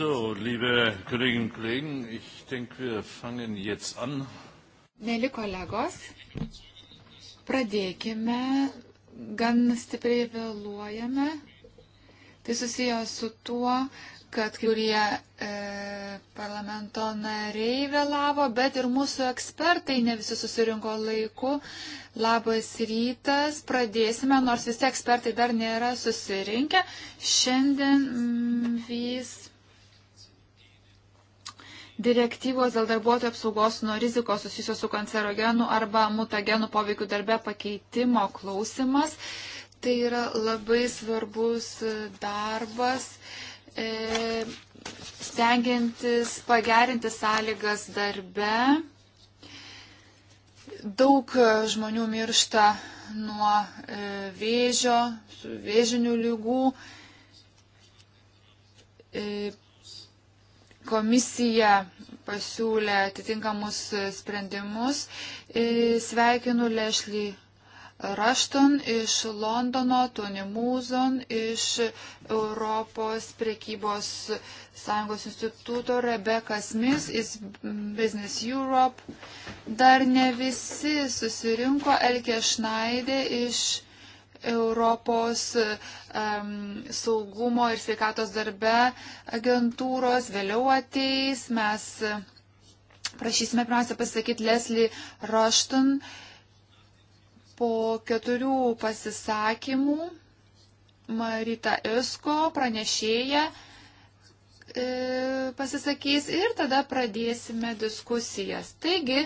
So, liebe Kolleginnen und Kollegen, ich denke, wir fangen jetzt an. Mėly kolegos, pradėkime, gan stipriai vėluojame. Tai susiję su tuo, kad kurie e, parlamento nariai vėlavo, bet ir mūsų ekspertai ne visi susirinko laiku. Labas rytas, pradėsime, nors visi ekspertai dar nėra susirinkę. Šiandien mm, vis direktyvos dėl darbuotojų apsaugos nuo rizikos susijusios su kancerogenų arba mutagenų poveikiu darbe pakeitimo klausimas. Tai yra labai svarbus darbas. E, stengiantis pagerinti sąlygas darbe. Daug žmonių miršta nuo e, vėžio, vėžinių lygų. E, Komisija pasiūlė atitinkamus sprendimus. E, sveikinu Lešlį Rašton iš Londono, Tony Muzon iš Europos priekybos sąjungos instituto, Rebecca Smith iš Business Europe. Dar ne visi susirinko Elke Šnaidė iš Europos um, saugumo ir sveikatos darbe agentūros, vėliau ateis, mes e, prašysime pirmiausia pasakyti Leslie Rushton po keturių pasisakymų. Marita Isko pranešėja e, pasisakys ir tada pradėsime diskusijas. Taigi,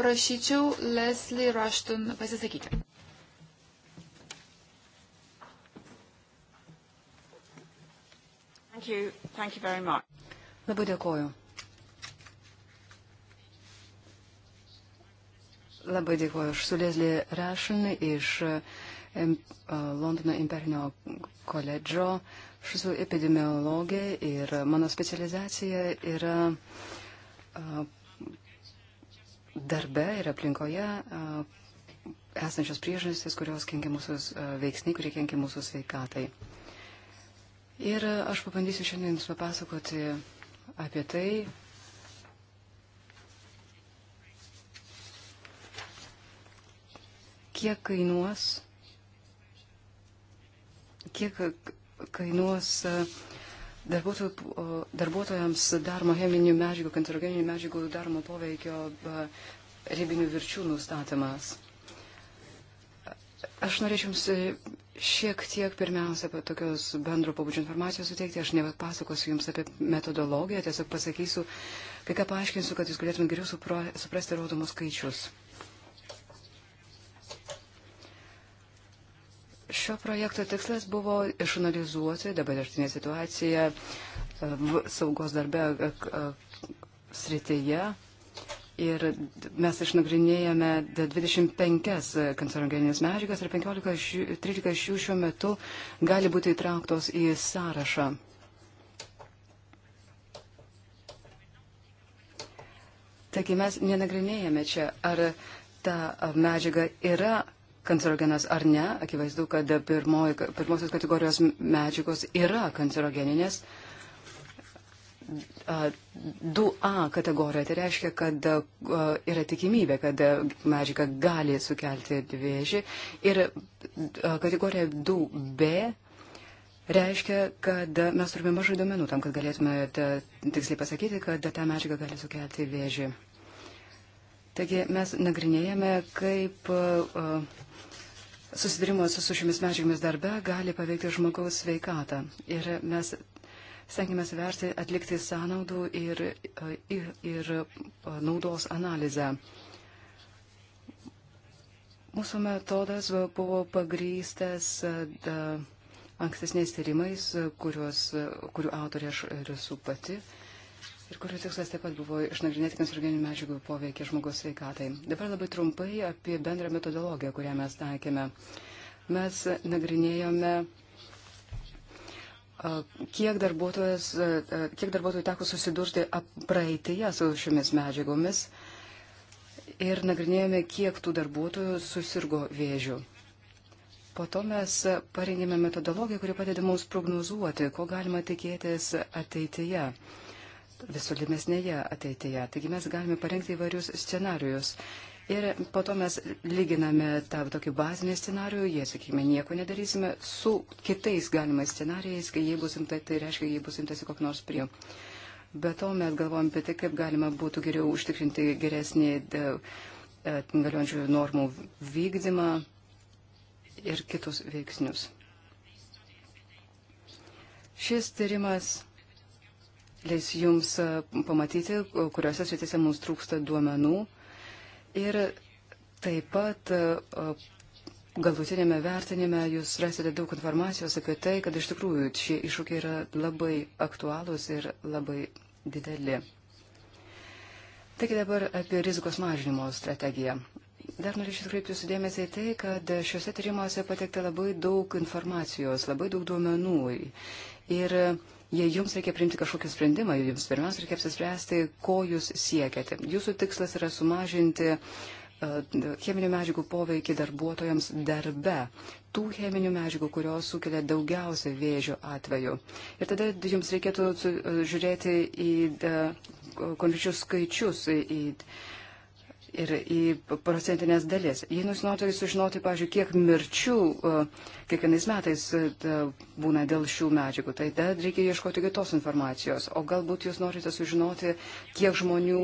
prašyčiau Leslie Rushton pasisakyti. Thank you. Thank you very much. Labai dėkoju. Labai dėkoju. Aš su Leslie Rašin iš Londono imperinio koledžo. Aš esu epidemiologė ir mano specializacija yra darbe ir aplinkoje esančios priežastys, kurios kenkia mūsų veiksniai, kurie kenkia mūsų sveikatai. Ir aš pabandysiu šiandien Jums papasakoti apie tai, kiek kainuos, kiek kainuos e, darbuotojams darmo cheminių medžiagų, kancerogeninių medžiagų darmo poveikio e, ribinių virčių nustatymas. Aš norėčiau Jums e, šiek tiek pirmiausia apie tokios bendro pabudžio informacijos suteikti. Aš nepasakosiu Jums apie metodologiją, tiesiog pasakysiu, kai ką paaiškinsiu, kad Jūs galėtumėte geriau supra, suprasti rodomus skaičius. Šio projekto tikslas buvo išanalizuoti dabartinę situaciją e, saugos darbe e, e, srityje Ir mes išnagrinėjame 25 kancerogeninės medžiagas ir 15, 13 iš jų šiuo metu gali būti įtrauktos į sąrašą. Taigi mes nenagrinėjame čia, ar ta medžiaga yra kancerogenas ar ne. Akivaizdu, kad pirmoji, pirmosios kategorijos medžiagos yra kancerogeninės. Uh, 2A kategoriją. Tai reiškia, kad yra tikimybė, kad medžiaga gali sukelti vėžį. Ir kategorija 2B reiškia, kad mes turime mažai duomenų tam, kad galėtume tiksliai pasakyti, kad ta medžiaga gali sukelti vėžį. Taigi mes nagrinėjame, kaip susidarimas su šiomis medžiagomis darbe gali paveikti žmogaus sveikatą. Ir mes stengiamės verti, atlikti sąnaudų ir, e, ir, ir e, naudos analizę. Mūsų metodas buvo pagrystas e, ankstesniais tyrimais, kuriuos, kurių autorė aš esu pati ir kurių tikslas taip pat buvo išnagrinėti kancerogenių medžiagų poveikį žmogaus sveikatai. Dabar labai trumpai apie bendrą metodologiją, kurią mes taikėme. Mes nagrinėjome kiek darbuotojas, kiek darbuotojų teko susidurti praeitėje su šiomis medžiagomis ir nagrinėjome, kiek tų darbuotojų susirgo vėžiu. Po to mes parengėme metodologiją, kuri padeda mums prognozuoti, ko galima tikėtis ateityje, visolimesnėje ateityje. Taigi mes galime parengti įvairius scenarius Ir po to mes lyginame tą tokį bazinį scenarių, jie, sakykime, nieko nedarysime, su kitais galimais scenarijais, kai jie bus imta, tai reiškia, jie bus imtasi kok nors prie. Be to mes galvojam apie tai, kaip galima būtų geriau užtikrinti geresnį e, e, galiojančių normų vykdymą ir kitus veiksnius. Šis tyrimas leis jums e, pamatyti, kuriuose sritise mums trūksta duomenų Ir taip pat e, galutinėme vertinime jūs rasite daug informacijos apie tai, kad iš tikrųjų šie iššūkiai yra labai aktualūs ir labai dideli. Taigi dabar apie rizikos mažinimo strategiją. Dar norėčiau atkreipti jūsų dėmesį į tai, kad šiuose tyrimuose patekta labai daug informacijos, labai daug duomenų. Ir uh, Jei jums reikia priimti kažkokį sprendimą, jums pirmiausia reikia apsispręsti, ko jūs siekiate. Jūsų tikslas yra sumažinti e, cheminių medžiagų poveikį darbuotojams darbe, tų cheminių medžiagų, kurios sukelia daugiausia vėžio atveju. Ir tada jums reikėtų e, žiūrėti į e, konkrečius skaičius, į, į ir į procentinės dalis. Jei nusinotų sužinoti, pažiūrėjau, kiek mirčių e, kiekvienais metais e, būna dėl šių medžiagų, tai tada reikia ieškoti kitos informacijos. O galbūt jūs norite sužinoti, kiek žmonių,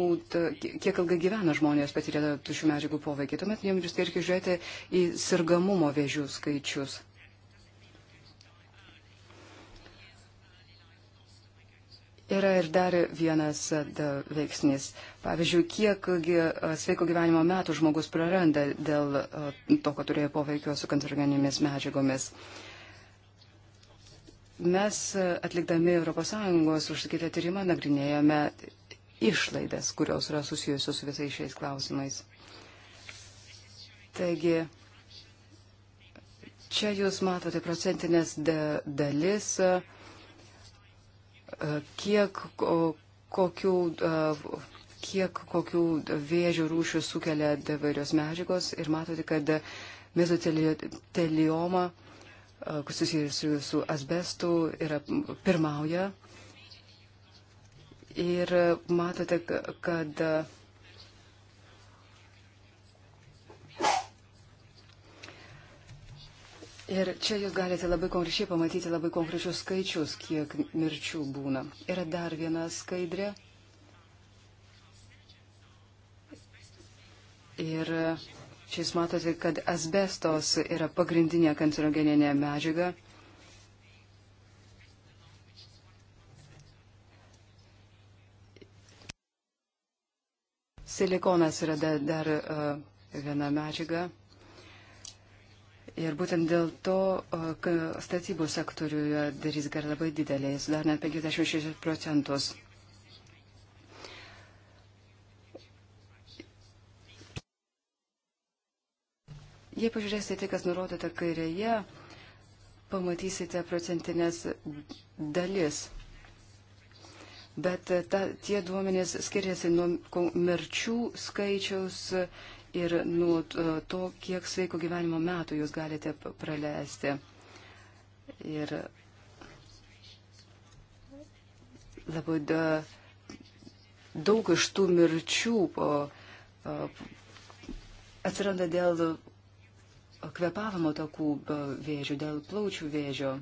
kiek ilgai gyvena žmonės patyrę šių medžiagų poveikį. Tuomet jums reikia žiūrėti į sirgamumo vėžių skaičius. Yra ir dar vienas da, veiksnys. Pavyzdžiui, kiek sveiko gyvenimo metų žmogus praranda dėl to, kad turėjo poveikio su kancerogeninėmis medžiagomis. Mes atlikdami ES užsakytą tyrimą nagrinėjome išlaidas, kurios yra susijusios su visais šiais klausimais. Taigi, čia jūs matote procentinės dalis. Da kiek kokių, kiek kokių vėžio rūšių sukelia įvairios medžiagos ir matote, kad mezotelioma susijusi su asbestu yra pirmauja. Ir matote, kad Ir čia jūs galite labai konkrečiai pamatyti labai konkrečius skaičius, kiek mirčių būna. Yra dar viena skaidrė. Ir čia jūs matote, kad asbestos yra pagrindinė kancerogeninė medžiaga. Silikonas yra dar, dar e, uh, viena medžiaga. Ir būtent dėl to statybų sektoriuje darys gar labai didelė, jis dar net 56 procentus. Jei pažiūrėsite tai, kas nurodyta kairėje, pamatysite procentinės dalis. Bet e, ta, tie duomenys skiriasi nuo mirčių skaičiaus ir nuo to, kiek sveiko gyvenimo metų jūs galite praleisti. Ir labai da, daug iš tų mirčių po, atsiranda dėl kvepavimo takų vėžių, dėl plaučių vėžio.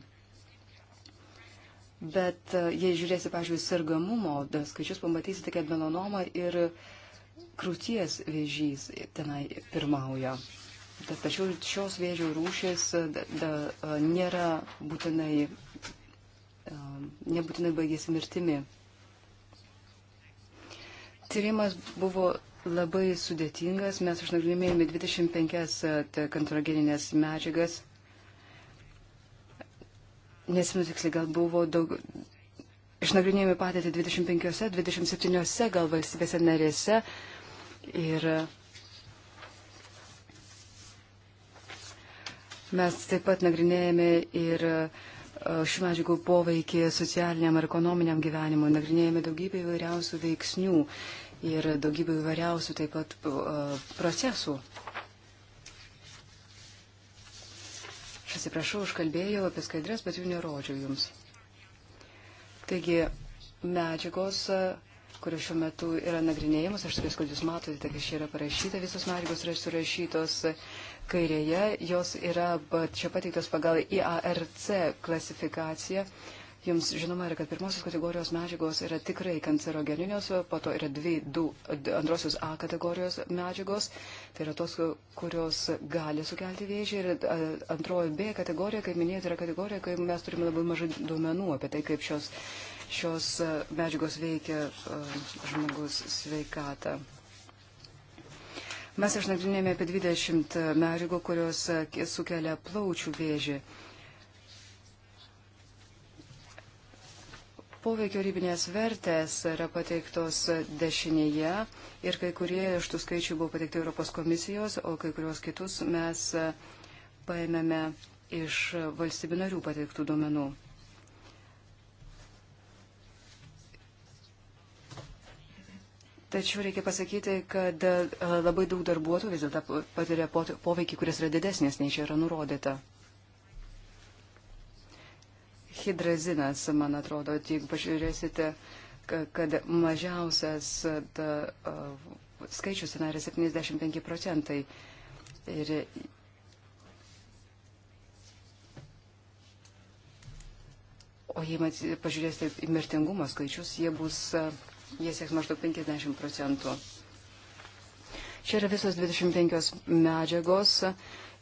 Bet jei žiūrėsi, pažiūrėjau, sergamumo skaičius, pamatysite, kad melanoma ir uh, krūties vėžys tenai pirmauja. Tačiau šios vėžio rūšės da, da, nėra būtinai, nebūtinai baigėsi mirtimi. Tyrimas buvo labai sudėtingas, mes išnagrinėjome 25 kantrogeninės medžiagas, nesimenu tiksliai, gal buvo daug, išnagrinėjome patėtį 25, 27 gal valstybėse narėse, Ir mes taip pat nagrinėjame ir e, šių medžiagų poveikį socialiniam ir ekonominiam gyvenimui, nagrinėjame daugybę įvairiausių veiksnių ir daugybę įvairiausių taip pat e, procesų. Aš atsiprašau, užkalbėjau apie skaidrės, bet jų nerodžiau jums. Taigi, medžiagos kuris šiuo metu yra nagrinėjimas. Aš tikiuosi, kad jūs matote, kad čia yra parašyta, visos medžiagos yra surašytos kairėje. Jos yra čia pateiktos pagal IARC klasifikaciją. Jums žinoma yra, kad pirmosios kategorijos medžiagos yra tikrai kancerogeninios, po to yra dvi, du, antrosios A kategorijos medžiagos, tai yra tos, kurios gali sukelti vėžį, ir antroji B kategorija, kaip minėjote, yra kategorija, kai mes turime labai mažai duomenų apie tai, kaip šios šios e, medžiagos veikia e, žmogus sveikatą. Mes išnagrinėjome apie 20 medžiagų, kurios e, sukelia plaučių vėžį. Poveikio ribinės vertės yra pateiktos dešinėje ir kai kurie iš tų skaičių buvo pateikti Europos komisijos, o kai kurios kitus mes paėmėme iš valstybių narių pateiktų duomenų. Tačiau reikia pasakyti, kad e, labai daug darbuotojų vis dėlto patiria poveikį, kuris yra didesnis nei čia yra nurodyta. Hidrazinas, man atrodo, tai jeigu pažiūrėsite, kad mažiausias ta, e, skaičius ten yra 75 procentai. Ir O jei pažiūrėsite į mirtingumo skaičius, jie bus jie sieks maždaug 50 procentų. Čia yra visos 25 medžiagos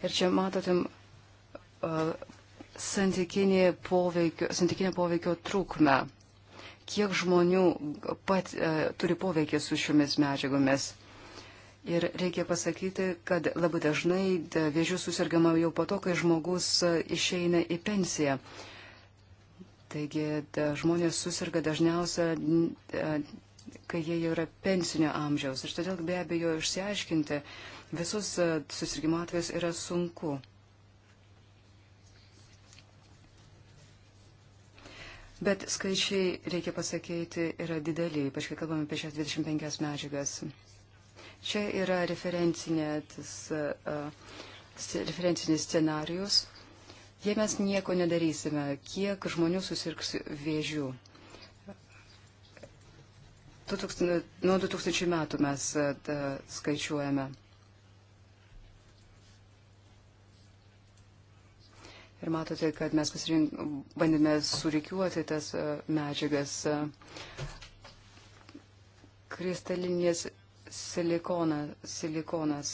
ir čia matote uh, santykinę poveikio, santykinė poveikio trukmę. Kiek žmonių pat uh, turi poveikį su šiomis medžiagomis. Ir reikia pasakyti, kad labai dažnai vėžių susirgama jau po to, kai žmogus išeina į pensiją. Uh, Taigi da, žmonės susirga dažniausia, kai jie jau yra pensinio amžiaus. Ir todėl be abejo išsiaiškinti visus susirgymo atvejus yra sunku. Bet skaičiai, reikia pasakyti, yra dideliai, ypač kai kalbame apie šias 25 medžiagas. Čia yra referencinė, tas, uh, referencinis scenarius. Uh, Jei mes nieko nedarysime, kiek žmonių susirgs vėžių? Nuo 2000 metų mes ta, e, skaičiuojame. Ir matote, kad mes pasirink, bandėme surikiuoti tas e, medžiagas e, kristalinės silikona, silikonas.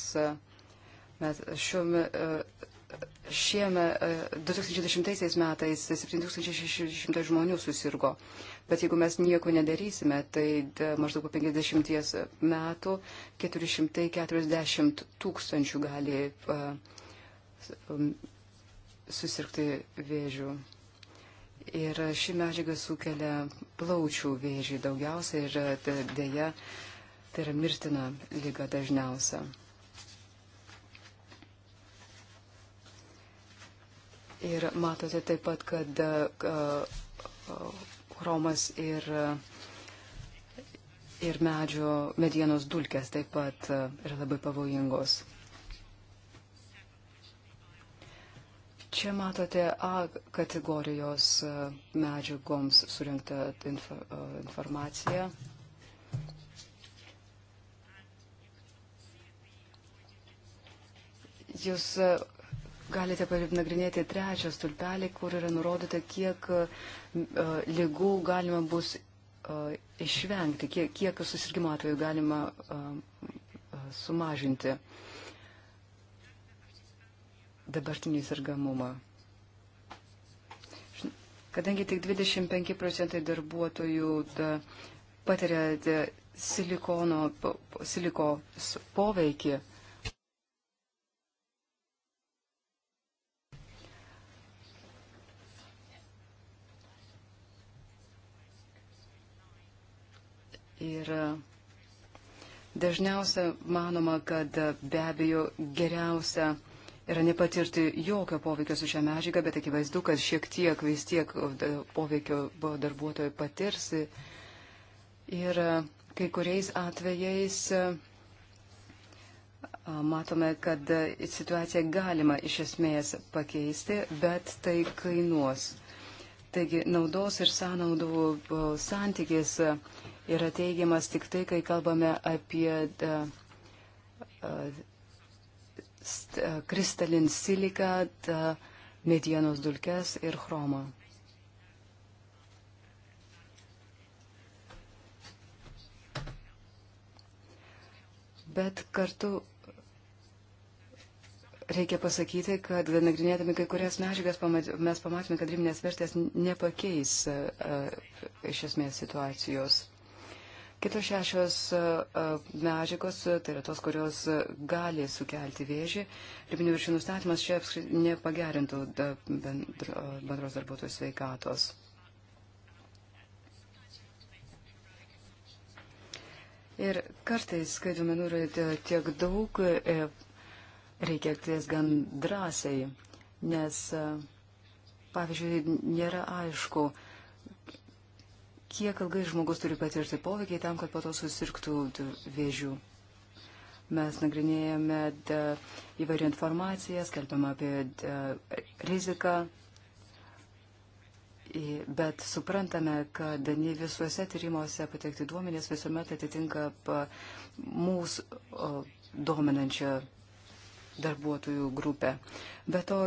Mes šiuo Šieme 2010 e, metais 7600 žmonių susirgo, bet jeigu mes nieko nedarysime, tai e, maždaug po 50 metų 440 tūkstančių gali e, susirgti vėžių. Ir ši medžiaga sukelia plaučių vėžį daugiausia ir dėja tai yra mirtina lyga dažniausia. Ir matote taip pat, kad Romas ir, ir medžio medienos dulkės taip pat yra labai pavojingos. Čia matote A kategorijos medžiagoms surinktą info, informaciją. Jūs galite nagrinėti trečią stulpelį, kur yra nurodyta, kiek e, lygų galima bus e, išvengti, kiek, kiek susirgymo atveju galima e, sumažinti dabartinį sergamumą. Kadangi tik 25 procentai darbuotojų da, patiria silikono, siliko poveikį, Ir e, dažniausia manoma, kad e, be abejo geriausia yra nepatirti jokio poveikio su šią medžiagą, bet akivaizdu, kad šiek tiek vis tiek poveikio darbuotojai patirs. Ir e, kai kuriais atvejais matome, kad situaciją galima iš esmės pakeisti, bet tai kainuos. Taigi naudos ir sąnaudų santykis yra teigiamas tik tai, kai kalbame apie e, e, e, kristalin siliką, medienos dulkes ir chromą. Bet kartu reikia pasakyti, kad nagrinėdami kai kurias medžiagas mes pamatėme, kad riminės vertės nepakeis iš esmės situacijos. Kitos šešios medžiagos, tai yra tos, kurios gali sukelti vėžį, ribinių viršų nustatymas čia nepagerintų bendros darbuotojų sveikatos. Ir kartais, kai duomenų yra tiek daug, e, reikia elgtis gan drąsiai, nes, pavyzdžiui, nėra aišku, kiek ilgai žmogus turi patirti poveikį tam, kad po to susirgtų vėžių. Mes nagrinėjame įvairią informaciją, skelbiam apie riziką, bet suprantame, kad ne visuose tyrimuose patekti duomenės visuomet atitinka mūsų dominančią darbuotojų grupę. Be to,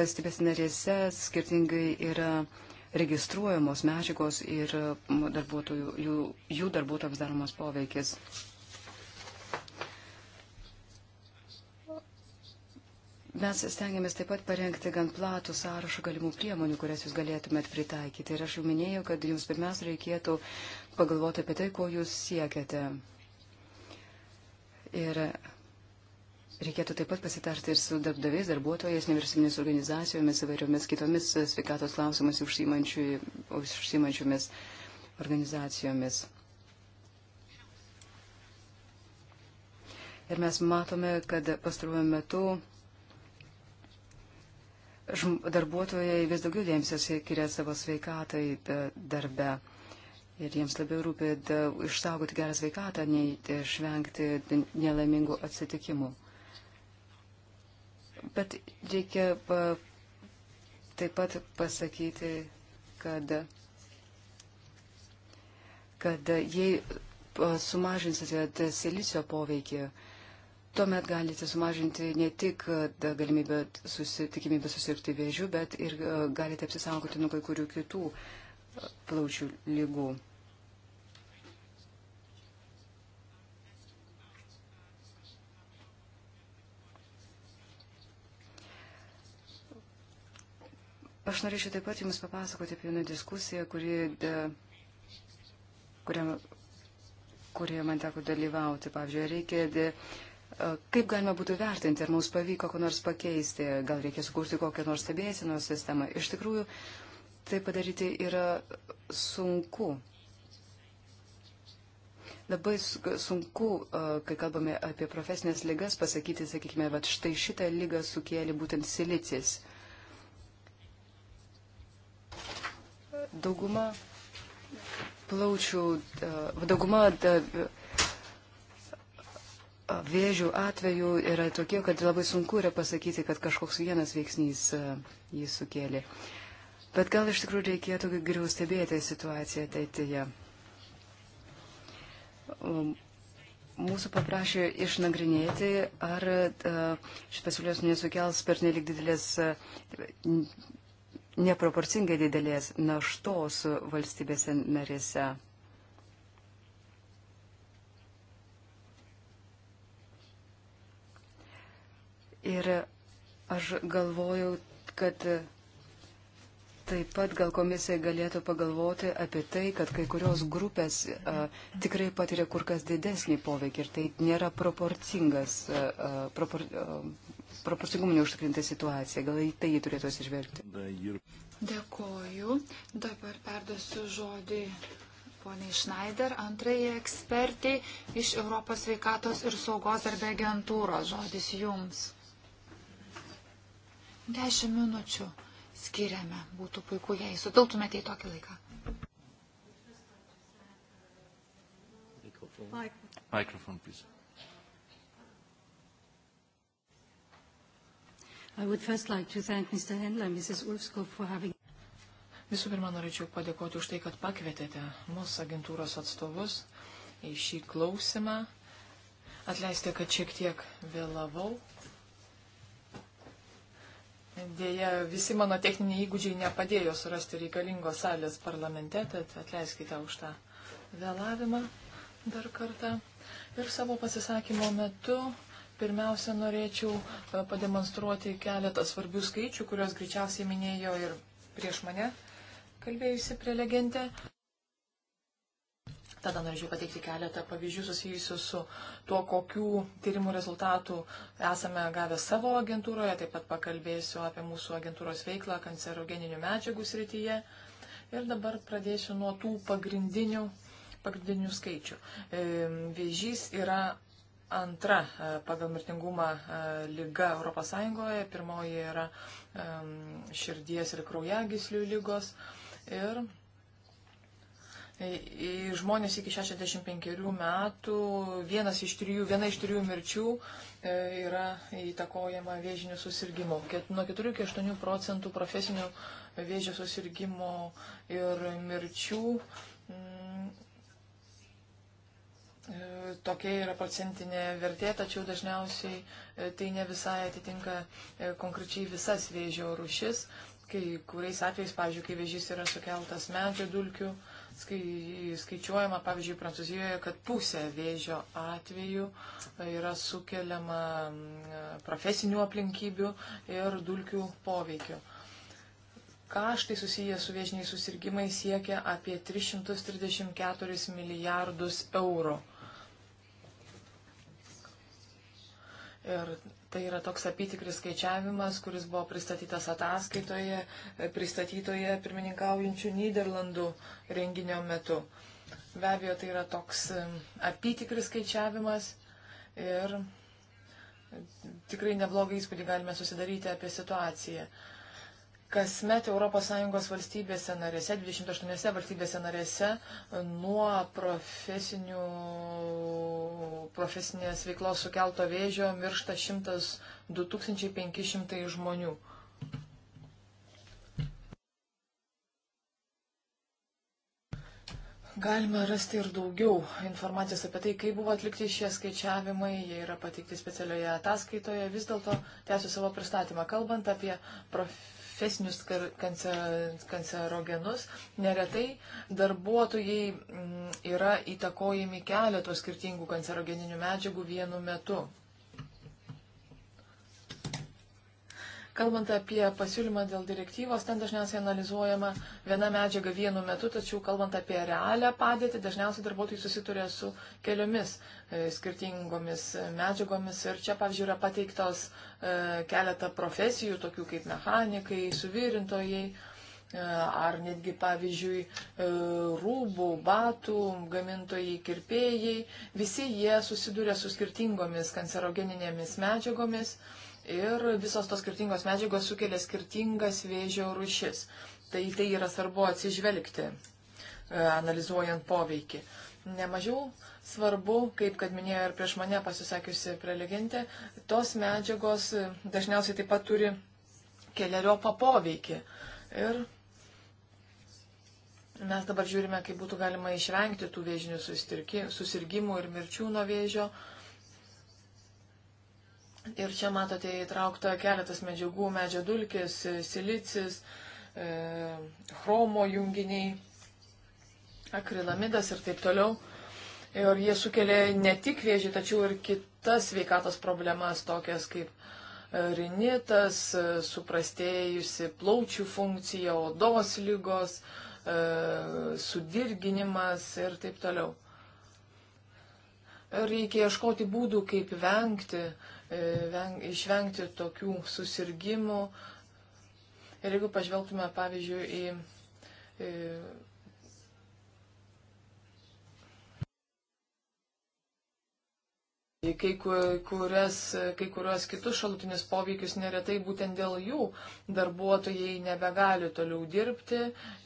valstybės narėse skirtingai yra registruojamos medžiagos ir darbuotojų, jų, jų darbuotojams daromas poveikis. Mes stengiamės taip pat parengti gan platų sąrašą galimų priemonių, kurias jūs galėtumėt pritaikyti. Ir aš jau minėjau, kad jums pirmiausia reikėtų pagalvoti apie tai, ko jūs siekiate. Ir Reikėtų taip pat pasitarti ir su darbdaviais, darbuotojais, nevyriausybinės organizacijomis, įvairiomis kitomis sveikatos klausimais užsimančiomis organizacijomis. Ir mes matome, kad pastaruoju metu darbuotojai vis daugiau dėmesio skiria savo sveikatai e, darbe. Ir jiems labiau rūpi išsaugoti gerą sveikatą, nei e, išvengti nelaimingų atsitikimų. Bet reikia pa, taip pat pasakyti, kad, kad jei sumažinsite silicio poveikį, tuomet galite sumažinti ne tik galimybę susi, tikimybę susirgti vėžių, bet ir galite apsisaugoti nuo kai kurių kitų plaučių lygų. Aš norėčiau taip pat Jums papasakoti apie vieną diskusiją, kuri, e, kuriam, kurioje man teko dalyvauti. Pavyzdžiui, reikia, de, kaip galima būtų vertinti, ar mums pavyko ko nors pakeisti, gal reikia sukurti kokią nors stebėsienos sistemą. Iš tikrųjų, tai padaryti yra sunku. Labai sunku, e, kai kalbame apie profesinės lygas, pasakyti, sakykime, va štai šitą lygą sukėlė būtent silicis. dauguma plaučių, e, dauguma e, vėžių atvejų yra tokie, kad labai sunku yra pasakyti, kad kažkoks vienas veiksnys e, jį sukėlė. Bet gal iš tikrųjų reikėtų geriau stebėti situaciją ateityje. Mūsų paprašė išnagrinėti, ar šis pasiūlymas nesukels per nelik didelės neproporcingai didelės naštos valstybėse narėse. Ir aš galvojau, kad taip pat gal komisija galėtų pagalvoti apie tai, kad kai kurios grupės a, tikrai patiria kur kas didesnį poveikį ir tai nėra proporcingas a, propor, a, proporcingumu neužtikrinta situacija. Gal į tai jį turėtų atsižvelgti. Dėkoju. Dabar perduosiu žodį poniai Schneider, antrajai ekspertai iš Europos sveikatos ir saugos darbė agentūros. Žodis jums. Dešimt minučių skiriame. Būtų puiku, jei sutiltumėte į tokį laiką. Microphone, please. I would first like to thank Mr. Hendler, Mrs. Ulfskog for having. Visų pirma, norėčiau padėkoti už tai, kad pakvietėte mūsų agentūros atstovus į šį klausimą. Atleisti, kad šiek tiek vėlavau. Dėja, visi mano techniniai įgūdžiai nepadėjo surasti reikalingos salės parlamente, tad atleiskite už tą vėlavimą dar kartą. Ir savo pasisakymo metu Pirmiausia, norėčiau e, pademonstruoti keletą svarbių skaičių, kuriuos greičiausiai minėjo ir prieš mane kalbėjusi prelegentė. Tada norėčiau pateikti keletą pavyzdžių susijusių su tuo, kokių tyrimų rezultatų esame gavę savo agentūroje. Taip pat pakalbėsiu apie mūsų agentūros veiklą kancerogeninių medžiagų srityje. Ir dabar pradėsiu nuo tų pagrindinių, pagrindinių skaičių. Ehm, vėžys yra antra e, pagal mirtingumą e, lyga ES, pirmoji yra e, širdies ir kraujagyslių lygos. Ir Žmonės iki 65 metų, vienas iš trijų, viena iš trijų mirčių yra įtakojama vėžinių susirgymų. Nuo 4 iki 8 procentų profesinių vėžio susirgymų ir mirčių E, tokia yra procentinė vertė, tačiau dažniausiai e, tai ne visai atitinka e, konkrečiai visas vėžio rušis, kai kuriais atvejais, pavyzdžiui, kai vėžys yra sukeltas medžio dulkių, skai, skaičiuojama, pavyzdžiui, Prancūzijoje, kad pusė vėžio atvejų yra sukeliama profesinių aplinkybių ir dulkių poveikiu. Kaštai susiję su viežiniais susirgymais siekia apie 334 milijardus eurų. Ir tai yra toks apytikris skaičiavimas, kuris buvo pristatytas ataskaitoje, pristatytoje pirmininkaujančių Niderlandų renginio metu. Be abejo, tai yra toks apytikris skaičiavimas ir tikrai neblogą įspūdį galime susidaryti apie situaciją. Kasmet ES valstybėse narėse, 28 valstybėse narėse nuo profesinės veiklos sukelto vėžio miršta 100 2500 žmonių. Galima rasti ir daugiau informacijos apie tai, kaip buvo atlikti šie skaičiavimai, jie yra pateikti specialioje ataskaitoje. Vis dėlto tęsiu savo pristatymą. Kalbant apie profesinius kancerogenus, neretai darbuotojai mm, yra įtakojami keletos skirtingų kancerogeninių medžiagų vienu metu. Kalbant apie pasiūlymą dėl direktyvos, ten dažniausiai analizuojama viena medžiaga vienu metu, tačiau kalbant apie realią padėtį, dažniausiai darbuotojai susituria su keliomis e, skirtingomis medžiagomis. Ir čia, pavyzdžiui, yra pateiktos e, keletą profesijų, tokių kaip mechanikai, suvirintojai. E, ar netgi, pavyzdžiui, e, rūbų, batų, gamintojai, kirpėjai, visi jie susiduria su skirtingomis kancerogeninėmis medžiagomis. E, ir visos tos skirtingos medžiagos sukelia skirtingas vėžio rušis. Tai tai yra svarbu atsižvelgti, e, analizuojant poveikį. Nemažiau svarbu, kaip kad minėjo ir prieš mane pasisakiusi prelegentė, tos medžiagos e, dažniausiai taip pat turi keliariopą poveikį. Ir mes dabar žiūrime, kaip būtų galima išvengti tų vėžinių susirgymų ir mirčių nuo vėžio. Uh, Ir čia matote įtraukta keletas medžiagų, medžio dulkės, silicis, e, chromo junginiai, akrilamidas ir taip toliau. Ir jie sukelia ne tik vėžį, tačiau ir kitas veikatos problemas, tokias kaip e, rinitas, e, suprastėjusi plaučių funkcija, odos lygos, e, sudirginimas ir taip toliau reikia ieškoti būdų, kaip vengti E, išvengti tokių susirgymų. Ir jeigu pažvelgtume, pavyzdžiui, į e, kai, kurias, kai kurios kitus šalutinius poveikius neretai būtent dėl jų darbuotojai nebegali toliau dirbti,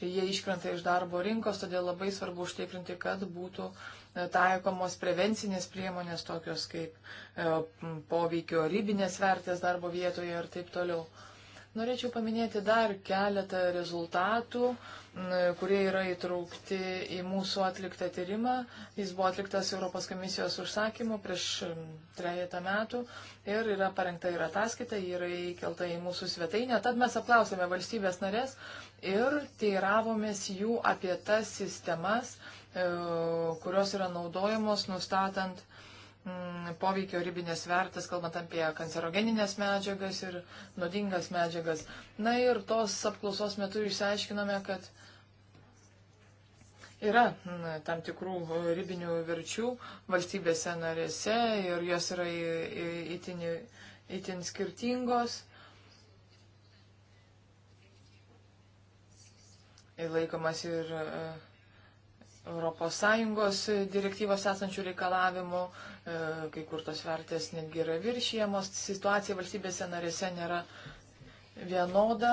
jie iškrenta iš darbo rinkos, todėl labai svarbu užtikrinti, kad būtų E, taikomos prevencinės priemonės, tokios kaip e, poveikio ribinės vertės darbo vietoje ir taip toliau. Norėčiau paminėti dar keletą rezultatų, kurie yra įtraukti į mūsų atliktą tyrimą. Jis buvo atliktas Europos komisijos užsakymu prieš trejata metų ir yra parengta ir ataskaita, yra įkelta į mūsų svetainę. Tad mes apklausėme valstybės narės ir teiravomės jų apie tas sistemas, E, kurios yra naudojamos nustatant mm, poveikio ribinės vertas, kalbant apie kancerogeninės medžiagas ir nuodingas medžiagas. Na ir tos apklausos metu išsiaiškinome, kad yra mm, tam tikrų e, ribinių verčių valstybėse narėse ir jos yra itin, itin skirtingos. Ir laikomas ir uh, ES direktyvos esančių reikalavimų, e, kai kur tos vertės netgi yra viršijamos, situacija valstybėse narėse nėra vienoda.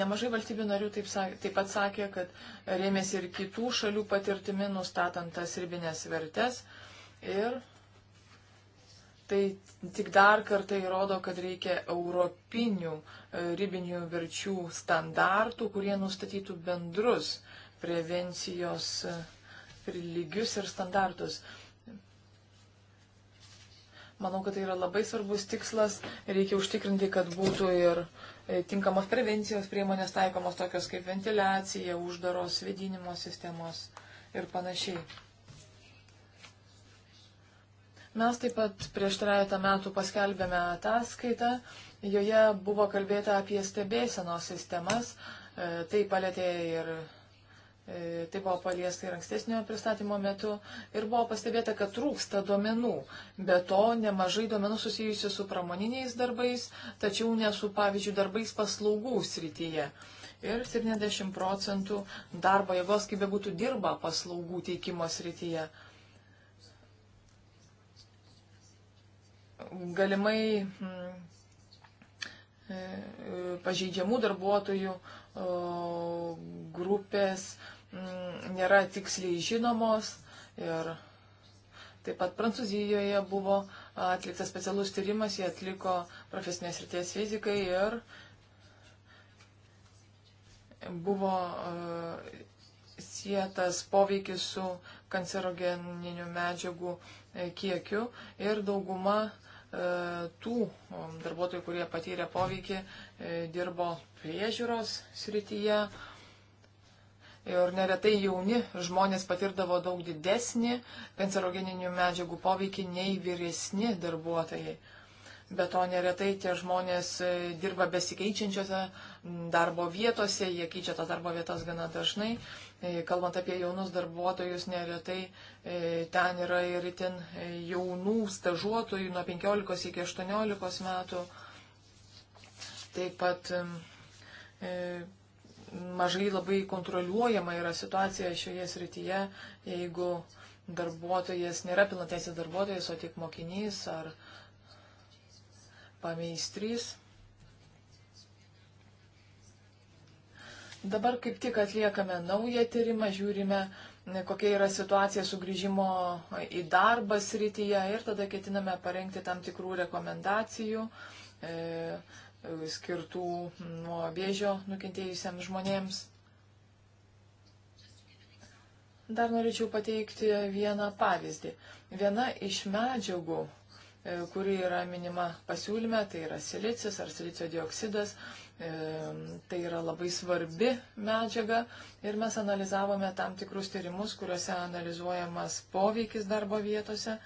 Nemažai valstybių narių taip, taip pat sakė, kad rėmėsi ir kitų šalių patirtimi, nustatant tas ribinės vertės. Ir tai tik dar kartą įrodo, kad reikia europinių e, ribinių verčių standartų, kurie nustatytų bendrus uh, prevencijos lygius ir standartus. Manau, kad tai yra labai svarbus tikslas. Reikia užtikrinti, kad būtų ir e, tinkamos prevencijos priemonės taikomos, tokios kaip ventiliacija, uždaros vėdinimo sistemos ir panašiai. Mes taip pat prieš trejata metų paskelbėme ataskaitą, joje buvo kalbėta apie stebėsenos sistemas, e, tai palėtė ir E, tai buvo paliesta ir ankstesnio pristatymo metu ir buvo pastebėta, kad trūksta duomenų. Be to, nemažai duomenų susijusių su pramoniniais darbais, tačiau ne su, pavyzdžiui, darbais paslaugų srityje. Ir 70 procentų darbo jėgos, kaip bebūtų, dirba paslaugų teikimo srityje. Galimai mm, e, pažeidžiamų darbuotojų grupės Mm, nėra tiksliai žinomos. Ir taip pat Prancūzijoje buvo atliktas specialus tyrimas, jie atliko profesinės ryties fizikai ir buvo uh, sietas poveikis su kancerogeninių medžiagų e, kiekiu ir dauguma uh, tų darbuotojų, kurie patyrė poveikį, uh, dirbo priežiūros srityje, ir neretai jauni žmonės patirdavo daug didesnį kancerogeninių medžiagų poveikį nei vyresni darbuotojai. Be to neretai tie žmonės e, dirba besikeičiančiose darbo vietose, jie keičia tas darbo vietas gana dažnai. E, kalbant apie jaunus darbuotojus, neretai e, ten yra ir itin jaunų stažuotojų nuo 15 iki 18 metų. Taip pat mažai labai kontroliuojama yra situacija šioje srityje, jeigu darbuotojas nėra pilnateisės darbuotojas, o tik mokinys ar pameistrys. Dabar kaip tik atliekame naują tyrimą, žiūrime, kokia yra situacija sugrįžimo į darbą srityje ir tada ketiname parengti tam tikrų rekomendacijų. E, skirtų nuo vėžio nukentėjusiems žmonėms. Dar norėčiau pateikti vieną pavyzdį. Viena iš medžiagų, e, kuri yra minima pasiūlyme, tai yra silicis ar silicio dioksidas. E, tai yra labai svarbi medžiaga ir mes analizavome tam tikrus tyrimus, kuriuose analizuojamas poveikis darbo vietose.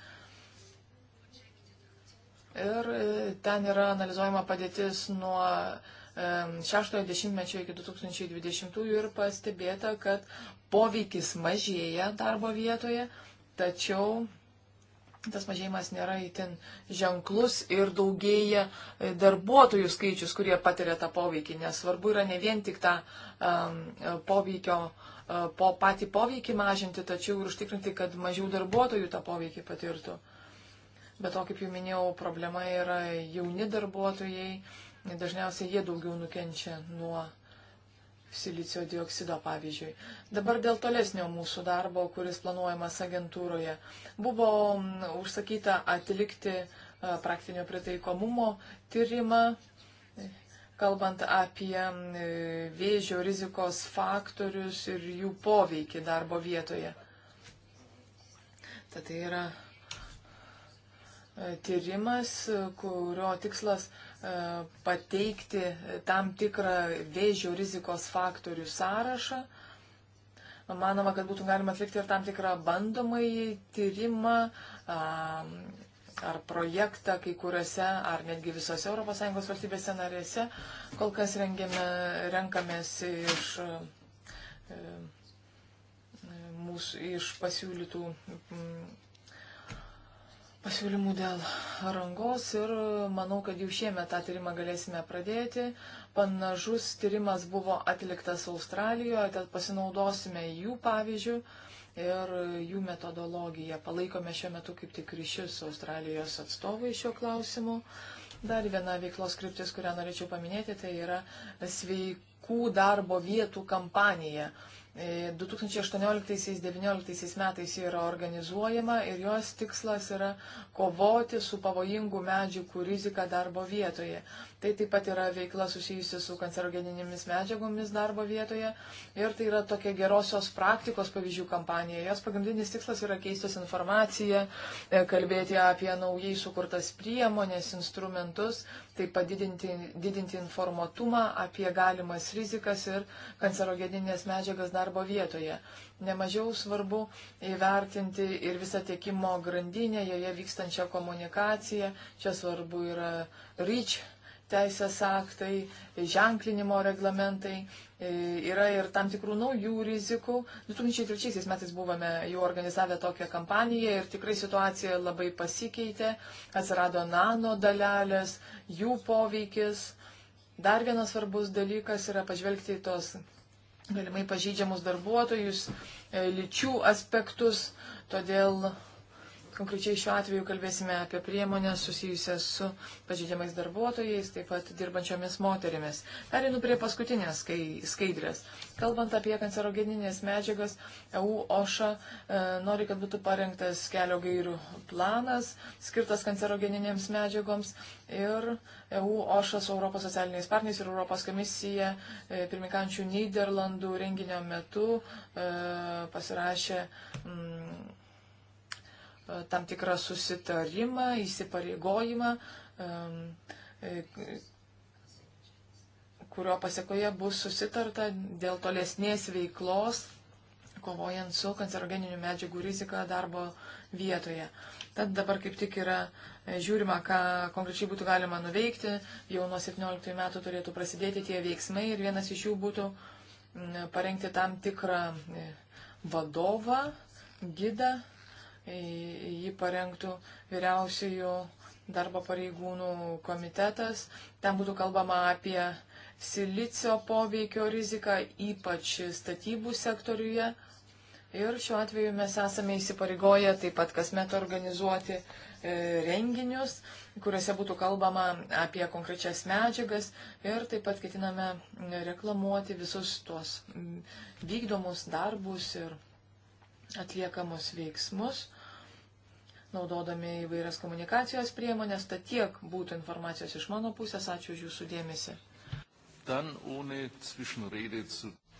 Ir e, ten yra analizuojama padėtis nuo e, šeštojo dešimtmečio iki 2020 ir pastebėta, kad poveikis mažėja darbo vietoje, tačiau tas mažėjimas nėra itin ženklus ir daugėja e, darbuotojų skaičius, kurie patiria tą poveikį, nes svarbu yra ne vien tik tą um, poveikio, uh, po patį poveikį mažinti, tačiau ir užtikrinti, kad mažiau darbuotojų tą poveikį patirtų. Uh, Bet to, kaip jau minėjau, problema yra jauni darbuotojai. Dažniausiai jie daugiau nukenčia nuo silicio dioksido, pavyzdžiui. Dabar dėl tolesnio mūsų darbo, kuris planuojamas agentūroje, buvo užsakyta atlikti praktinio pritaikomumo tyrimą, kalbant apie vėžio rizikos faktorius ir jų poveikį darbo vietoje. Tad tai yra tyrimas, kurio tikslas e, pateikti tam tikrą vėžio rizikos faktorių sąrašą. Manoma, kad būtų galima atlikti ir tam tikrą bandomąjį tyrimą ar projektą kai kuriuose, ar netgi visose ES valstybėse narėse. Kol kas rengiame, renkamės iš, e, e, mūsų, iš pasiūlytų pasiūlymų dėl rangos ir manau, kad jau šiemet tą tyrimą galėsime pradėti. Panažus tyrimas buvo atliktas Australijoje, tad pasinaudosime jų pavyzdžių ir jų metodologiją. Palaikome šiuo metu kaip tik ryšius su Australijos atstovai šiuo klausimu. Dar viena veiklos kryptis, kurią norėčiau paminėti, tai yra sveikų darbo vietų kampanija. Uh, 2018-2019 e, metais ji yra organizuojama ir jos tikslas yra kovoti su pavojingų medžiagų rizika darbo vietoje. Tai taip pat yra veikla susijusi su kancerogeninėmis medžiagomis darbo vietoje. Ir tai yra tokia gerosios praktikos pavyzdžių kampanija. Jos pagrindinis tikslas yra keistis informaciją, e, kalbėti apie naujai sukurtas priemonės, instrumentus, taip pat didinti, didinti informatumą apie galimas rizikas ir kancerogeninės medžiagas darbo vietoje. Nemažiau svarbu įvertinti ir visą tiekimo grandinę, joje vykstančią komunikaciją. Čia svarbu yra REACH teisės aktai, ženklinimo reglamentai, e, yra ir tam tikrų naujų rizikų. 2003 metais buvome jau organizavę tokią kampaniją ir tikrai situacija labai pasikeitė, atsirado nano dalelės, jų poveikis. Dar vienas svarbus dalykas yra pažvelgti į tos galimai pažydžiamus darbuotojus, e, lyčių aspektus, todėl Konkrečiai šiuo atveju kalbėsime apie priemonę susijusią su pažydžiamais darbuotojais, taip pat dirbančiomis moterimis. Perinu prie paskutinės skai, skaidrės. Kalbant apie kancerogeninės medžiagas, EU OŠA e, nori, kad būtų parengtas kelio gairių planas skirtas kancerogeninėms medžiagoms ir EU OŠA su Europos socialiniais partneriais ir Europos komisija e, pirmikančių Niderlandų renginio metu e, pasirašė. Mm, tam tikrą susitarimą, įsipareigojimą, e, kurio pasiekoje bus susitarta dėl tolesnės veiklos, kovojant su kancerogeninių medžiagų rizika darbo vietoje. Tad dabar kaip tik yra e, žiūrima, ką konkrečiai būtų galima nuveikti. Jau nuo 17 metų turėtų prasidėti tie veiksmai ir vienas iš jų būtų parengti tam tikrą e, vadovą, gidą, jį parengtų vyriausiųjų darbo pareigūnų komitetas. Ten būtų kalbama apie silicio poveikio riziką, ypač statybų sektoriuje. Ir šiuo atveju mes esame įsipareigoję taip pat kasmet organizuoti e, renginius, kuriuose būtų kalbama apie konkrečias medžiagas ir taip pat ketiname reklamuoti visus tuos vykdomus darbus ir atliekamus veiksmus naudodami įvairias komunikacijos priemonės. Tad tiek būtų informacijos iš mano pusės. Ačiū už jūsų dėmesį.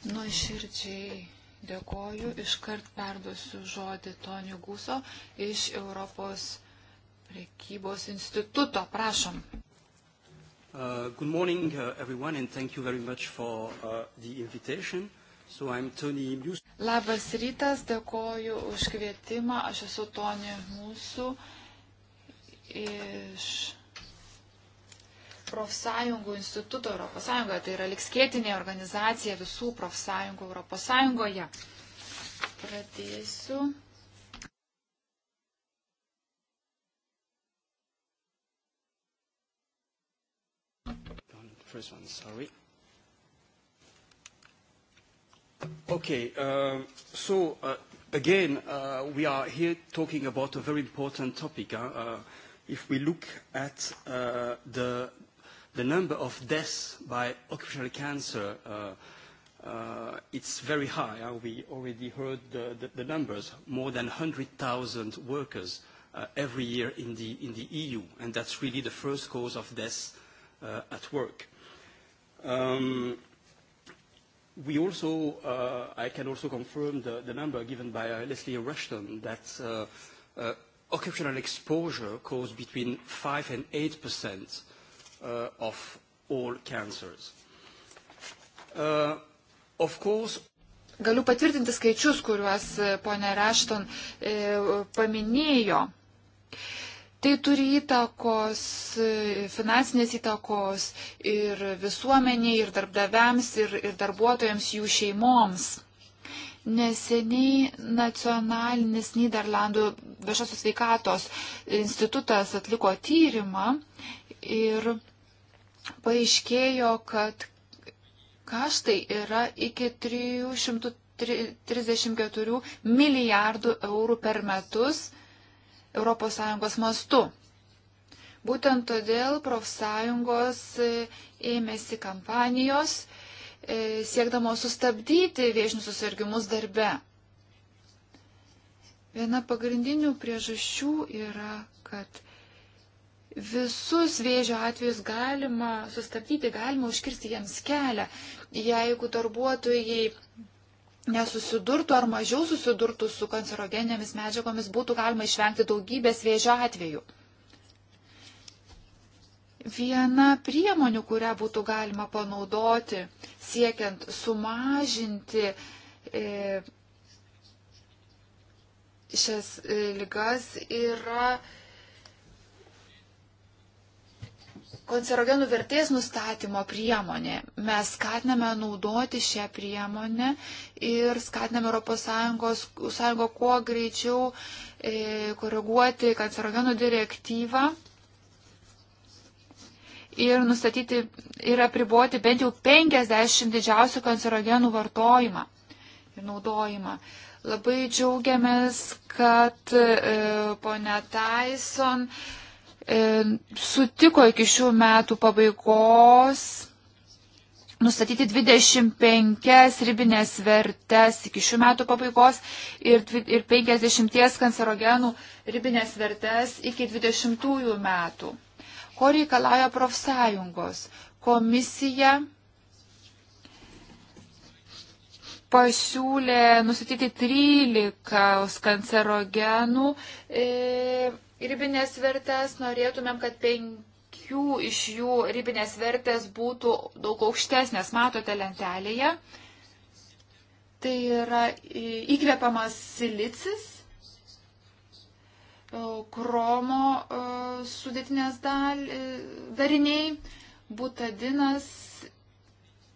Nuoširdžiai dėkoju. Iškart perduosiu žodį Toniu Guso iš Europos prekybos instituto. Prašom. Uh, good morning, uh, everyone, and thank you very much for uh, the invitation. So I'm Tony Muse. Labas rytas, dėkoju už kvietimą. Aš esu Tonė Mūsų iš profsąjungų instituto Europos Sąjungoje. Tai yra likskėtinė organizacija visų profsąjungų Europos Sąjungoje. Pradėsiu. First one, sorry. Okay. Uh, so, uh, again, uh, we are here talking about a very important topic. Huh? Uh, if we look at uh, the, the number of deaths by occupational cancer, uh, uh, it's very high. Huh? We already heard the, the, the numbers, more than 100,000 workers uh, every year in the, in the EU, and that's really the first cause of death uh, at work. Um, We also, uh, I can also confirm the, the number given by uh, Leslie Rushton that uh, uh, occupational exposure caused between 5 and 8 percent uh, of all cancers. Uh, of course, Galiu patvirtinti skaičius, kuriuos uh, ponė Rešton e, uh, paminėjo. Tai turi įtakos, e, finansinės įtakos ir visuomeniai, ir darbdaviams, ir, ir darbuotojams, jų šeimoms. Neseniai nacionalinis Niderlandų viešosios veikatos institutas atliko tyrimą ir paaiškėjo, kad kaštai yra iki 334 milijardų eurų per metus ES mastu. Būtent todėl profsąjungos e, ėmėsi kampanijos e, siekdamos sustabdyti viešinius susirgymus darbe. Viena pagrindinių priežasčių yra, kad visus vėžio atvejus galima sustabdyti, galima užkirsti jiems kelią, jeigu darbuotojai nesusidurtų ar mažiau susidurtų su kancerogeninėmis medžiagomis, būtų galima išvengti daugybės vėžio atvejų. Viena priemonių, kurią būtų galima panaudoti siekiant sumažinti e, šias e, lygas, yra e, kancerogenų vertės nustatymo priemonė. Mes skatiname naudoti šią priemonę ir skatiname ES sąjungo kuo greičiau e, koreguoti kancerogenų direktyvą ir nustatyti ir apriboti bent jau 50 didžiausių kancerogenų vartojimą ir naudojimą. Labai džiaugiamės, kad e, ponia Tyson e, E, sutiko iki šių metų pabaigos nustatyti 25 ribinės vertes iki šių metų pabaigos ir 50 kancerogenų ribinės vertes iki 20 metų. Ko reikalauja profsąjungos? Komisija pasiūlė nustatyti 13 kancerogenų. E, ribinės vertės, norėtumėm, kad penkių iš jų ribinės vertės būtų daug aukštesnės, matote lentelėje. Tai yra įkvepiamas silicis, kromo e, e, sudėtinės dal, e, dariniai, butadinas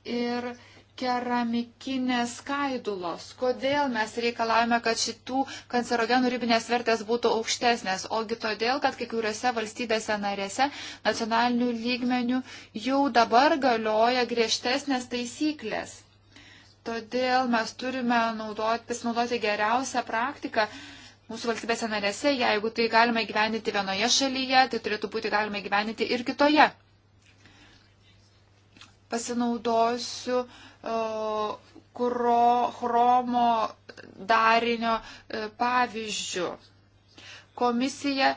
ir keramikinės skaidulos. Kodėl mes reikalavome, kad šitų kancerogenų ribinės vertės būtų aukštesnės? Ogi todėl, kad kai kuriuose valstybėse narėse nacionalinių lygmenių jau dabar galioja griežtesnės taisyklės. Todėl mes turime naudoti, pasinaudoti geriausią praktiką mūsų valstybėse narėse. Jeigu tai galima įgyvendinti vienoje šalyje, tai turėtų būti galima įgyvendinti ir kitoje pasinaudosiu e, kuro, chromo darinio e, pavyzdžių. Komisija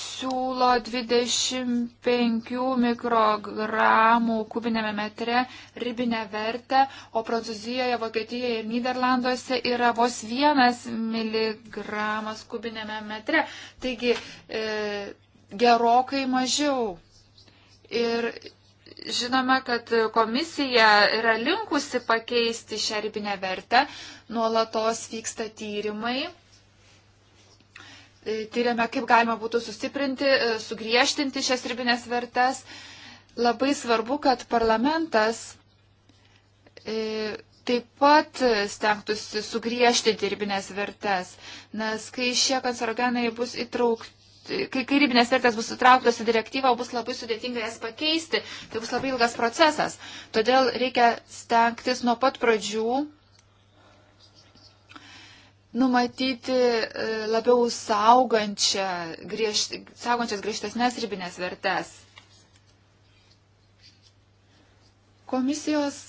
siūlo 25 mikrogramų kubinėme metre ribinę vertę, o Prancūzijoje, Vokietijoje ir Niderlanduose yra vos vienas miligramas kubinėme metre. Taigi e, gerokai mažiau. Ir Žinome, kad komisija yra linkusi pakeisti šią ribinę vertę, nuolatos vyksta tyrimai. E, Tyrėme, kaip galima būtų sustiprinti, e, sugriežtinti šias ribinės vertes. Labai svarbu, kad parlamentas e, taip pat stengtųsi sugriežtinti ribinės vertes, nes kai šie kancerogenai bus įtraukti, kai, kai ribinės vertės bus sutrauktos į direktyvą, bus labai sudėtinga jas pakeisti, tai bus labai ilgas procesas. Todėl reikia stengtis nuo pat pradžių numatyti e, labiau saugančią, griež, saugančias griežtesnės ribinės vertės. Komisijos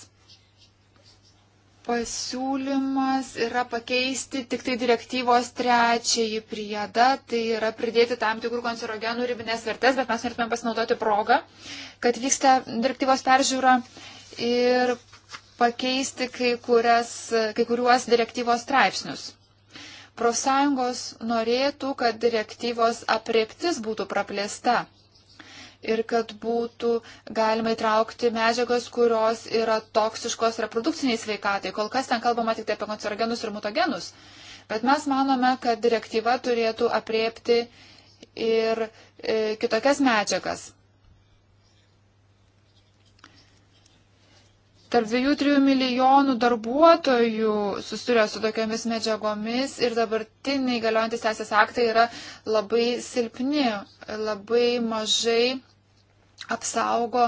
pasiūlymas yra pakeisti tik tai direktyvos trečiąjį priedą, tai yra pridėti tam tikrų kancerogenų ribinės vertės, bet mes norėtume pasinaudoti progą, kad vyksta direktyvos peržiūra ir pakeisti kai, kurias, kai kuriuos direktyvos straipsnius. Profsąjungos norėtų, kad direktyvos apreptis būtų praplėsta ir kad būtų galima įtraukti medžiagas, kurios yra toksiškos reprodukciniai sveikatai. Kol kas ten kalbama tik tai apie kancerogenus ir mutagenus. Bet mes manome, kad direktyva turėtų apriepti ir e, kitokias medžiagas. tarp 2-3 milijonų darbuotojų susiduria su tokiamis medžiagomis ir dabartiniai galiojantis teisės aktai yra labai silpni, labai mažai apsaugo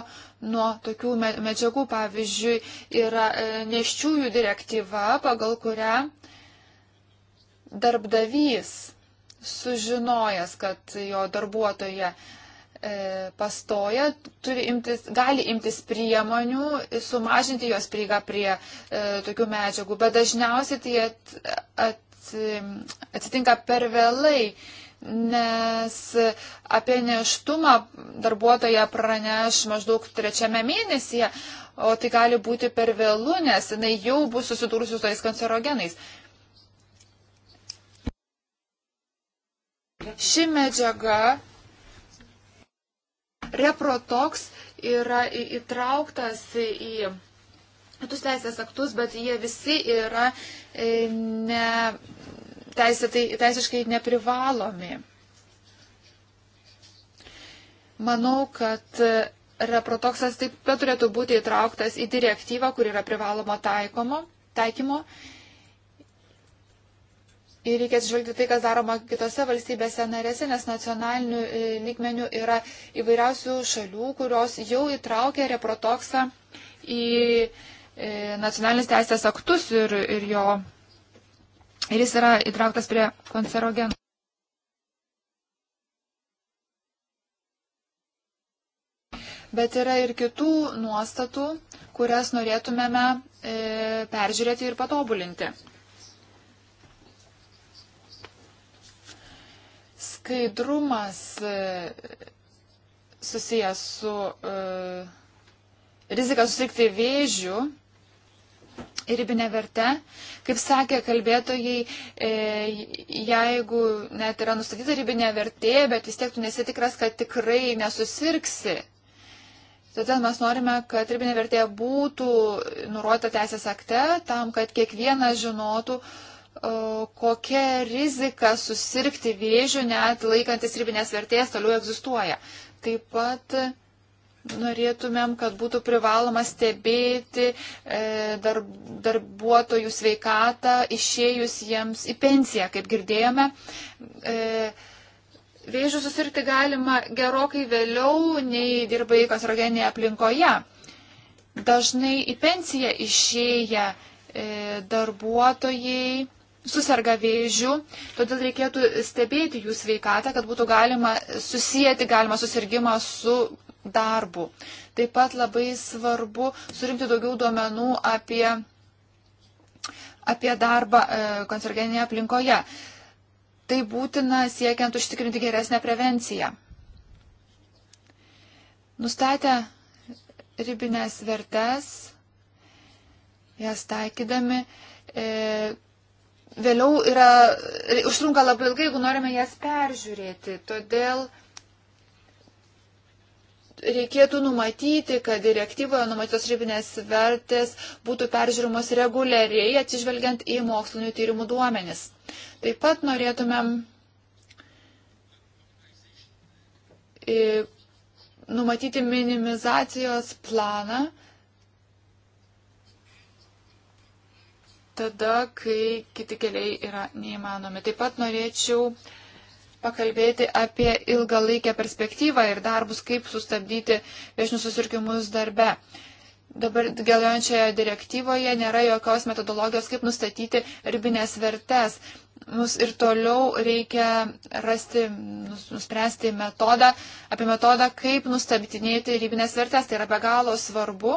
nuo tokių medžiagų. Pavyzdžiui, yra e, neščiųjų direktyva, pagal kurią darbdavys sužinojęs, kad jo darbuotoja e, pastoja, imtis, gali imtis priemonių, sumažinti jos prieigą prie e, tokių medžiagų, bet dažniausiai tai at, at, atsitinka per vėlai nes apie neštumą darbuotoja praneš maždaug trečiame mėnesyje, o tai gali būti per vėlų, nes jinai jau bus susidūrusi su tais kancerogenais. Ši medžiaga reprotoks yra įtrauktas į kitus teisės aktus, bet jie visi yra e, ne teisėtai, teisiškai neprivalomi. Manau, kad reprotoksas taip pat turėtų būti įtrauktas į direktyvą, kur yra privaloma taikomo, taikymo. Ir reikia atsižvelgti tai, kas daroma kitose valstybėse narėse, nes nacionalinių e, lygmenių yra įvairiausių šalių, kurios jau įtraukia reprotoksą į e, nacionalinius teisės aktus ir, ir jo ir jis yra įtrauktas prie kancerogenų. Bet yra ir kitų nuostatų, kurias norėtumėme e, peržiūrėti ir patobulinti. Skaidrumas e, susijęs su e, rizika susirgti vėžiu ribinė vertė. Kaip sakė kalbėtojai, e, jeigu net yra nustatyta ribinė vertė, bet vis tiek tu nesitikras, kad tikrai nesusirksi. Todėl mes norime, kad ribinė vertė būtų nurodyta teisės akte, tam, kad kiekvienas žinotų, e, kokia rizika susirgti vėžių net laikantis ribinės vertės toliau egzistuoja. Taip pat norėtumėm, kad būtų privaloma stebėti e, dar, darbuotojų sveikatą išėjus jiems į pensiją, kaip girdėjome. E, Vėžių susirgti galima gerokai vėliau, nei dirba į kancerogeninėje aplinkoje. Dažnai į pensiją išėję e, darbuotojai susirga vėžių, todėl reikėtų stebėti jų sveikatą, kad būtų galima susijęti galima susirgymą su darbu. Taip pat labai svarbu surinkti daugiau duomenų apie, apie darbą e, kancerogeninėje aplinkoje. Tai būtina siekiant užtikrinti geresnę prevenciją. Nustatę ribinės vertes, jas taikydami, e, vėliau yra, užtrunka labai ilgai, jeigu norime jas peržiūrėti. Todėl reikėtų numatyti, kad direktyvoje numatytos ribinės vertės būtų peržiūrimos reguliariai, atsižvelgiant į mokslinių tyrimų duomenis. Taip pat norėtumėm e, numatyti minimizacijos planą tada, kai kiti keliai yra neįmanomi. Taip pat norėčiau uh, pakalbėti apie ilgalaikę perspektyvą ir darbus, kaip sustabdyti viešinius susirkimus darbe. Dabar galiojančioje direktyvoje nėra jokios metodologijos, kaip nustatyti ribinės vertes. Mums ir toliau reikia rasti, nuspręsti metodą, apie metodą, kaip nustabitinėti ribinės vertes. Tai yra be galo svarbu,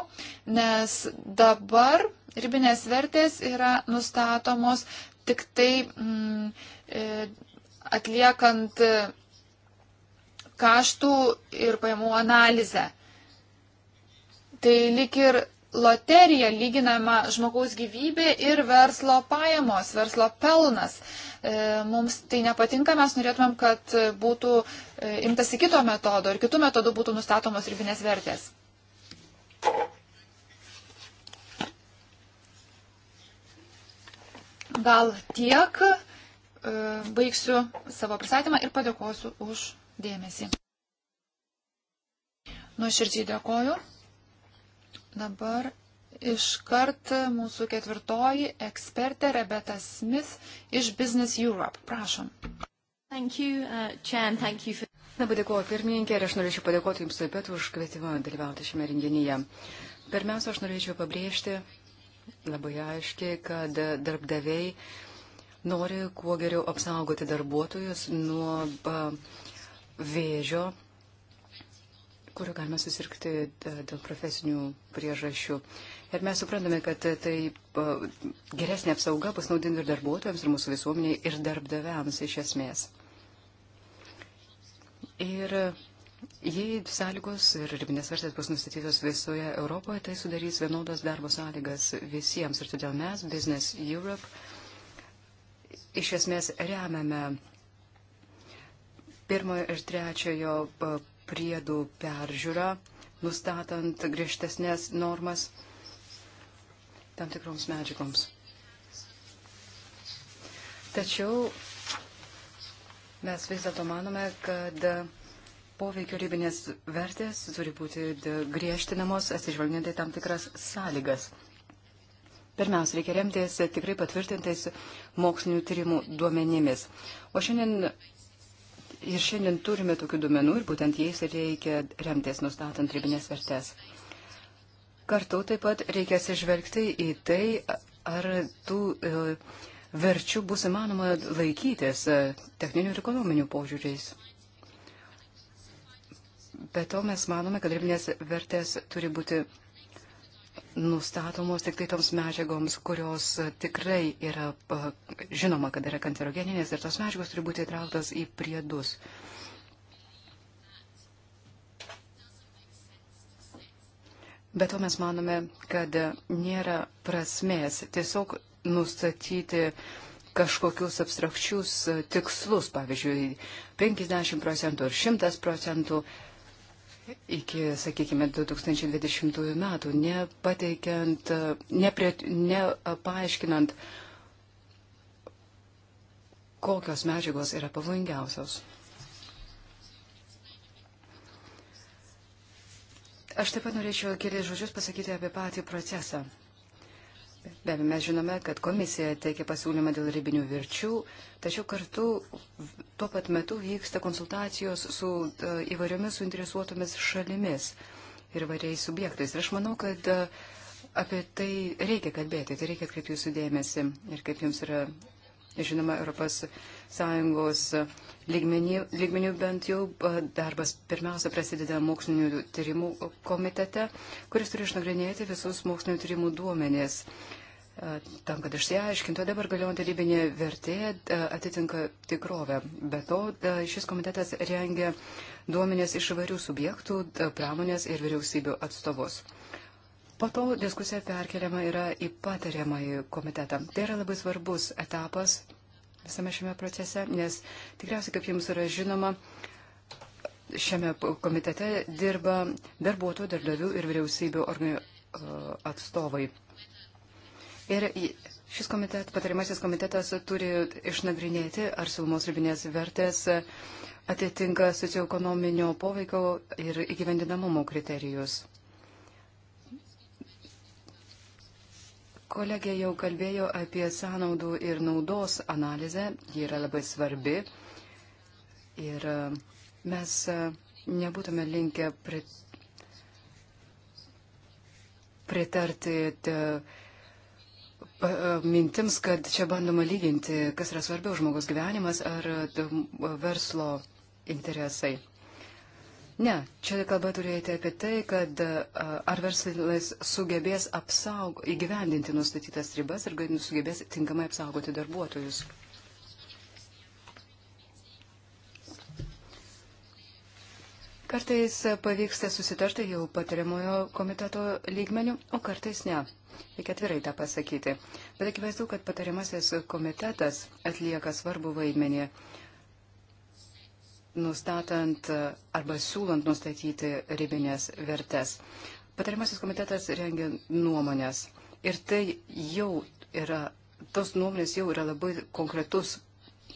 nes dabar ribinės vertės yra nustatomos tik tai. Mm, e, atliekant e, kaštų ir pajamų analizę. Tai lik ir loterija lyginama žmogaus gyvybė ir verslo pajamos, verslo pelnas. E, mums tai nepatinka, mes norėtumėm, kad būtų e, imtasi kito metodo ir kitų metodų būtų nustatomos ribinės vertės. Gal tiek E, baigsiu savo pristatymą ir padėkosiu už dėmesį. Nuoširdžiai dėkoju. Dabar iškart mūsų ketvirtoji ekspertė Rebeta Smith iš Business Europe. Prašom. Thank you, uh, Chan, thank you for... Labai dėkuoju pirmininkė ir aš norėčiau padėkoti Jums taip pat už kvietimą dalyvauti šiame renginyje. Pirmiausia, aš norėčiau pabrėžti labai aiškiai, kad darbdaviai nori kuo geriau apsaugoti darbuotojus nuo vėžio, kurio galima susirgti dėl profesinių priežasčių. Ir mes suprantame, kad tai geresnė apsauga bus naudinga ir darbuotojams, ir mūsų visuomeniai, ir darbdaviams iš esmės. Ir jei sąlygos ir ribinės vertės bus nustatytos visoje Europoje, tai sudarys vienodas darbo sąlygas visiems. Ir todėl mes, Business Europe, iš esmės remiame pirmojo ir trečiojo e, priedų peržiūrą, nustatant griežtesnės normas tam tikroms medžiagoms. Tačiau mes vis dėlto manome, kad poveikio ribinės vertės turi būti griežtinamos, atsižvelgiant į tam tikras sąlygas. Pirmiausia, reikia remtis tikrai patvirtintais mokslinių tyrimų duomenimis. O šiandien ir šiandien turime tokių duomenų ir būtent jais reikia remtis nustatant ribinės vertės. Kartu taip pat reikia atsižvelgti į tai, ar tų e, verčių bus įmanoma laikytis e, techninių ir ekonominių požiūriais. Be to mes manome, kad ribinės vertės turi būti nustatomos tik tai toms medžiagoms, kurios tikrai yra žinoma, kad yra kancerogeninės ir tos medžiagos turi būti įtrauktos į priedus. Bet to mes manome, kad nėra prasmės tiesiog nustatyti kažkokius abstrakčius tikslus, pavyzdžiui, 50 procentų ar 100 procentų iki, sakykime, 2020 metų, nepateikiant, neprie, nepaaiškinant, kokios medžiagos yra pavojingiausios. Aš taip pat norėčiau kelias žodžius pasakyti apie patį procesą. Be abejo, mes žinome, kad komisija teikia pasiūlymą dėl ribinių virčių, tačiau kartu tuo pat metu vyksta konsultacijos su e, įvairiomis suinteresuotomis šalimis ir įvairiais subjektais. Ir aš manau, kad e, apie tai reikia kalbėti, tai reikia atkreipti jūsų dėmesį. Ir kaip jums yra Žinoma, ES lygmenių, lygmenių bent jau darbas pirmiausia prasideda mokslinių tyrimų komitete, kuris turi išnagrinėti visus mokslinių tyrimų duomenės. Tam, kad išsiaiškintų, dabar galiojant rybinė vertė atitinka tikrovę. Be to, šis komitetas rengia duomenės iš įvairių subjektų, pramonės ir vyriausybių atstovus. Po to diskusija perkeliama yra į patariamąjį komitetą. Tai yra labai svarbus etapas visame šiame procese, nes tikriausiai, kaip jums yra žinoma, šiame komitete dirba darbuotojų, darbdavių ir vyriausybių atstovai. Ir šis komitet, patarimasis komitetas turi išnagrinėti, ar siūlomos ribinės vertės atitinka socioekonominio poveikio ir įgyvendinamumo kriterijus. Kolegė jau kalbėjo apie sąnaudų ir naudos analizę, ji yra labai svarbi ir e, mes e, nebūtume linkę pritarti e, mintims, kad čia bandoma lyginti, kas yra svarbiau žmogaus gyvenimas ar verslo interesai. Ne, čia kalba turėjote apie tai, kad ar verslas sugebės apsaugo, įgyvendinti nustatytas ribas ir sugebės tinkamai apsaugoti darbuotojus. Kartais pavyksta susitarti jau patariamojo komiteto lygmenių, o kartais ne. Reikia atvirai tą pasakyti. Bet akivaizdu, kad patariamasis komitetas atlieka svarbu vaidmenį nustatant arba siūlant nustatyti ribinės vertes. Patarimasis komitetas rengia nuomonės ir tai jau yra, tos nuomonės jau yra labai konkretus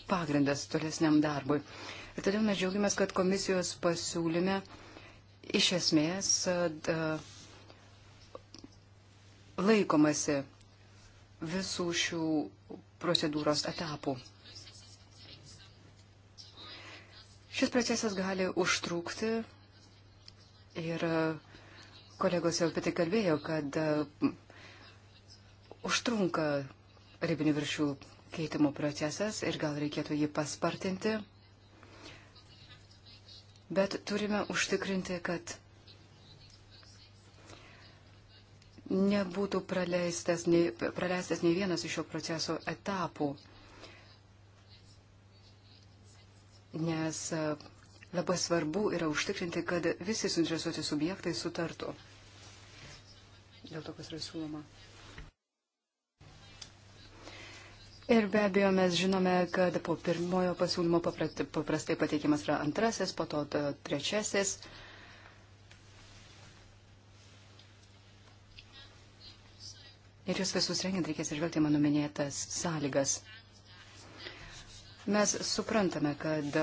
pagrindas tolesniam darbui. Ir todėl mes džiaugiamės, kad komisijos pasiūlyme iš esmės da, laikomasi visų šių procedūros etapų. Šis procesas gali užtrukti ir e, kolegos jau apie tai kalbėjo, kad e, užtrunka ribinių viršių keitimo procesas ir gal reikėtų jį paspartinti. Bet turime užtikrinti, kad nebūtų praleistas nei, praleistas nei vienas iš šio proceso etapų. nes e, labai svarbu yra užtikrinti, kad visi suinteresuoti subjektai sutartų dėl to, kas yra siūloma. Ir be abejo, mes žinome, kad po pirmojo pasiūlymo paprastai pateikimas yra antrasis, po to trečiasis. Ir jūs visus rengiant reikės išvelgti mano minėtas sąlygas. Mes suprantame, kad,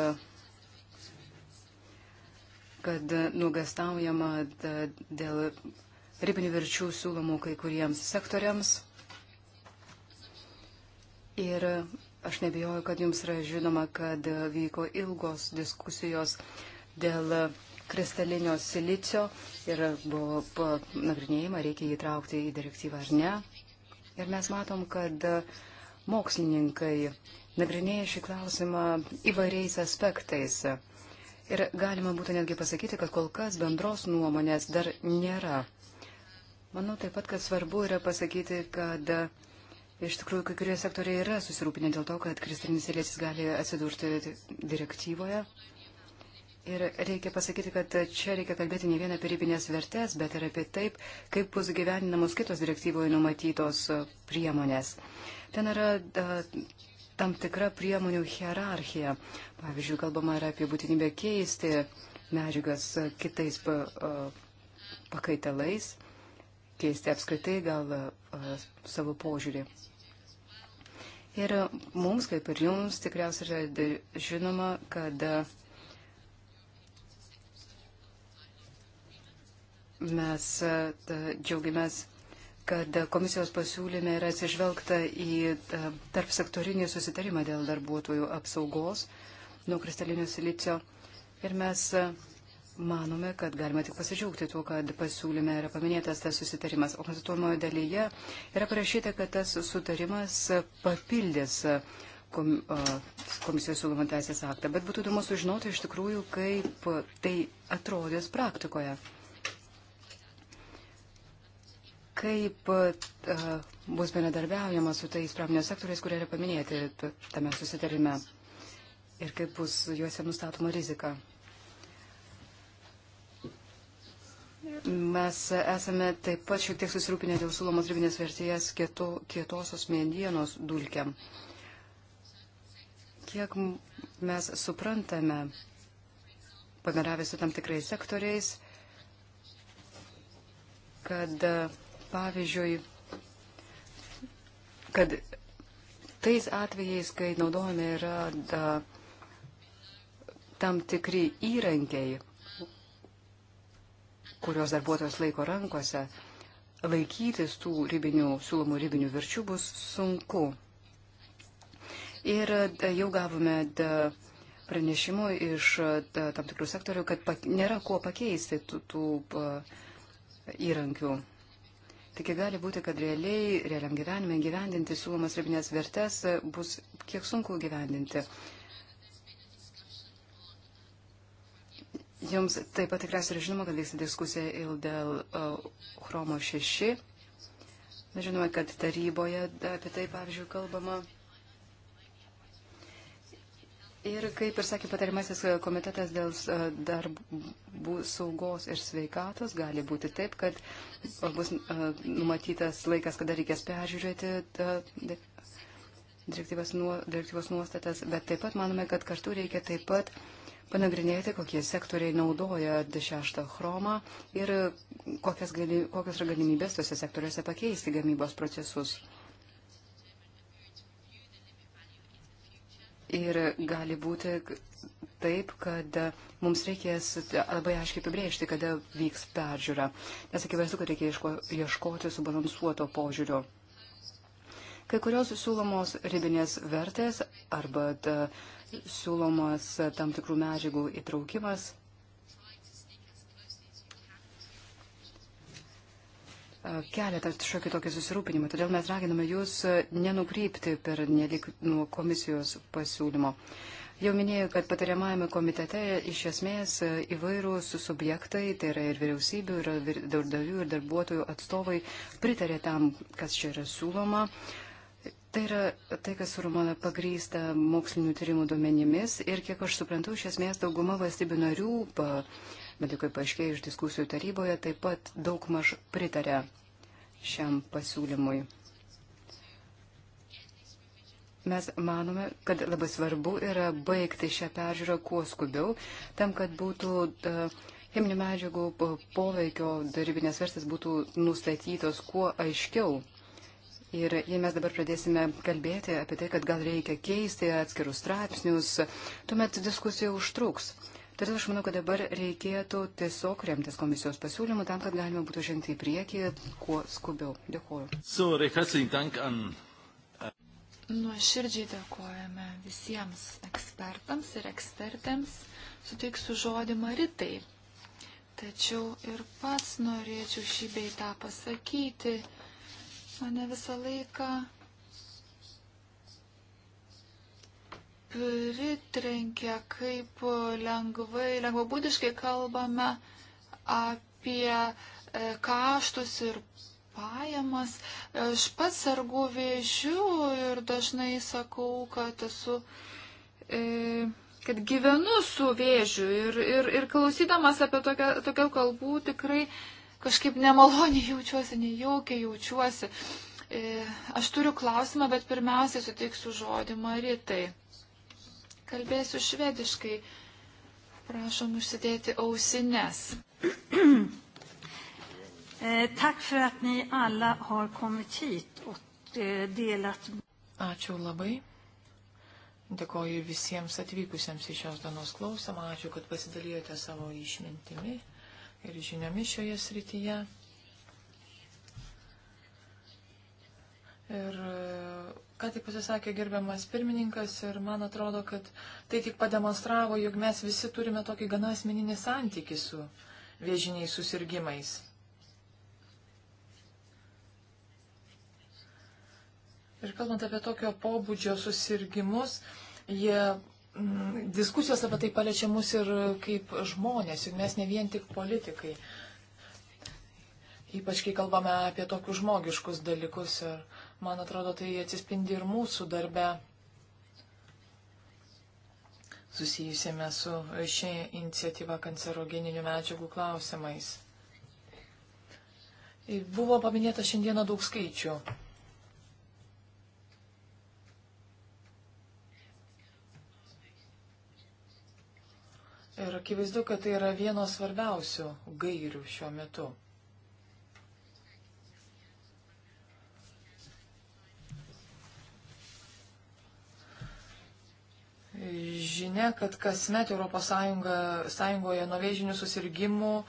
kad nuogastaujama dėl ribinių verčių siūlomų kai kuriems sektoriams. Ir aš nebijoju, kad jums yra žinoma, kad vyko ilgos diskusijos dėl kristalinio silicio ir buvo nagrinėjama, reikia įtraukti į direktyvą ar ne. Ir mes matom, kad mokslininkai nagrinėja šį klausimą įvairiais aspektais. Ir galima būtų netgi pasakyti, kad kol kas bendros nuomonės dar nėra. Manau taip pat, kad svarbu yra pasakyti, kad iš tikrųjų kai kurie sektoriai yra susirūpinę dėl to, kad kristalinisėlėsis gali atsidurti direktyvoje. Ir reikia pasakyti, kad čia reikia kalbėti ne vien apie ribinės vertės, bet ir apie taip, kaip bus gyveninamos kitos direktyvoje numatytos priemonės. Ten yra tam tikra priemonių hierarchija. Pavyzdžiui, kalbama yra apie būtinybę keisti medžiagas kitais pakaitalais, keisti apskritai gal savo požiūrį. Ir mums, kaip ir jums, tikriausiai yra žinoma, kad mes džiaugiamės kad komisijos pasiūlyme yra atsižvelgta į e, tarp sektorinį susitarimą dėl darbuotojų apsaugos nuo kristalinio silicio. Ir mes e, manome, kad galima tik pasidžiaugti tuo, kad pasiūlyme yra paminėtas tas susitarimas. O konstatuojamojo dalyje yra parašyta, kad tas sutarimas papildys e, komisijos siūlomą teisės aktą. Bet būtų įdomu sužinoti iš tikrųjų, kaip tai atrodys praktikoje kaip e, bus bendradarbiaujama su tais pramonės sektoriais, kurie yra paminėti tame susitarime ir kaip bus juose nustatoma rizika. Mes esame taip pat šiek tiek susirūpinę dėl sulomos ribinės vertėjas kieto, kietosios mėdienos dulkiam. Kiek mes suprantame, pagaravę su tam tikrais sektoriais, kad pavyzdžiui, kad tais atvejais, kai naudojami yra da, tam tikri įrankiai, kurios darbuotojas laiko rankose, laikytis tų ribinių, siūlomų ribinių virčių bus sunku. Ir da, jau gavome da, pranešimų iš da, tam tikrų sektorių, kad pak, nėra kuo pakeisti tų, tų pa, įrankių. Taigi gali būti, kad realiai, realiam gyvenime gyvendinti siūlomas ribinės vertės e, bus kiek sunku gyvendinti. Jums taip pat tikriausiai yra žinoma, kad vyksta diskusija ir dėl uh, chromo 6. Žinoma, kad taryboje apie tai, pavyzdžiui, kalbama. Ir kaip ir sakė patarimasis e, komitetas dėl e, darbų saugos ir sveikatos, gali būti taip, kad e, bus numatytas laikas, kada reikės peržiūrėti direktyvos, nuo, direktyvos nuostatas, bet taip pat manome, kad kartu reikia taip pat panagrinėti, kokie sektoriai naudoja šeštą chromą ir kokias, gali, kokios yra galimybės tose sektoriuose pakeisti gamybos procesus. ir gali būti taip, kad mums reikės labai aiškiai apibrėžti, kada vyks peržiūra. Nes akivaizdu, kad reikia ieško, ieškoti subalansuoto požiūrio. Kai kurios siūlomos ribinės vertės arba da, siūlomas tam tikrų medžiagų įtraukimas kelia šiokį tokį susirūpinimą. Todėl mes raginame jūs nenukrypti per nelik nuo komisijos pasiūlymo. Jau minėjau, kad patariamajame komitete iš esmės įvairūs subjektai, tai yra ir vyriausybių, ir darbdavių, ir darbuotojų atstovai pritarė tam, kas čia yra siūloma. Tai yra tai, kas surumana pagrysta mokslinių tyrimų duomenimis ir, kiek aš suprantu, iš esmės dauguma valstybių narių bet jau kaip aiškiai iš diskusijų taryboje, taip pat daug maž pritarė šiam pasiūlymui. Mes manome, kad labai svarbu yra baigti šią peržiūrą kuo skubiau, tam, kad būtų e, cheminių medžiagų poveikio darybinės verstas būtų nustatytos kuo aiškiau. Ir jei mes dabar pradėsime kalbėti apie tai, kad gal reikia keisti atskirus straipsnius, tuomet diskusija užtruks. Todėl aš manau, kad dabar reikėtų tiesiog remtis komisijos pasiūlymų tam, kad galima būtų žengti į priekį kuo skubiau. Dėkuoju. So, Nuoširdžiai dėkojame visiems ekspertams ir ekspertėms. Suteiksiu žodį Maritai. Tačiau ir pats norėčiau šį beitą pasakyti. Mane visą laiką pritrenkia, kaip lengvai, lengvabūdiškai kalbame apie e, kaštus ir pajamas. Aš pats sargu vėžių ir dažnai sakau, kad esu. E, kad gyvenu su vėžiu ir, ir, ir klausydamas apie tokią, tokią kalbų tikrai kažkaip nemaloniai jaučiuosi, nejaukiai jaučiuosi. E, aš turiu klausimą, bet pirmiausiai suteiksiu žodį Maritai. Kalbėsiu švediškai. Prašom užsidėti ausines. Eh, tack för att ni alla har kommit hit och eh, delat. Ačiū labai. Dėkoju visiems atvykusiems į šios dienos klausimą. Ačiū, kad pasidalijote savo išmintimi ir žiniomis šioje srityje. Ir ką tik pasisakė gerbiamas pirmininkas ir man atrodo, kad tai tik pademonstravo, jog mes visi turime tokį gana asmeninį santykį su viežiniais susirgymais. Ir kalbant apie tokio pobūdžio susirgymus, jie m, mm, diskusijos apie tai paliečia mus ir kaip žmonės, juk mes ne vien tik politikai. Ypač kai kalbame apie tokius žmogiškus dalykus ir Man atrodo, tai atsispindi ir mūsų darbe susijusėme su šia iniciatyva kancerogeninių medžiagų klausimais. Ir buvo paminėta šiandieną daug skaičių. Ir akivaizdu, kad tai yra vienos svarbiausių gairių šiuo metu. žinia, kad kasmet ES sąjungoje nuo vėžinių susirgymų, e,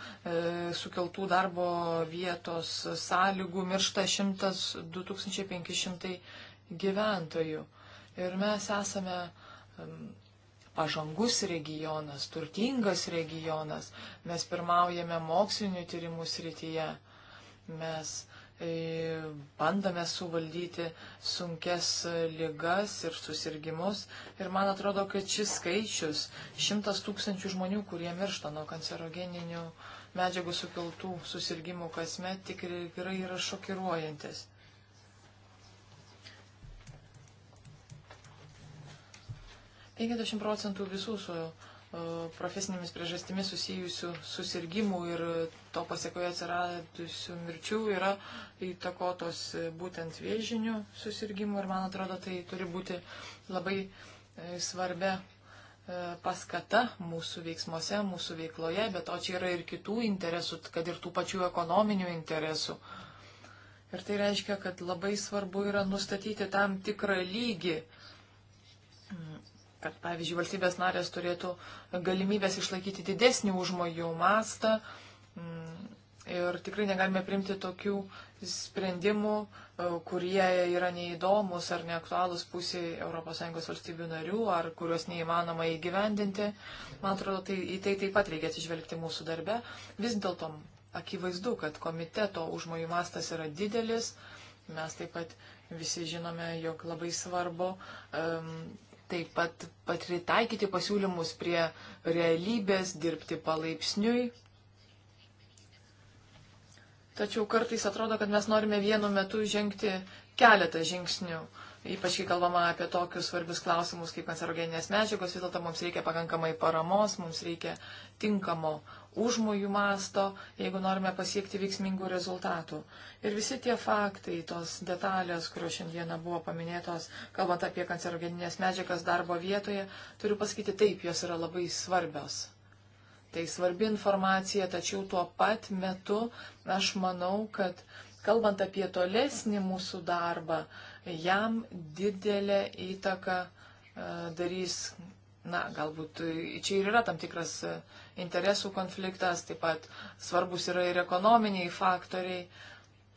sukeltų darbo vietos sąlygų miršta 100-2500 gyventojų. Ir mes esame pažangus regionas, turtingas regionas, mes pirmaujame mokslinių tyrimų srityje, mes e, E, bandome suvaldyti sunkes lygas ir susirgymus. Ir man atrodo, kad šis skaičius - šimtas tūkstančių žmonių, kurie miršta nuo kancerogeninių medžiagų sukeltų susirgymų kasmet, tikrai yra šokiruojantis. Penkiasdešimt procentų visų su E, profesinėmis priežastimis susijusių susirgymų ir to pasiekoje atsiradusių mirčių yra įtakotos būtent vėžinių susirgymų ir man atrodo tai turi būti labai e, svarbia e, paskata mūsų veiksmuose, mūsų veikloje, bet o čia yra ir kitų interesų, kad ir tų pačių ekonominių interesų. Ir tai reiškia, kad labai svarbu yra nustatyti tam tikrą lygį kad, pavyzdžiui, valstybės narės turėtų galimybės išlaikyti didesnį užmojų mastą. Mm, ir tikrai negalime primti tokių sprendimų, e, kurie yra neįdomus ar neaktualūs pusiai ES valstybių narių, ar kuriuos neįmanoma įgyvendinti. Man atrodo, tai, į tai taip pat reikia atsižvelgti mūsų darbe. Vis dėlto akivaizdu, kad komiteto užmojų mastas yra didelis. Mes taip pat visi žinome, jog labai svarbu um, taip pat patritaikyti pasiūlymus prie realybės, dirbti palaipsniui. Tačiau kartais atrodo, kad mes norime vienu metu žengti keletą žingsnių ypač kai kalbama apie tokius svarbius klausimus kaip kancerogeninės medžiagos, vis dėlto mums reikia pakankamai paramos, mums reikia tinkamo užmojų masto, jeigu norime pasiekti veiksmingų rezultatų. Ir visi tie faktai, tos detalės, kurios šiandieną buvo paminėtos, kalbant apie kancerogeninės medžiagas darbo vietoje, turiu pasakyti taip, jos yra labai svarbios. Tai svarbi informacija, tačiau tuo pat metu aš manau, kad kalbant apie tolesnį mūsų darbą, jam didelę įtaką e, darys, na, galbūt čia ir yra tam tikras e, interesų konfliktas, taip pat svarbus yra ir ekonominiai faktoriai.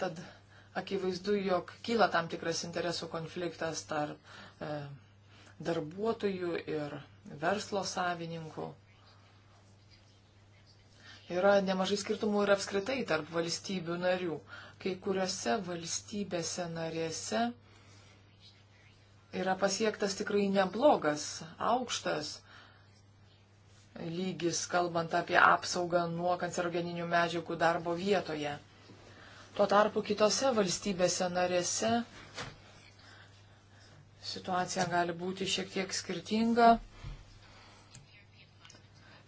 Tad akivaizdu, jog kyla tam tikras interesų konfliktas tarp e, darbuotojų ir verslo savininkų. Yra nemažai skirtumų ir apskritai tarp valstybių narių. Kai kuriuose valstybėse narėse yra pasiektas tikrai neblogas, aukštas lygis, kalbant apie apsaugą nuo kancerogeninių medžiagų darbo vietoje. Tuo tarpu kitose valstybėse narėse situacija gali būti šiek tiek skirtinga.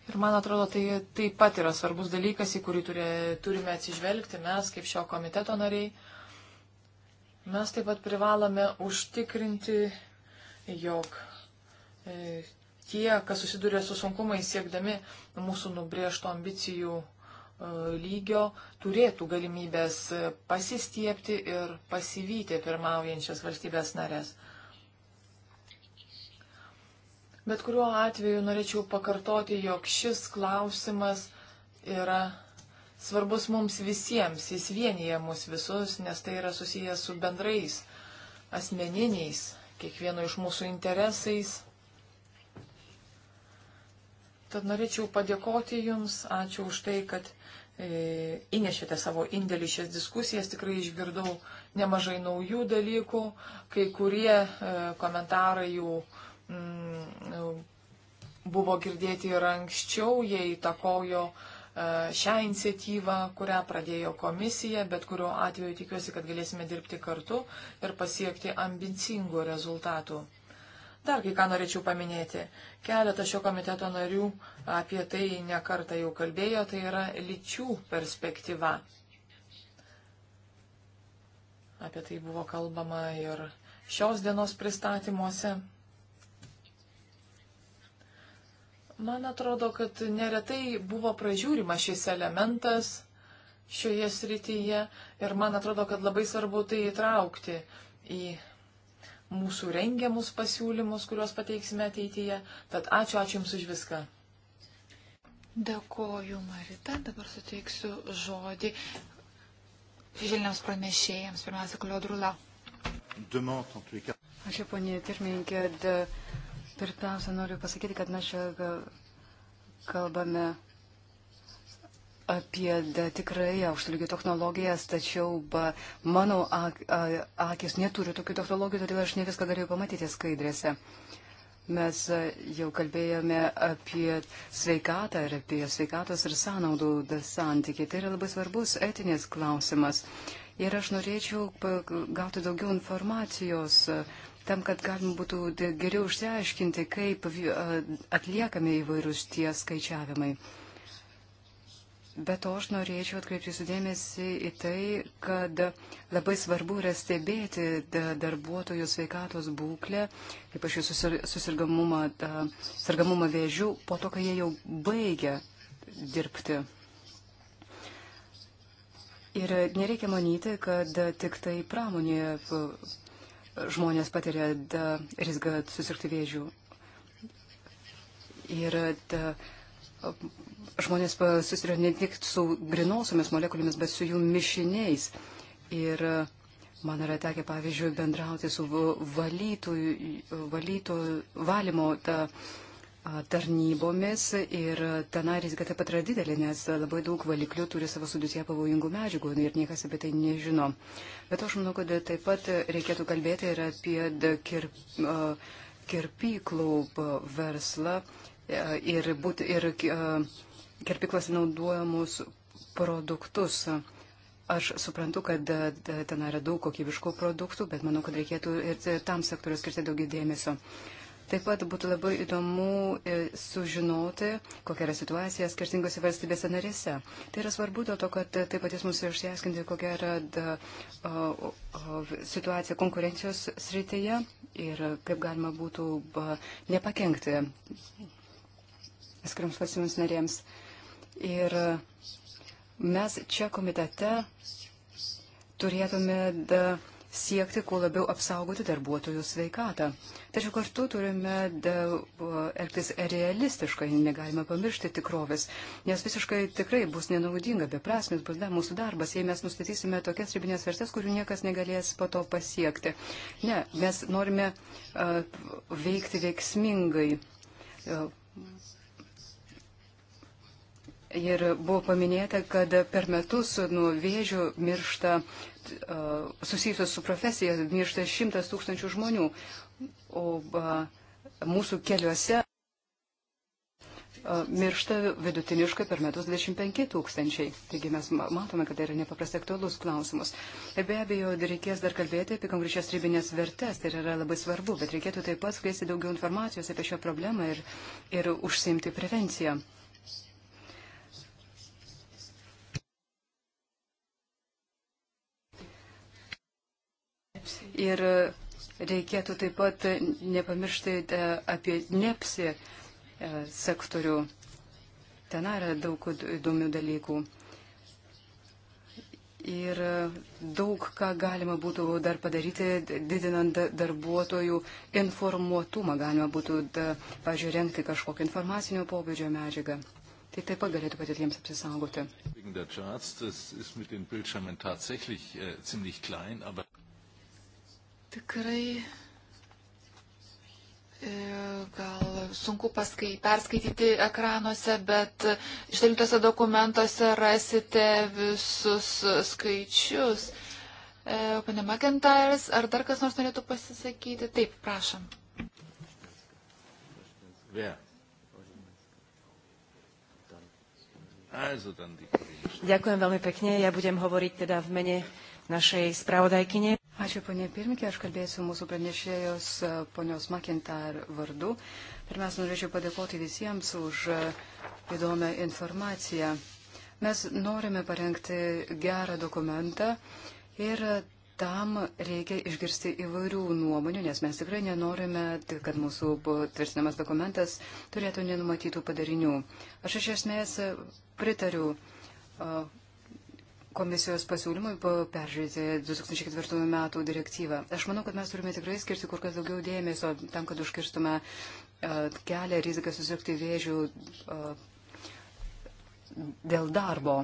Ir man atrodo, tai taip pat yra svarbus dalykas, į kurį turė, turime atsižvelgti mes kaip šio komiteto nariai. Mes taip pat privalome užtikrinti, jog e, tie, kas susiduria su sunkumais siekdami mūsų nubriežto ambicijų e, lygio, turėtų galimybės pasistiepti ir pasivyti pirmaujančias valstybės narės. Bet kuriuo atveju norėčiau pakartoti, jog šis klausimas yra svarbus mums visiems, jis vienyje mus visus, nes tai yra susijęs su bendrais asmeniniais kiekvieno iš mūsų interesais Tad norėčiau padėkoti Jums, ačiū už tai, kad e, įnešėte savo indėlį šias diskusijas, tikrai išgirdau nemažai naujų dalykų, kai kurie e, komentarai jų mm, buvo girdėti ir anksčiau, jie įtakojo e, šią iniciatyvą, kurią pradėjo komisija, bet kuriuo atveju tikiuosi, kad galėsime dirbti kartu ir pasiekti ambicingų rezultatų. Dar kai ką norėčiau paminėti. Keletą šio komiteto narių apie tai nekartą jau kalbėjo, tai yra lyčių perspektyva. Apie tai buvo kalbama ir šios dienos pristatymuose. Man atrodo, kad neretai buvo pražiūrima šis elementas šioje srityje ir man atrodo, kad labai svarbu tai įtraukti į mūsų rengiamus pasiūlymus, kuriuos pateiksime ateityje. Tad ačiū, ačiū Jums už viską. Dėkoju, Marita. Dabar suteiksiu žodį žiliniams pranešėjams. Pirmiausia, Kulio Drula. Ačiū, ponė pirmininkė. Pirmiausia, noriu pasakyti, kad mes čia e, kalbame apie da, tikrai aukšto lygio technologijas, tačiau ba, mano ak, a, akis neturi tokių technologijų, todėl aš ne viską galėjau pamatyti skaidrėse. Mes a, jau kalbėjome apie sveikatą ir apie sveikatos ir sąnaudų santykį. Tai yra labai svarbus etinis klausimas. Ir aš norėčiau gauti daugiau informacijos tam, kad galima būtų geriau išsiaiškinti, kaip atliekami įvairūs tie skaičiavimai. Be to aš norėčiau atkreipti sudėmėsi į tai, kad labai svarbu yra stebėti darbuotojų sveikatos būklę, kaip aš jų susirgamumą, sargamumą vėžių, po to, kai jie jau baigia dirbti. Ir nereikia manyti, kad tik tai pramonėje žmonės patiria riziką susirgti vėžių. Ir da, žmonės susiduria ne tik su grinosiomis molekulėmis, bet su jų mišiniais. Ir e, man yra tekę, pavyzdžiui, bendrauti su valytų, valytų valymo ta, tarnybomis ir tenai rizika taip pat yra didelė, nes labai daug valiklių turi savo sudėtyje pavojingų medžiagų ir niekas apie tai nežino. Bet aš manau, kad taip pat reikėtų kalbėti ir apie kirp, kirpyklų verslą e, ir, būt, ir uh, kirpiklas naudojamus produktus. Aš suprantu, kad e, ten yra daug kokybiškų produktų, bet manau, kad reikėtų ir tam sektoriu skirti daugiau dėmesio. Taip pat būtų labai įdomu e, sužinoti, kokia yra situacija skirtingose valstybėse narėse. Tai yra svarbu dėl to, kad e, taip pat jis mums išsiaiškinti, kokia yra da, o, o, situacija konkurencijos srityje ir kaip galima būtų ba, nepakengti skiriams valstybėms narėms. Uh, Ir mes čia komitete turėtume siekti kuo labiau apsaugoti darbuotojų sveikatą. Tačiau kartu turime elgtis realistiškai, negalime pamiršti tikrovės, nes visiškai tikrai bus nenaudinga, beprasmis bus da, mūsų darbas, jei mes nustatysime tokias ribinės vertės, kurių niekas negalės po to pasiekti. Ne, mes norime uh, veikti veiksmingai. Uh, Ir buvo paminėta, kad per metus nuo vėžių miršta, susijusios su profesija, miršta šimtas tūkstančių žmonių. O mūsų keliuose miršta vidutiniškai per metus 25 tūkstančiai. Taigi mes matome, kad tai yra nepaprastai aktualus klausimas. Ir be abejo, reikės dar kalbėti apie konkrečias ribinės vertes, tai yra labai svarbu, bet reikėtų taip pat skleisti daugiau informacijos apie šią problemą ir, ir užsimti prevenciją. Ir reikėtų taip pat nepamiršti e, apie nepsi e, sektorių. Ten yra daug įdomių dalykų. Ir daug ką galima būtų dar padaryti, didinant darbuotojų informuotumą. Galima būtų, e, pažiūrėjau, renkti kažkokią informacinio pobūdžio medžiagą. Tai taip pat galėtų padėti jiems apsisaugoti. Tikrai e, gal sunku paskai, perskaityti ekranuose, bet išdalintose dokumentuose rasite visus skaičius. E, Pane McIntyres, ar dar kas nors norėtų pasisakyti? Taip, prašom. Ďakujem veľmi pekne. Ja budem hovoriť teda v mene našej spravodajkyne. Ačiū, ponė pirmikė, aš kalbėsiu mūsų pranešėjos e, ponios Makintar vardu. Pirmiausia, norėčiau padėkoti visiems už e, įdomią informaciją. Mes norime parengti gerą dokumentą ir tam reikia išgirsti įvairių nuomonių, nes mes tikrai nenorime, kad mūsų tvirtinamas dokumentas turėtų nenumatytų padarinių. Aš iš esmės e, pritariu komisijos pasiūlymui peržiūrėti 2004 metų direktyvą. Aš manau, kad mes turime tikrai skirti kur kas daugiau dėmesio tam, kad užkirstume e, kelią riziką susirgti vėžių e, dėl darbo.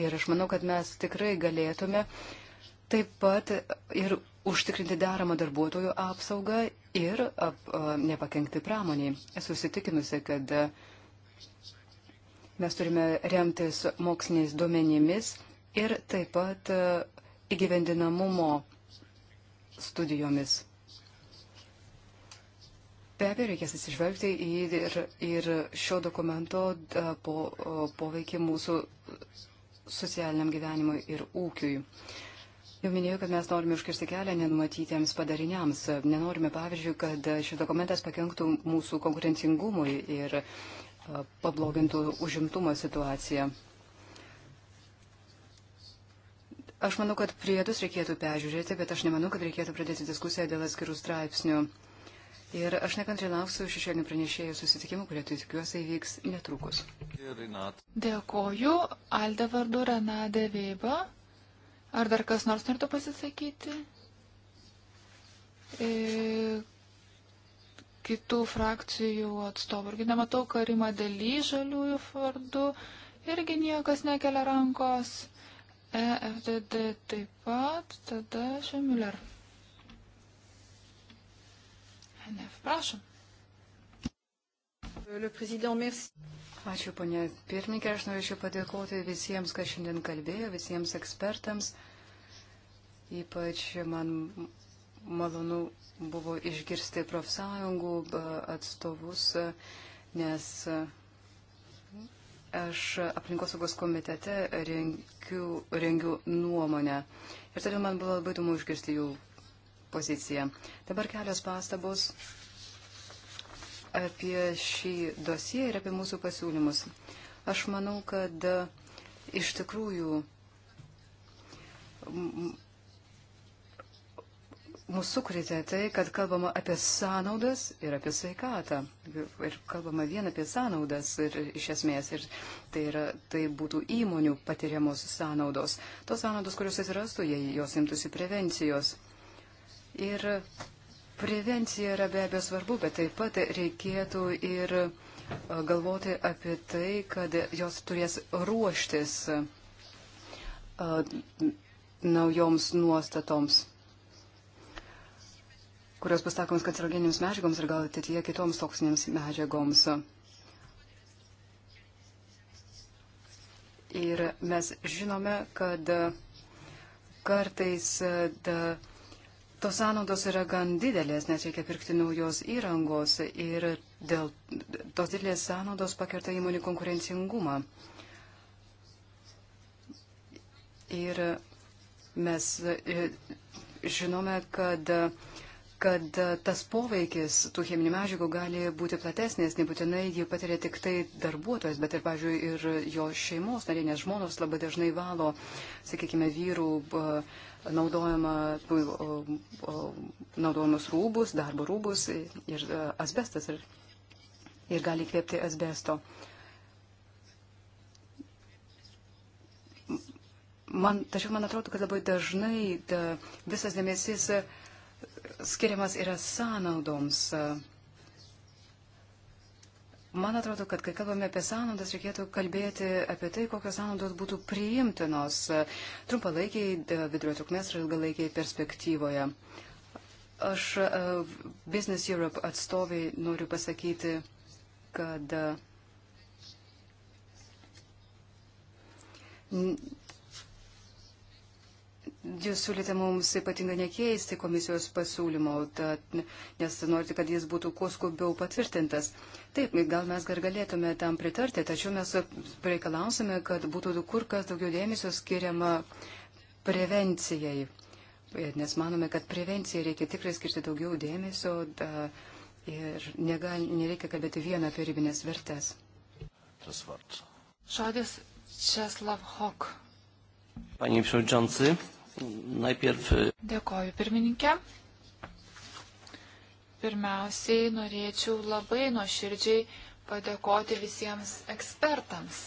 Ir aš manau, kad mes tikrai galėtume taip pat ir užtikrinti deramą darbuotojų apsaugą ir ap, e, nepakenkti pramoniai. Esu įsitikinusi, kad mes turime remtis moksliniais duomenimis ir taip pat e, įgyvendinamumo studijomis. Be abejo, reikės atsižvelgti ir, ir šio dokumento e, po, e, poveikį mūsų socialiniam gyvenimui ir ūkiui. Jau minėjau, kad mes norime užkirsti kelią nenumatytiems padariniams. Nenorime, pavyzdžiui, kad šis dokumentas pakenktų mūsų konkurencingumui ir pablogintų užimtumo situaciją. Aš manau, kad priedus reikėtų peržiūrėti, bet aš nemanau, kad reikėtų pradėti diskusiją dėl atskirų straipsnių. Ir aš nekantriai lauksiu šešėlinių pranešėjų susitikimų, kurie tai tikiuosi įvyks netrukus. Dėkoju. Alde vardu Renade Veiba. Ar dar kas nors norėtų pasisakyti? E, kitų frakcijų atstovų. Irgi nematau Karima Dely žaliųjų vardu. Irgi niekas nekelia rankos. EFDD taip pat, tada Šemiller. NF, prašom. Ačiū, ponė pirmininkė, aš norėčiau padėkoti visiems, kas šiandien kalbėjo, visiems ekspertams. Ypač man malonu buvo išgirsti profsąjungų atstovus, nes aš aplinkosaugos komitete rengiu, rengiu nuomonę. Ir todėl man buvo labai įdomu išgirsti jų poziciją. Dabar kelios pastabos apie šį dosiją ir apie mūsų pasiūlymus. Aš manau, kad iš tikrųjų mūsų sukrėtė tai, kad kalbama apie sąnaudas ir apie sveikatą. Ir kalbama vien apie sąnaudas ir, iš esmės. Ir tai, yra, tai būtų įmonių patiriamos sąnaudos. Tos sąnaudos, kurios atsirastų, jei jos imtųsi prevencijos. Ir prevencija yra be abejo svarbu, bet taip pat reikėtų ir galvoti apie tai, kad jos turės ruoštis naujoms nuostatoms kurios bus takomas kancerogeniniams medžiagoms ir gal ateityje kitoms toksinėms medžiagoms. Ir mes žinome, kad kartais e, da, tos sąnaudos yra gan didelės, nes reikia pirkti naujos įrangos ir dėl tos didelės sąnaudos pakerta įmonių konkurencingumą. Ir mes e, žinome, kad kad e, tas poveikis tų cheminių medžiagų gali būti platesnis, nebūtinai jį patiria tik tai darbuotojas, bet ir, pavyzdžiui, ir jo šeimos nariai, nes žmonos labai dažnai valo, sakykime, vyrų e, naudojama, e, naudojamus rūbus, darbo rūbus ir asbestas ir, ir gali kvėpti asbesto. Man, tačiau man atrodo, kad labai dažnai ta, visas dėmesys skiriamas yra sąnaudoms. Man atrodo, kad kai kalbame apie sąnaudas, reikėtų kalbėti apie tai, kokios sąnaudos būtų priimtinos trumpalaikiai, e, vidurio trukmės ir ilgalaikiai perspektyvoje. Aš e, Business Europe atstoviai noriu pasakyti, kad Jūs siūlyte mums ypatingai nekeisti komisijos pasiūlymo, tad, nes norite, kad jis būtų kuo skubiau patvirtintas. Taip, gal mes gar galėtume tam pritarti, tačiau mes reikalausime, kad būtų kur kas daugiau dėmesio skiriama prevencijai, nes manome, kad prevencijai reikia tikrai skirti daugiau dėmesio da, ir negal, nereikia kalbėti vieną apie ribinės vertės. Žodis Česlav Hok. Panie Przewodniczący, najpierw. E, Dėkoju, pirmininkė. Pirmiausiai norėčiau labai nuoširdžiai padėkoti visiems ekspertams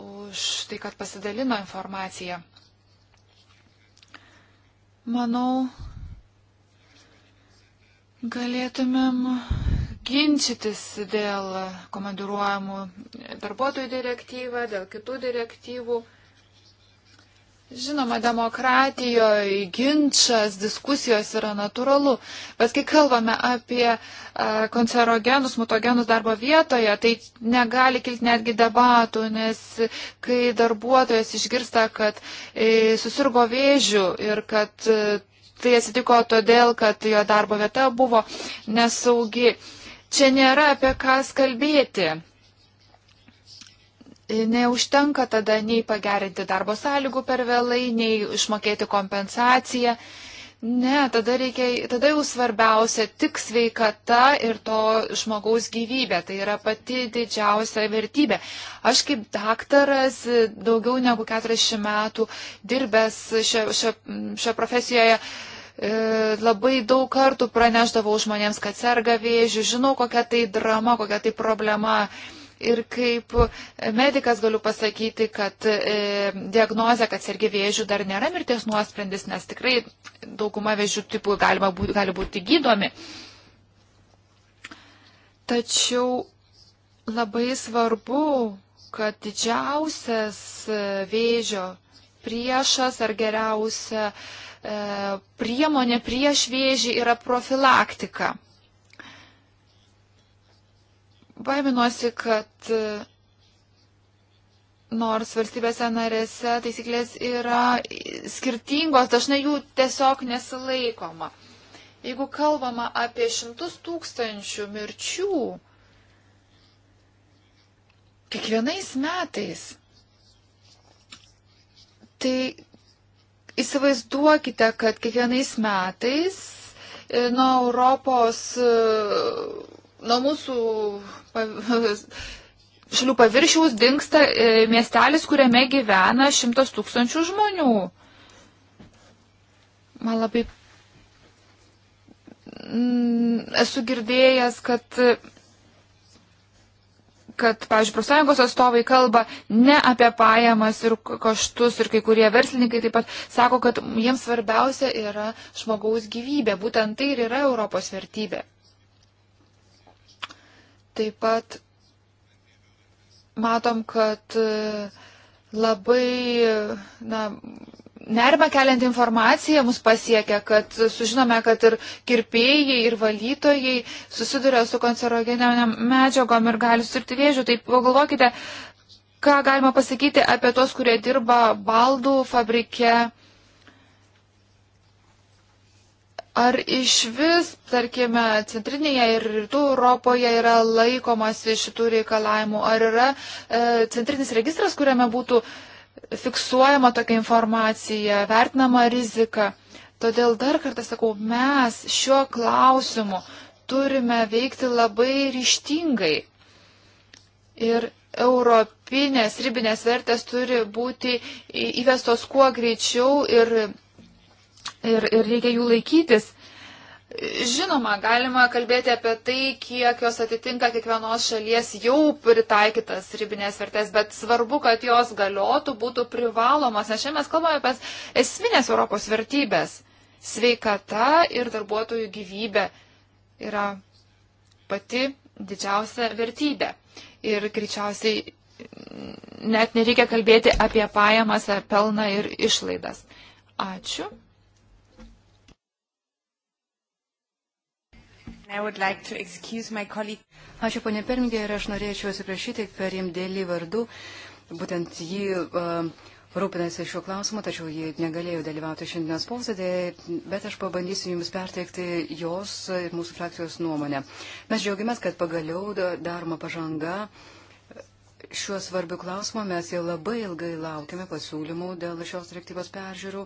už tai, kad pasidalino informaciją. Manau, galėtumėm ginčytis dėl komandiruojamų darbuotojų direktyvą, dėl kitų direktyvų. Žinoma, demokratijoje ginčas, diskusijos yra natūralu, bet kai kalbame apie kancerogenus, mutogenus darbo vietoje, tai negali kilti netgi debatų, nes kai darbuotojas išgirsta, kad e, susirgo vėžių ir kad e, tai atsitiko todėl, kad jo darbo vieta buvo nesaugi, čia nėra apie ką kalbėti neužtenka tada nei pagerinti darbo sąlygų per vėlai, nei išmokėti kompensaciją. Ne, tada, reikia, tada jau svarbiausia tik sveikata ir to žmogaus gyvybė. Tai yra pati didžiausia vertybė. Aš kaip daktaras daugiau negu 40 metų dirbęs šioje profesijoje e, labai daug kartų praneždavau žmonėms, kad serga vėžių, žinau, kokia tai drama, kokia tai problema. Ir kaip medicas galiu pasakyti, kad e, diagnozė, kad sergi vėžių dar nėra mirties nuosprendis, nes tikrai dauguma vėžių tipų galima, būti, gali būti gydomi. Tačiau labai svarbu, kad didžiausias e, vėžio priešas ar geriausia e, priemonė prieš vėžį yra profilaktika. Baiminuosi, kad e, nors valstybėse narėse taisyklės yra skirtingos, dažnai jų tiesiog nesilaikoma. Jeigu kalbama apie šimtus tūkstančių mirčių, kiekvienais metais, tai įsivaizduokite, kad kiekvienais metais e, nuo Europos e, nuo mūsų šalių paviršiaus dinksta e, miestelis, kuriame gyvena šimtas tūkstančių žmonių. Man labai mm, esu girdėjęs, kad kad, pavyzdžiui, profsąjungos atstovai kalba ne apie pajamas ir kaštus ir kai kurie verslininkai taip pat sako, kad jiems svarbiausia yra žmogaus gyvybė. Būtent tai ir yra Europos vertybė. Taip pat matom, kad e, labai na, nerima keliant informaciją mus pasiekia, kad sužinome, kad ir kirpėjai, ir valytojai susiduria su kancerogeniam medžiagom ir gali surti vėžių. Tai pagalvokite, ką galima pasakyti apie tos, kurie dirba baldų fabrike Ar iš vis, tarkime, centrinėje ir rytų Europoje yra laikomasi šitų reikalavimų? Ar yra e, centrinis registras, kuriame būtų fiksuojama tokia informacija, vertinama rizika? Todėl dar kartą sakau, mes šiuo klausimu turime veikti labai ryštingai. Ir europinės ribinės vertės turi būti įvestos kuo greičiau ir ir, ir reikia jų laikytis. Žinoma, galima kalbėti apie tai, kiek jos atitinka kiekvienos šalies jau pritaikytas ribinės vertės, bet svarbu, kad jos galiotų, būtų privalomas, nes čia mes kalbame apie esminės Europos vertybės. Sveikata ir darbuotojų gyvybė yra pati didžiausia vertybė. Ir greičiausiai net nereikia kalbėti apie pajamas, pelną ir išlaidas. Ačiū. Like Ačiū, ponė Permingė, ir aš norėčiau atsiprašyti Karim Dėlį vardu. Būtent jį uh, rūpinasi šiuo klausimu, tačiau ji negalėjo dalyvauti šiandienos posėdėje, bet aš pabandysiu Jums perteikti jos ir mūsų frakcijos nuomonę. Mes džiaugiamės, kad pagaliau daroma pažanga uh, šiuo svarbiu klausimu mes jau labai ilgai laukiame pasiūlymų dėl šios direktyvos peržiūrų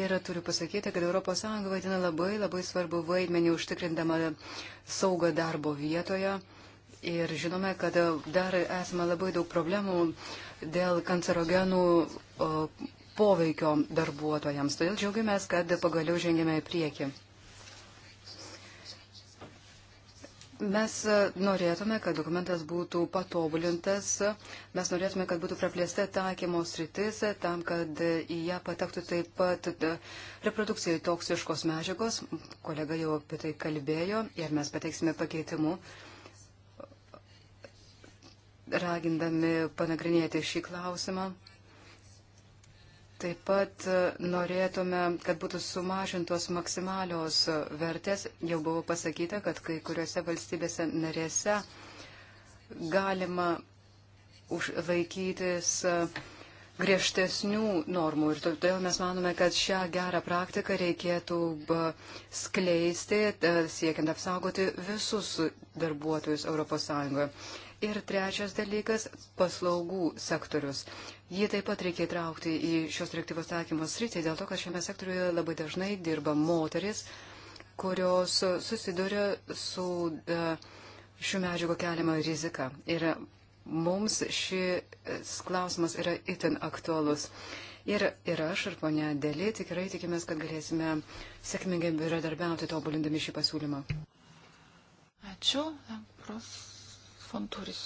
ir turiu pasakyti, kad ES vaidina labai labai svarbu vaidmenį užtikrindama saugą darbo vietoje. Ir žinome, kad dar esame labai daug problemų dėl kancerogenų poveikio darbuotojams. Todėl džiaugiamės, kad pagaliau žengėme į priekį. Mes e, norėtume, kad dokumentas būtų patobulintas, mes norėtume, kad būtų praplėsta taikymo sritis, e, tam, kad į ją patektų taip pat e, reprodukcijai toksiškos medžiagos, kolega jau apie tai kalbėjo ir mes pateiksime pakeitimu, ragindami panagrinėti šį klausimą. Taip pat e, norėtume, kad būtų sumažintos maksimalios e, vertės. Jau buvo pasakyta, kad kai kuriuose valstybėse narėse galima laikytis e, griežtesnių normų. Ir todėl mes manome, kad šią gerą praktiką reikėtų skleisti, siekiant apsaugoti visus darbuotojus ES. Ir trečias dalykas - paslaugų sektorius. Jį taip pat reikia įtraukti į šios direktyvos taikymo sritį, dėl to, kad šiame sektoriuje labai dažnai dirba moteris, kurios susiduria su e, šių medžiagų keliama rizika. Ir mums šis e, klausimas yra itin aktualus. Ir, ir aš, ir ponia Dėlė, tikrai tikimės, kad galėsime sėkmingai bendradarbiauti tobulindami šį pasiūlymą. Ačiū, Pros Fonturis.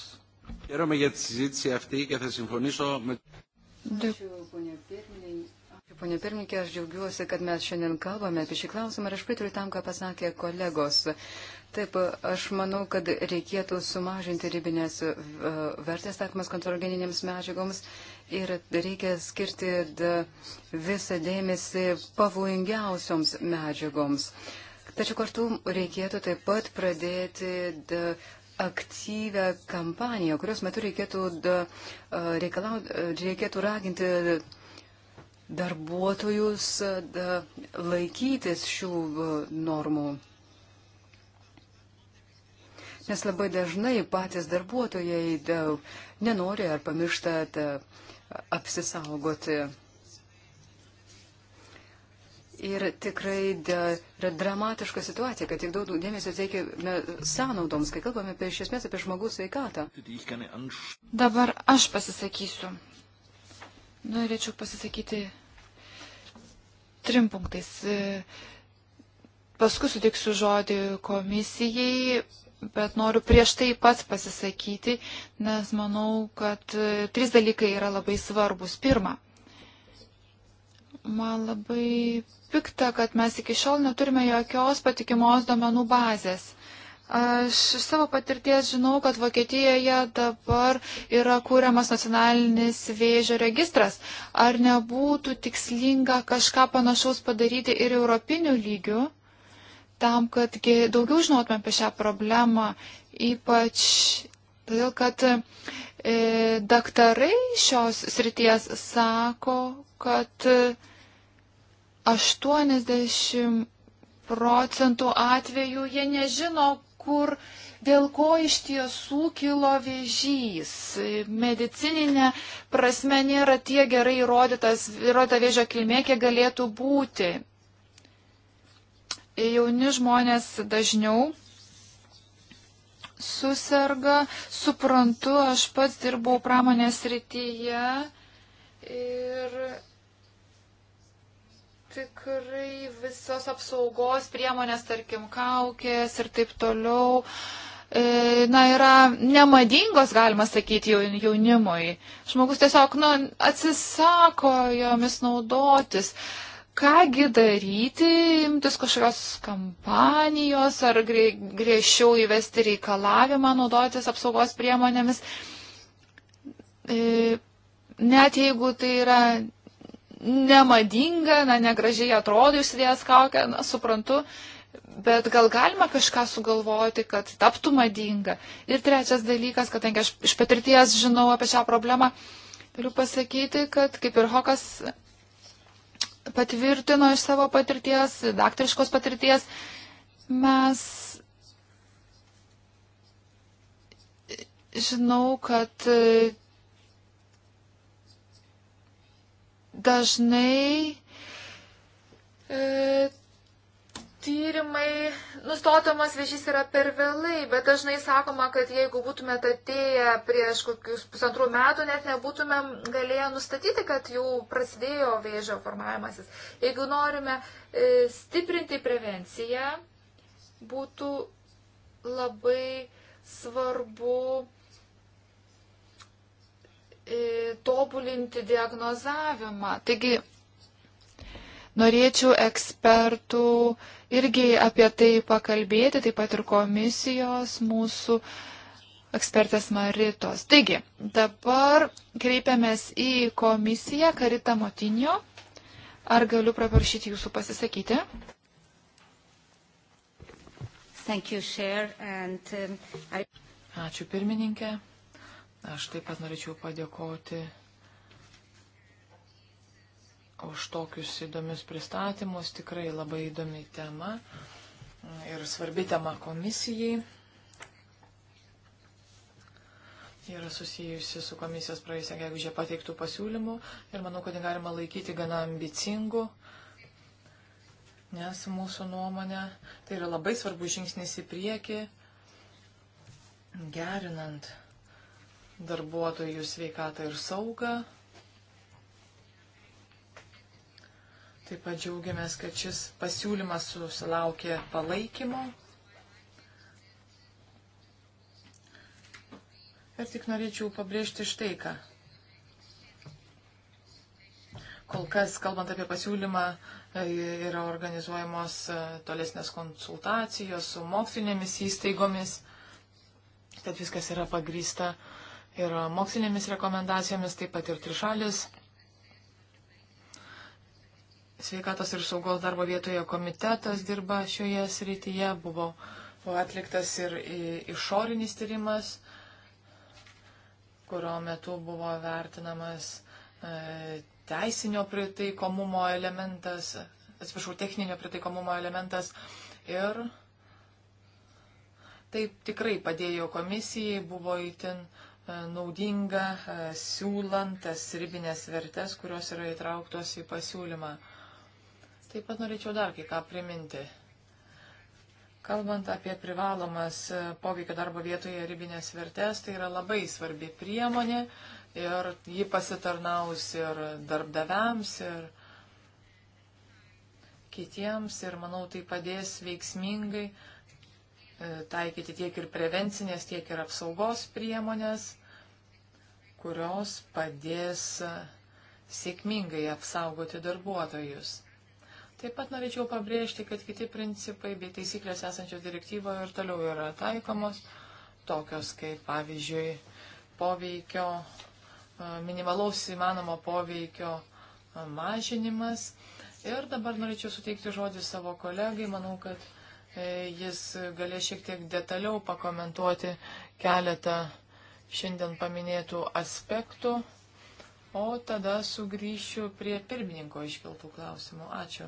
Χαίρομαι για τη συζήτηση αυτή και θα συμφωνήσω με... Ačiū, ponė pirmininkė, aš džiaugiuosi, kad mes šiandien kalbame apie šį klausimą ir aš pritariu tam, ką pasakė kolegos. Taip, aš manau, kad reikėtų sumažinti ribinės vertės taikomas kontrogeninėms medžiagoms ir reikia skirti visą dėmesį pavojingiausioms medžiagoms. Tačiau kartu reikėtų taip pat pradėti aktyvę kampaniją, kurios metu reikėtų, reikalau, reikėtų raginti darbuotojus laikytis šių normų. Nes labai dažnai patys darbuotojai nenori ar pamiršta apsisaugoti. Ir tikrai yra dramatiška situacija, kad tiek daug dėmesio teikime sąnaudoms, kai kalbame apie, iš esmės apie žmogaus sveikatą. Dabar aš pasisakysiu. Norėčiau pasisakyti trim punktais. Paskui sutiksiu žodį komisijai, bet noriu prieš tai pats pasisakyti, nes manau, kad trys dalykai yra labai svarbus. Pirma, Man labai pikta, kad mes iki šiol neturime jokios patikimos domenų bazės. Aš iš savo patirties žinau, kad Vokietijoje dabar yra kūriamas nacionalinis vėžio registras. Ar nebūtų tikslinga kažką panašaus padaryti ir europinių lygių, tam, kad daugiau žinotume apie šią problemą, ypač todėl, kad e, daktarai šios srities sako, kad e, 80 procentų atvejų jie nežino, kur dėl ko iš tiesų kilo vėžys. Medicininė prasme nėra tiek gerai įrodytas, įrodyta vėžio kilmė, kiek galėtų būti. Jauni žmonės dažniau susirga, suprantu, aš pats dirbau pramonės rytyje ir tikrai visos apsaugos priemonės, tarkim, kaukės ir taip toliau, e, na, yra nemadingos, galima sakyti, jaunimui. Žmogus tiesiog, na, nu, atsisako jomis naudotis. Kągi daryti, imtis kažkokios kampanijos ar griežčiau įvesti reikalavimą naudotis apsaugos priemonėmis, e, net jeigu tai yra nemadinga, na, negražiai atrodo įsidėjęs kaukę, na, suprantu, bet gal galima kažką sugalvoti, kad taptų madinga. Ir trečias dalykas, kadangi aš iš patirties žinau apie šią problemą, turiu pasakyti, kad kaip ir Hokas patvirtino iš savo patirties, daktariškos patirties, mes žinau, kad dažnai e, tyrimai nustatomas viešys yra per vėlai, bet dažnai sakoma, kad jeigu būtume atėję prieš kokius pusantrų metų, net nebūtume galėję nustatyti, kad jau prasidėjo vėžio formavimasis. Jeigu norime e, stiprinti prevenciją, būtų labai svarbu tobulinti diagnozavimą. Taigi, norėčiau ekspertų irgi apie tai pakalbėti, taip pat ir komisijos mūsų ekspertas Maritos. Taigi, dabar kreipiamės į komisiją Karita Motinio. Ar galiu paprašyti jūsų pasisakyti? Thank you, Chair, and, um, I... Ačiū pirmininkė. Aš taip pat norėčiau padėkoti už tokius įdomius pristatymus. Tikrai labai įdomi tema ir svarbi tema komisijai. Yra susijusi su komisijos praėjusią gegužę pateiktų pasiūlymų ir manau, kad jį galima laikyti gana ambicingų, nes mūsų nuomonė tai yra labai svarbus žingsnis į priekį, gerinant darbuotojų sveikatą ir saugą. Taip pat džiaugiamės, kad šis pasiūlymas susilaukė palaikymo. Ir tik norėčiau pabrėžti štai ką. Kol kas, kalbant apie pasiūlymą, e, yra organizuojamos e, tolesnės konsultacijos su mokslinėmis įstaigomis, tad viskas yra pagrįsta uh, ir mokslinėmis rekomendacijomis, taip pat ir trišalis sveikatos ir saugos darbo vietoje komitetas dirba šioje srityje, buvo, buvo atliktas ir išorinis tyrimas, kurio metu buvo vertinamas e, teisinio pritaikomumo elementas, atsiprašau, techninio pritaikomumo elementas ir taip tikrai padėjo komisijai, buvo įtin E, naudinga e, siūlant tas ribinės vertės, kurios yra įtrauktos į pasiūlymą. Taip pat norėčiau dar kai ką priminti. Kalbant apie privalomas e, poveikio darbo vietoje ribinės vertės, tai yra labai svarbi priemonė ir ji pasitarnaus ir darbdaviams, ir kitiems, ir manau, tai padės veiksmingai taikyti tiek ir prevencinės, tiek ir apsaugos priemonės kurios padės sėkmingai apsaugoti darbuotojus. Taip pat norėčiau pabrėžti, kad kiti principai bei taisyklės esančios direktyvoje ir toliau yra taikomos, tokios kaip pavyzdžiui poveikio, e, minimalaus įmanomo poveikio e, mažinimas. Ir dabar norėčiau suteikti žodį savo kolegai, manau, kad e, jis galės šiek tiek detaliau pakomentuoti keletą šiandien paminėtų aspektų, o tada sugrįšiu prie pirmininko iškeltų klausimų. Ačiū.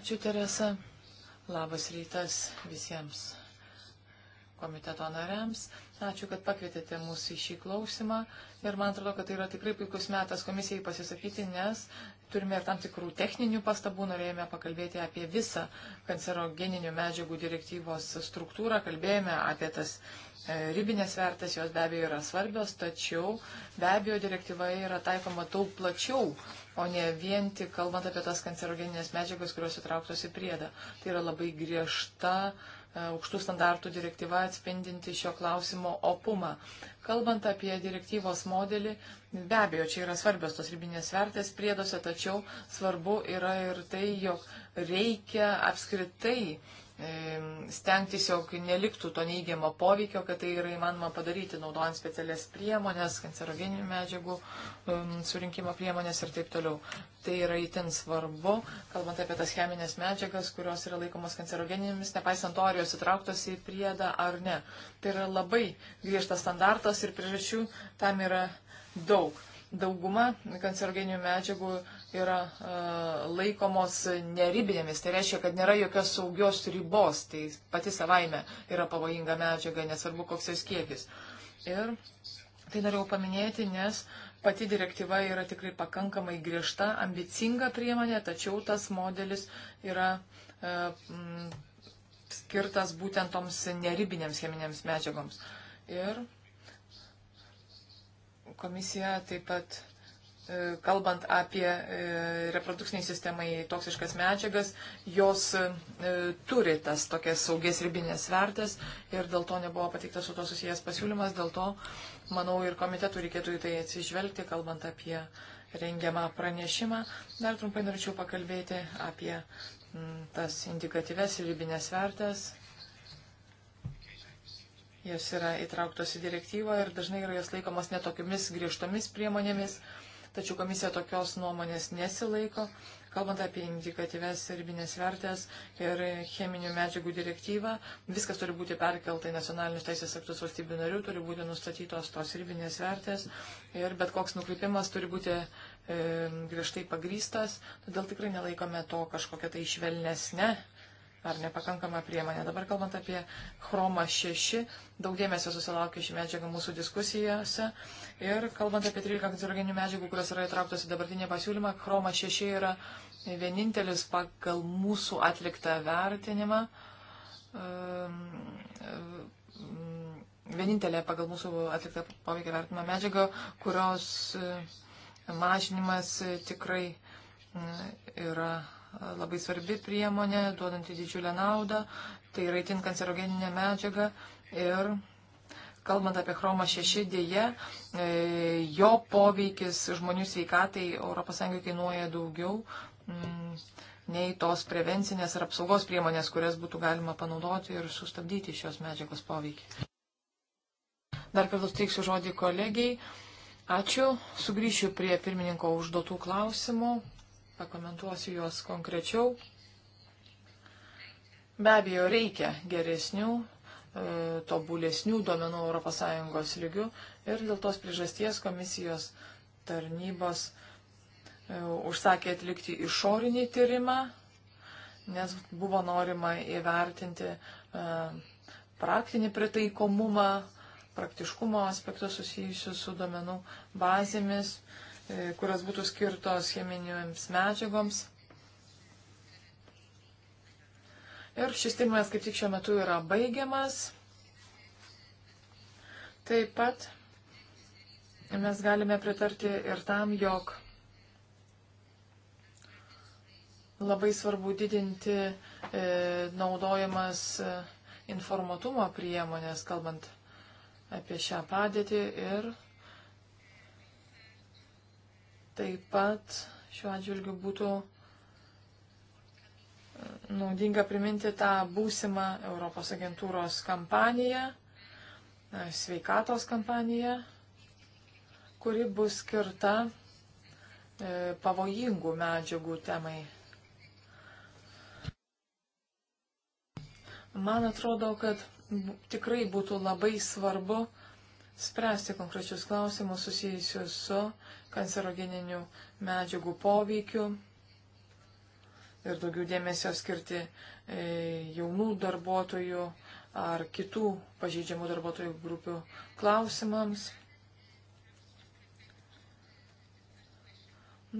Ačiū, Teresa. Labas rytas visiems komiteto nariams. Ačiū, kad pakvietėte mūsų į šį klausimą. Ir man atrodo, kad tai yra tikrai puikus metas komisijai pasisakyti, nes turime ir tam tikrų techninių pastabų. Norėjome pakalbėti apie visą kancerogeninių medžiagų direktyvos struktūrą, kalbėjome apie tas E, ribinės vertės jos be abejo yra svarbios, tačiau be abejo direktyva yra taikoma daug plačiau, o ne vien tik kalbant apie tas kancerogeninės medžiagas, kurios įtrauktos į priedą. Tai yra labai griežta e, aukštų standartų direktyva atspindinti šio klausimo opumą. Kalbant apie direktyvos modelį, be abejo, čia yra svarbios tos ribinės vertės priedose, tačiau svarbu yra ir tai, jog reikia apskritai stengtis, jog neliktų to neigiamo poveikio, kad tai yra įmanoma padaryti, naudojant specialias priemonės, kancerogeninių medžiagų surinkimo priemonės ir taip toliau. Tai yra itin svarbu, kalbant apie tas cheminės medžiagas, kurios yra laikomos kancerogeninėmis, nepaisant to, ar jos įtrauktos į priedą ar ne. Tai yra labai griežtas standartas ir priežasčių tam yra daug. Dauguma kancerogeninių medžiagų yra e, laikomos neribinėmis. Tai reiškia, kad nėra jokios saugios ribos. Tai pati savaime yra pavojinga medžiaga, nesvarbu koks jos kiekis. Ir tai norėjau paminėti, nes pati direktyva yra tikrai pakankamai griežta, ambicinga priemonė, tačiau tas modelis yra. E, m, skirtas būtent toms neribinėms cheminėms medžiagoms. Ir komisija taip pat E, kalbant apie e, reprodukciniai sistemai toksiškas medžiagas, jos e, turi tas tokias saugės ribinės svertas ir dėl to nebuvo pateiktas su to susijęs pasiūlymas, dėl to, manau, ir komitetų reikėtų į tai atsižvelgti, kalbant apie rengiamą pranešimą. Dar trumpai norėčiau pakalbėti apie tas indikatyves ribinės svertas. Jos yra įtrauktos į direktyvą ir dažnai yra jos laikomos netokiomis griežtomis priemonėmis. Uh, tačiau komisija tokios nuomonės nesilaiko. Kalbant apie indikatyves ribinės vertės ir cheminių medžiagų direktyvą, viskas turi būti perkelta į nacionalinius teisės aktus valstybių narių, turi būti nustatytos tos ribinės vertės ir bet koks nukrypimas turi būti e, griežtai pagrystas, todėl tikrai nelaikome to kažkokia tai švelnesnė ar nepakankama priemonė. Dabar kalbant apie chromą 6, daug dėmesio susilaukė ši medžiaga mūsų diskusijose. Ir kalbant apie 13 kancerogenių medžiagų, kurios yra įtrauktos į dabartinį pasiūlymą, chroma 6 yra vienintelis pagal mūsų atliktą vertinimą. Um, um, vienintelė pagal mūsų atliktą poveikį vertinimą medžiaga, kurios uh, mažinimas tikrai um, yra labai svarbi priemonė, duodanti didžiulę naudą, tai yra itin kancerogeninė medžiaga ir kalbant apie chromą 6 dėje, e, jo poveikis žmonių sveikatai ES kainuoja daugiau mm, nei tos prevencinės ir apsaugos priemonės, kurias būtų galima panaudoti ir sustabdyti šios medžiagos poveikį. Dar kartą teiksiu žodį kolegijai. Ačiū. Sugryšiu prie pirmininko užduotų klausimų pakomentuosiu juos konkrečiau. Be abejo, reikia geresnių, e, tobulesnių duomenų ES lygių ir dėl tos priežasties komisijos tarnybos e, užsakė atlikti išorinį tyrimą, nes buvo norima įvertinti e, praktinį pritaikomumą, praktiškumo aspektus susijusius su duomenų bazėmis. E, kurios būtų skirtos cheminėms medžiagoms. Ir šis tyrimas kaip tik šiuo metu yra baigiamas. Taip pat mes galime pritarti ir tam, jog labai svarbu didinti e, naudojamas e, informuotumo priemonės, kalbant apie šią padėtį ir Taip pat šiuo atžvilgiu būtų e, naudinga priminti tą būsimą Europos agentūros kampaniją, e, sveikatos kampaniją, kuri bus skirta e, pavojingų medžiagų temai. Man atrodo, kad tikrai būtų labai svarbu spręsti konkrečius klausimus susijusius su kancerogeninių medžiagų poveikiu ir daugiau dėmesio skirti e, jaunų darbuotojų ar kitų pažeidžiamų darbuotojų grupių klausimams.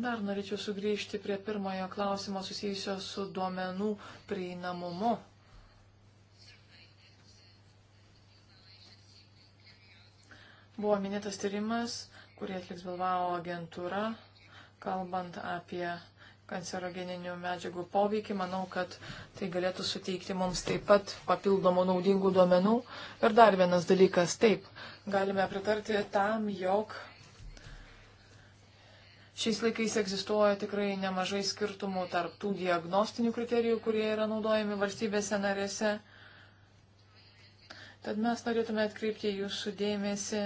Dar norėčiau sugrįžti prie pirmojo klausimo susijusio su duomenų prieinamumu. Buvo minėtas tyrimas, kurį atliks Bilbao agentūra, kalbant apie kancerogeninių medžiagų poveikį. Manau, kad tai galėtų suteikti mums taip pat papildomų naudingų duomenų. Ir dar vienas dalykas, taip, galime pritarti tam, jog šiais laikais egzistuoja tikrai nemažai skirtumų tarp tų diagnostinių kriterijų, kurie yra naudojami valstybėse narėse. Tad mes norėtume atkreipti jūsų dėmesį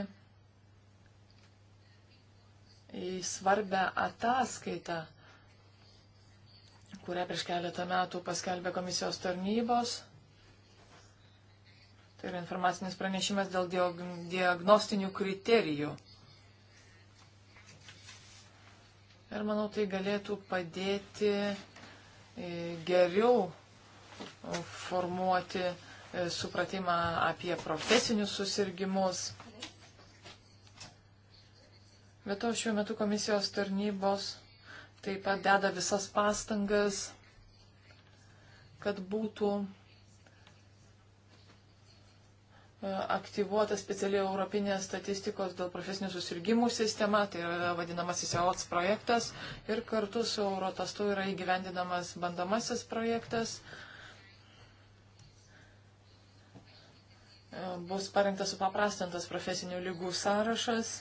į svarbę ataskaitą, kurią prieš keletą metų paskelbė komisijos tarnybos. Tai yra informacinis pranešimas dėl diagnostinių kriterijų. Ir manau, tai galėtų padėti e, geriau formuoti e, supratimą apie profesinius susirgymus, Bet to šiuo metu komisijos tarnybos taip pat deda visas pastangas, kad būtų e, aktyvuota speciali Europinė statistikos dėl profesinių susirgymų sistema, tai yra vadinamasis EOTS projektas ir kartu su Eurotastu yra įgyvendinamas bandamasis projektas. E, bus parengtas supaprastintas profesinių lygų sąrašas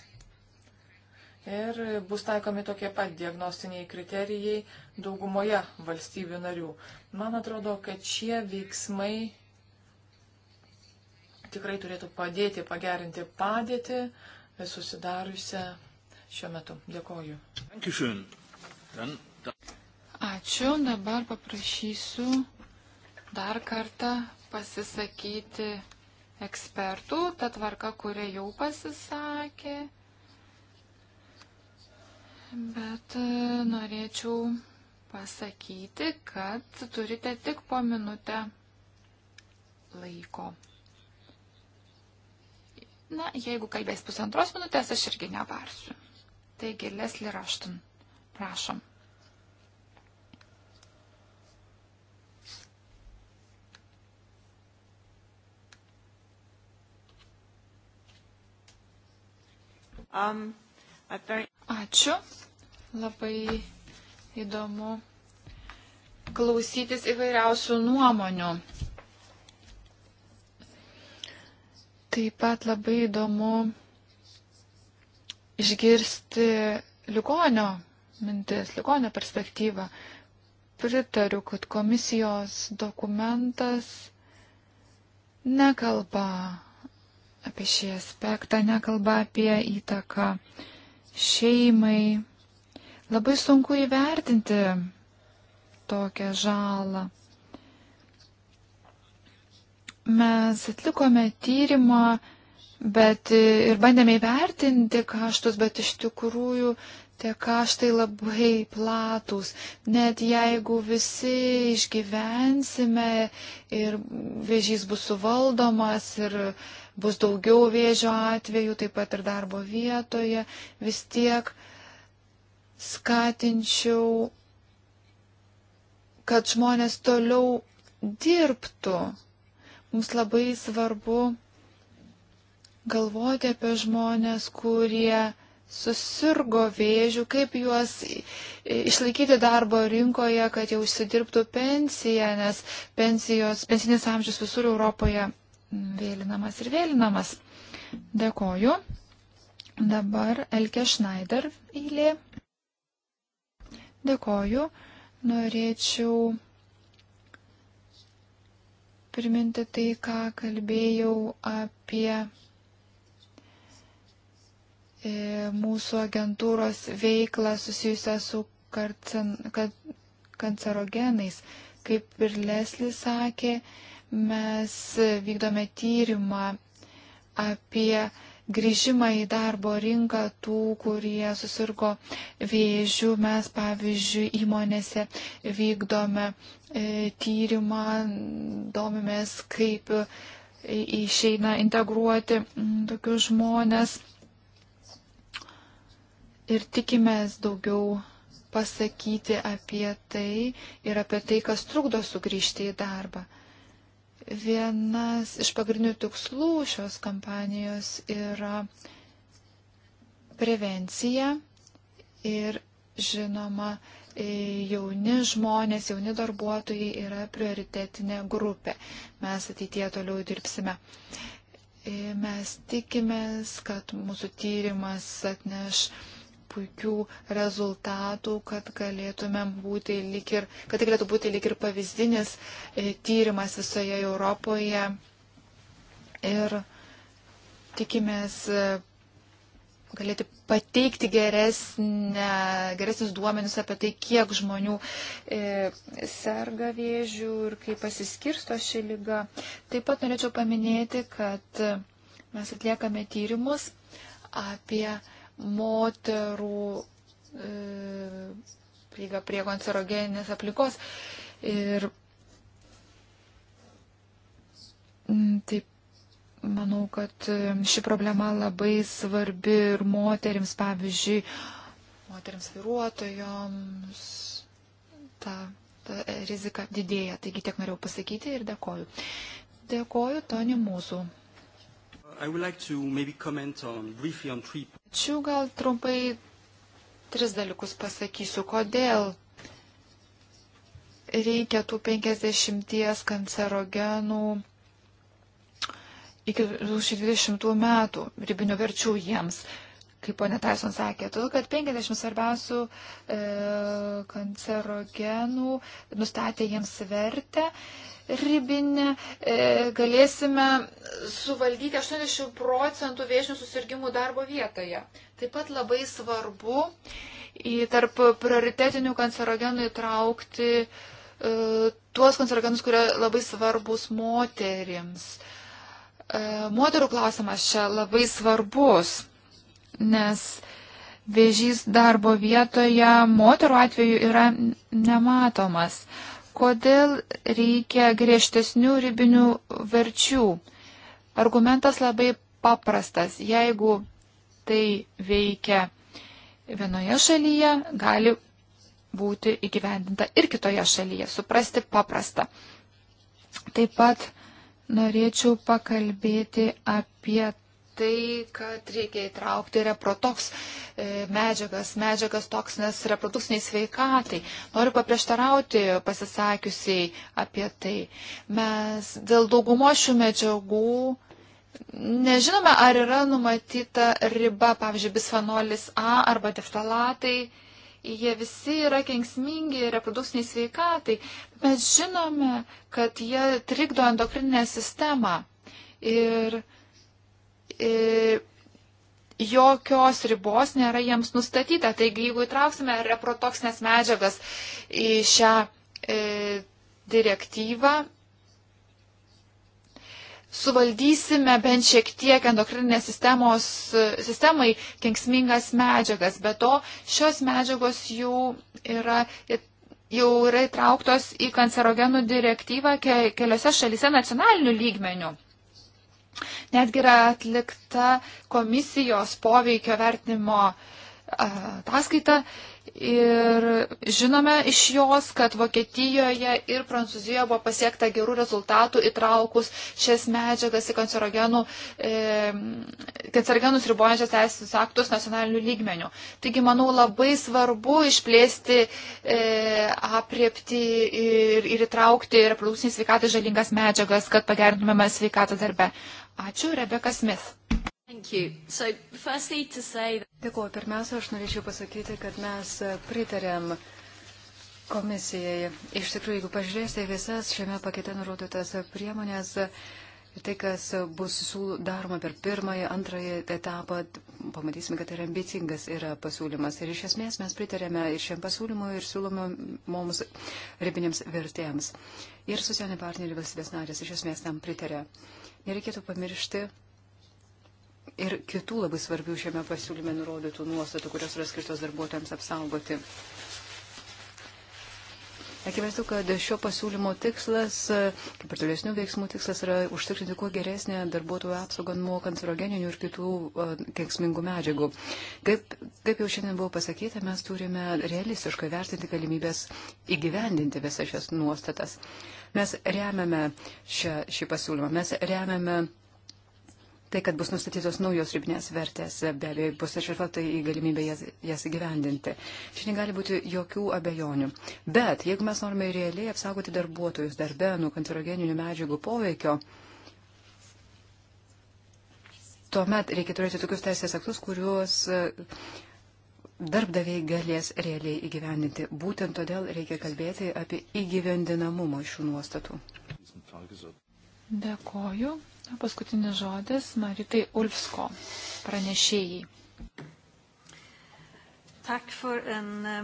ir bus taikomi tokie pat diagnostiniai kriterijai daugumoje valstybių narių. Man atrodo, kad šie veiksmai tikrai turėtų padėti pagerinti padėtį susidariusią šiuo metu. Dėkoju. Ačiū. Dabar paprašysiu dar kartą pasisakyti ekspertų, ta tvarka, kuria jau pasisakė bet e, norėčiau pasakyti, kad turite tik po minutę laiko. Na, jeigu kalbės pusantros minutės, aš irgi nebarsiu. Taigi, Leslie Rašton, prašom. Um, very... Ačiū. Labai įdomu klausytis įvairiausių nuomonių. Taip pat labai įdomu išgirsti ligonio mintis, ligonio perspektyvą. Pritariu, kad komisijos dokumentas nekalba apie šį aspektą, nekalba apie įtaką šeimai, Labai sunku įvertinti tokią žalą. Mes atlikome tyrimą, bet ir bandėme įvertinti kaštus, bet iš tikrųjų tie kaštai labai platūs. Net jeigu visi išgyvensime ir vėžys bus suvaldomas ir bus daugiau vėžio atvejų, taip pat ir darbo vietoje, vis tiek skatinčiau, kad žmonės toliau dirbtų. Mums labai svarbu galvoti apie žmonės, kurie susirgo vėžių, kaip juos išlaikyti darbo rinkoje, kad jie užsidirbtų pensiją, nes pensijos, pensinis amžius visur Europoje vėlinamas ir vėlinamas. Dėkoju. Dabar Elke Schneider eilė. Dėkoju. Norėčiau priminti tai, ką kalbėjau apie e, mūsų agentūros veiklą susijusią su karcin, kad, kancerogenais. Kaip ir Leslis sakė, mes vykdome tyrimą apie grįžimą į darbo rinką tų, kurie susirgo vėžių. Mes, pavyzdžiui, įmonėse vykdome e, tyrimą, domimės, kaip e, išeina integruoti tokius žmonės ir tikimės daugiau pasakyti apie tai ir apie tai, kas trukdo sugrįžti į darbą. Vienas iš pagrindinių tikslų šios kampanijos yra prevencija ir žinoma jauni žmonės, jauni darbuotojai yra prioritetinė grupė. Mes ateitie toliau dirbsime. Mes tikimės, kad mūsų tyrimas atneš puikių rezultatų, kad galėtumėm būti lik ir, kad tai galėtų būti lik ir pavyzdinis e, tyrimas visoje Europoje. Ir tikimės e, galėti pateikti geresnę, geresnius duomenis apie tai, kiek žmonių e, serga vėžių ir kaip pasiskirsto ši lyga. Taip pat norėčiau paminėti, kad e, mes atliekame tyrimus apie moterų e, prieiga prie kancerogeninės aplikos. Ir mm, taip, manau, kad e, ši problema labai svarbi ir moterims, pavyzdžiui, moterims vairuotojoms. Ta, ta rizika didėja. Taigi tiek norėjau pasakyti ir dėkoju. Dėkoju, Toni, mūsų like on, briefly on three... Ačiū gal trumpai tris dalykus pasakysiu, kodėl reikia tų 50 kancerogenų iki 2020 metų ribinių verčių jiems kaip ponė Tyson sakė, todėl kad 50 svarbiausių e, kancerogenų nustatė jiems vertę ribinę, e, galėsime suvaldyti 80 procentų viešinių susirgymų darbo vietoje. Taip pat labai svarbu į tarp prioritetinių kancerogenų įtraukti e, tuos kancerogenus, kurie labai svarbus moterims. E, moterų klausimas čia labai svarbus nes vėžys darbo vietoje moterų atveju yra nematomas. Kodėl reikia griežtesnių ribinių verčių? Argumentas labai paprastas. Jeigu tai veikia vienoje šalyje, gali būti įgyvendinta ir kitoje šalyje. Suprasti paprasta. Taip pat norėčiau pakalbėti apie tai, kad reikia įtraukti reprotoks e, medžiagas, medžiagas toksinės reprodukciniai sveikatai. Noriu paprieštarauti pasisakiusiai apie tai. Mes dėl daugumo šių medžiagų nežinome, ar yra numatyta riba, pavyzdžiui, bisfenolis A arba deftalatai. Jie visi yra kengsmingi reprodukciniai sveikatai. Mes žinome, kad jie trikdo endokrininę sistemą. Ir E, jokios ribos nėra jiems nustatyta. Taigi, jeigu įtrauksime reprotoksinės medžiagas į šią e, direktyvą, suvaldysime bent šiek tiek endokrininės sistemos, sistemai kenksmingas medžiagas. Be to, šios medžiagos jau yra, jau yra įtrauktos į kancerogenų direktyvą keliose šalise nacionaliniu lygmeniu. Netgi yra atlikta komisijos poveikio vertinimo ataskaita, uh, Ir žinome iš jos, kad Vokietijoje ir Prancūzijoje buvo pasiekta gerų rezultatų įtraukus šias medžiagas į kancerogenų, e, kancerogenus ribojančias teisės aktus nacionalinių lygmenių. Taigi, manau, labai svarbu išplėsti e, apriepti ir, ir įtraukti reprodukcinį sveikatą žalingas medžiagas, kad pagerintumėme sveikatą darbe. Ačiū, Rebeka Smith. So, that... Dėkuoju. Pirmiausia, aš norėčiau pasakyti, kad mes pritarėm komisijai. Iš tikrųjų, jeigu pažiūrėsite visas šiame pakete nurodytas priemonės, tai, kas bus daroma per pirmąjį, antrąjį etapą, pamatysime, kad tai yra ambicingas yra pasiūlymas. Ir iš esmės mes pritarėme ir šiam pasiūlymui ir siūlome mums ribinėms vertėms. Ir socialiniai partneriai valstybės narės iš esmės tam pritarė. Nereikėtų pamiršti ir kitų labai svarbių šiame pasiūlyme nurodytų nuostatų, kurios yra skirtos darbuotojams apsaugoti. Akivaizdu, kad šio pasiūlymo tikslas, kaip ir tolesnių veiksmų tikslas, yra užtikrinti kuo geresnę darbuotojų apsaugą nuo kancerogeninių ir kitų e, kenksmingų medžiagų. Kaip, kaip jau šiandien buvo pasakyta, mes turime realistiškai vertinti galimybės įgyvendinti visas šias nuostatas. Mes remiame šią, šį pasiūlymą, mes remiame Tai, kad bus nustatytos naujos ribinės vertės, be abejo, bus atsižvelgta į galimybę jas, jas įgyvendinti. Čia negali būti jokių abejonių. Bet jeigu mes norime realiai apsaugoti darbuotojus darbe nuo kancerogeninių medžiagų poveikio, tuomet reikia turėti tokius teisės aktus, kuriuos e, darbdaviai galės realiai įgyvendinti. Būtent todėl reikia kalbėti apie įgyvendinamumą šių nuostatų. Dėkoju. Paskutinis žodis Maritai Ulfsko pranešėjai. Tak for en uh,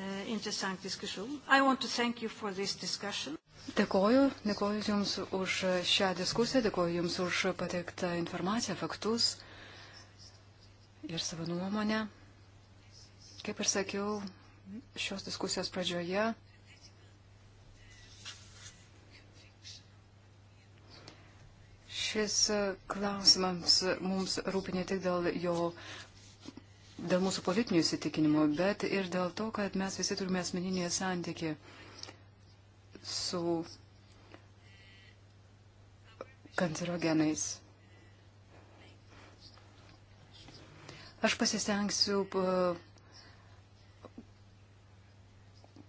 eh, interesant diskussion. I want to thank you for this discussion. Dėkoju, dėkoju Jums už šią diskusiją, dėkoju Jums už pateiktą informaciją, faktus ir savo nuomonę. Kaip ir sakiau, šios diskusijos pradžioje Šis klausimas mums rūpinė tik dėl jo, dėl mūsų politinių įsitikinimų, bet ir dėl to, kad mes visi turime asmeninį santykį su kancerogenais. Aš pasistengsiu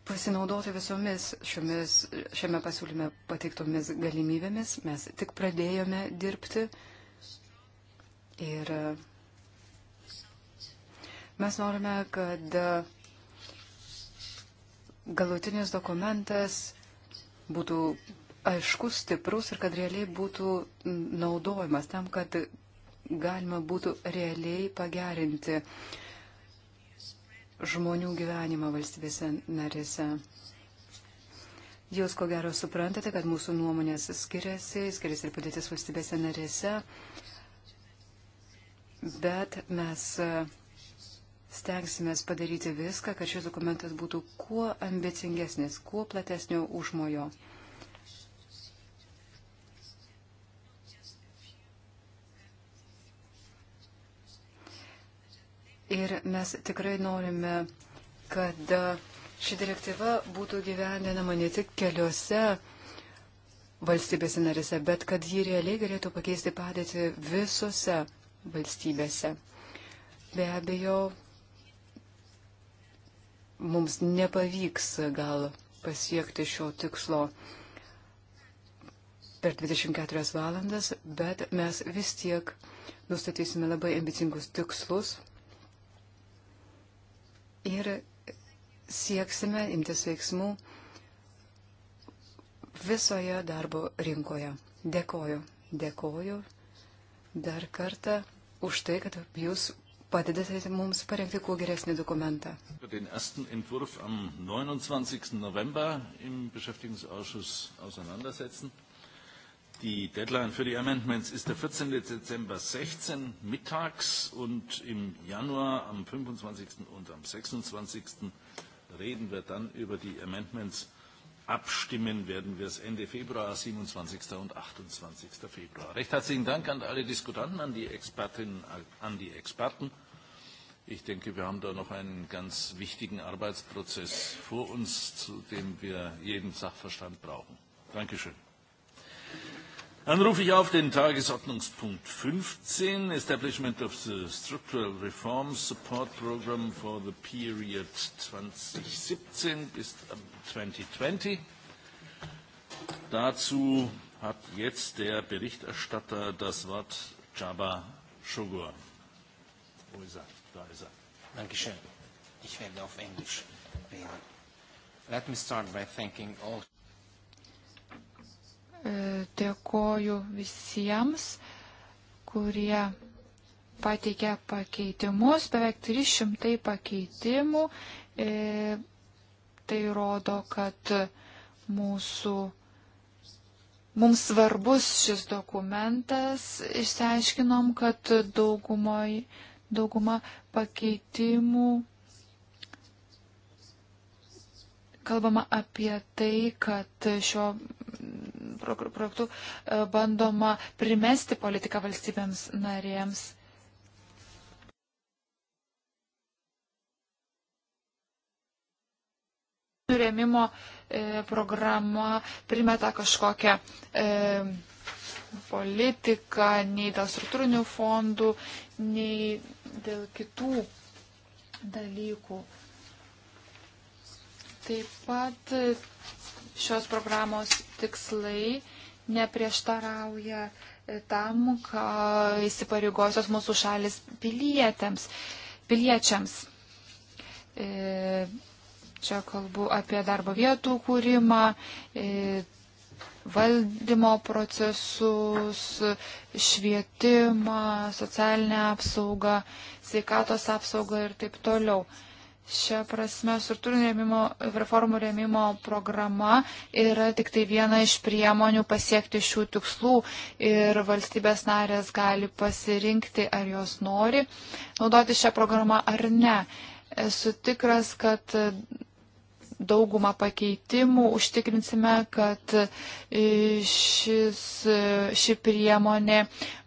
pasinaudoti visomis šiomis, šiame pasiūlyme pateiktomis galimybėmis. Mes tik pradėjome dirbti ir e, mes norime, kad e, galutinis dokumentas būtų aiškus, stiprus ir kad realiai būtų naudojimas tam, kad galima būtų realiai pagerinti uh, žmonių gyvenimą valstybėse narėse. Jūs ko gero suprantate, kad mūsų nuomonės skiriasi, skiriasi ir padėtis valstybėse narėse, bet mes e, stengsime padaryti viską, kad šis dokumentas būtų kuo ambicingesnis, kuo platesnio užmojo. Ir mes tikrai norime, kad e, ši direktyva būtų gyvendinama ne tik keliose valstybėse narėse, bet kad ji realiai galėtų pakeisti padėtį visose valstybėse. Be abejo, mums nepavyks gal pasiekti šio tikslo per 24 valandas, bet mes vis tiek nustatysime labai ambicingus tikslus ir sieksime imtis veiksmų visoje darbo rinkoje. Dėkoju. Dėkoju dar kartą už tai, kad jūs padedate mums parengti kuo geresnį dokumentą. Den ersten Entwurf am 29. November im Beschäftigungsausschuss auseinandersetzen. Die Deadline für die Amendments ist der 14. Dezember 16 mittags und im Januar am 25. und am 26. reden wir dann über die Amendments. Abstimmen werden wir es Ende Februar, 27. und 28. Februar. Recht herzlichen Dank an alle Diskutanten, an die Expertinnen, an die Experten. Ich denke, wir haben da noch einen ganz wichtigen Arbeitsprozess vor uns, zu dem wir jeden Sachverstand brauchen. Dankeschön. Dann rufe ich auf den Tagesordnungspunkt 15, Establishment of the Structural Reform Support Program for the Period 2017 bis 2020. Ähm, Dazu hat jetzt der Berichterstatter das Wort, Jabba Shogur. Wo ist er? Da ist er. Dankeschön. Ich werde auf Englisch reden. Let me start by thanking all E, dėkoju visiems, kurie pateikė pakeitimus, beveik 300 pakeitimų. E, tai rodo, kad mūsų mums svarbus šis dokumentas, išsiaiškinom, kad daugumoj, dauguma pakeitimų kalbama apie tai, kad šio projektu e, bandoma primesti politiką valstybėms narėms. Rėmimo e, programa primeta kažkokią e, politiką, nei dėl struktūrinių fondų, nei dėl kitų dalykų. Taip pat šios programos tikslai neprieštarauja tam, ką įsipareigosios mūsų šalis pilietėms, piliečiams. E, čia kalbu apie darbo vietų kūrimą, e, valdymo procesus, švietimą, socialinę apsaugą, sveikatos apsaugą ir taip toliau. Šia prasme, struktūrinio rėmimo, reformų rėmimo programa yra tik tai viena iš priemonių pasiekti šių tikslų ir valstybės narės gali pasirinkti, ar jos nori naudoti šią programą ar ne. Esu tikras, kad daugumą pakeitimų užtikrinsime, kad e, šis, e, ši priemonė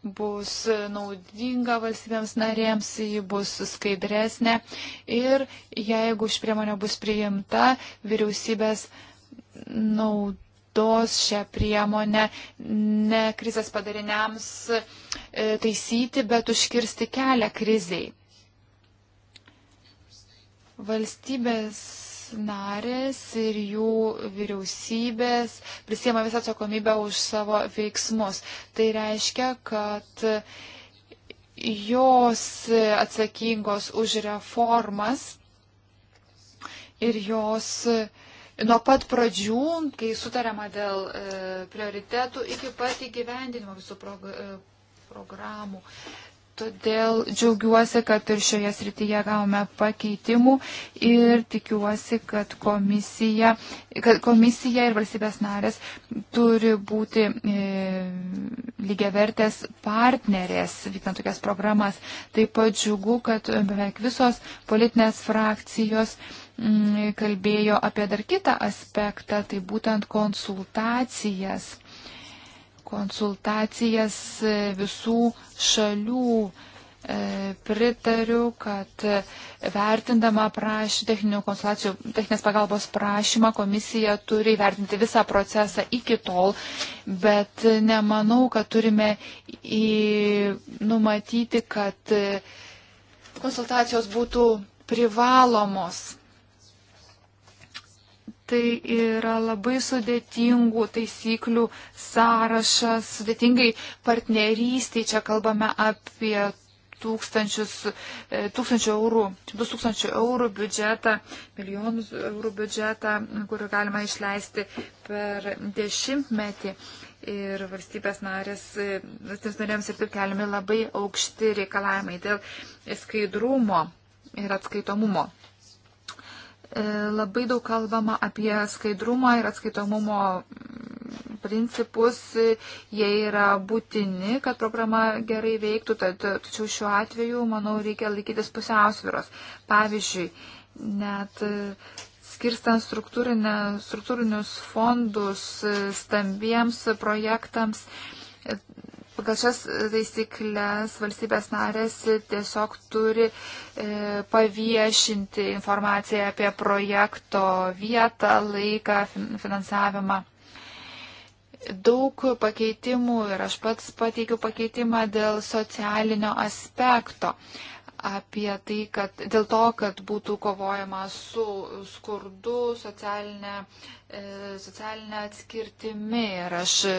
bus naudinga valstybėms narėms, ji bus skaidresnė ir jeigu ši priemonė bus priimta, vyriausybės naudos šią priemonę ne krizės padariniams e, taisyti, bet užkirsti kelią kriziai. Valstybės narės ir jų vyriausybės prisiema visą atsakomybę už savo veiksmus. Tai reiškia, kad jos atsakingos už reformas ir jos nuo pat pradžių, kai sutariama dėl e, prioritetų, iki pat įgyvendinimo visų prog e, programų. Todėl džiaugiuosi, kad ir šioje srityje gavome pakeitimų ir tikiuosi, kad komisija, kad komisija ir valstybės narės turi būti e, lygiavertės partnerės, vykdant tokias programas. Taip pat džiugu, kad beveik visos politinės frakcijos mm, kalbėjo apie dar kitą aspektą, tai būtent konsultacijas konsultacijas e, visų šalių. E, pritariu, kad e, vertindama praš, konsultacijų, techninės pagalbos prašymą komisija turi vertinti visą procesą iki tol, bet nemanau, kad turime į, numatyti, kad konsultacijos būtų privalomos tai yra labai sudėtingų taisyklių sąrašas, sudėtingai partnerystiai, čia kalbame apie tūkstančius, e, tūkstančių eurų, šimtus tūkstančių eurų biudžetą, milijonus eurų biudžetą, kurį galima išleisti per dešimtmetį. Ir valstybės narės, e, valstybės narėms ir taip keliami labai aukšti reikalavimai dėl skaidrumo ir atskaitomumo. E, labai daug kalbama apie skaidrumą ir atskaitomumo mm, principus, jie yra būtini, kad programa gerai veiktų, tad, tačiau šiuo atveju, manau, reikia laikytis pusiausviros. Pavyzdžiui, net e, skirstant struktūrinius fondus e, stambiems projektams, Pagal šias taisyklės valstybės narės tiesiog turi e, paviešinti informaciją apie projekto vietą, laiką, finansavimą. Daug pakeitimų ir aš pats pateikiu pakeitimą dėl socialinio aspekto apie tai, kad dėl to, kad būtų kovojama su skurdu, socialinė, e, socialinė atskirtimi ir aš e,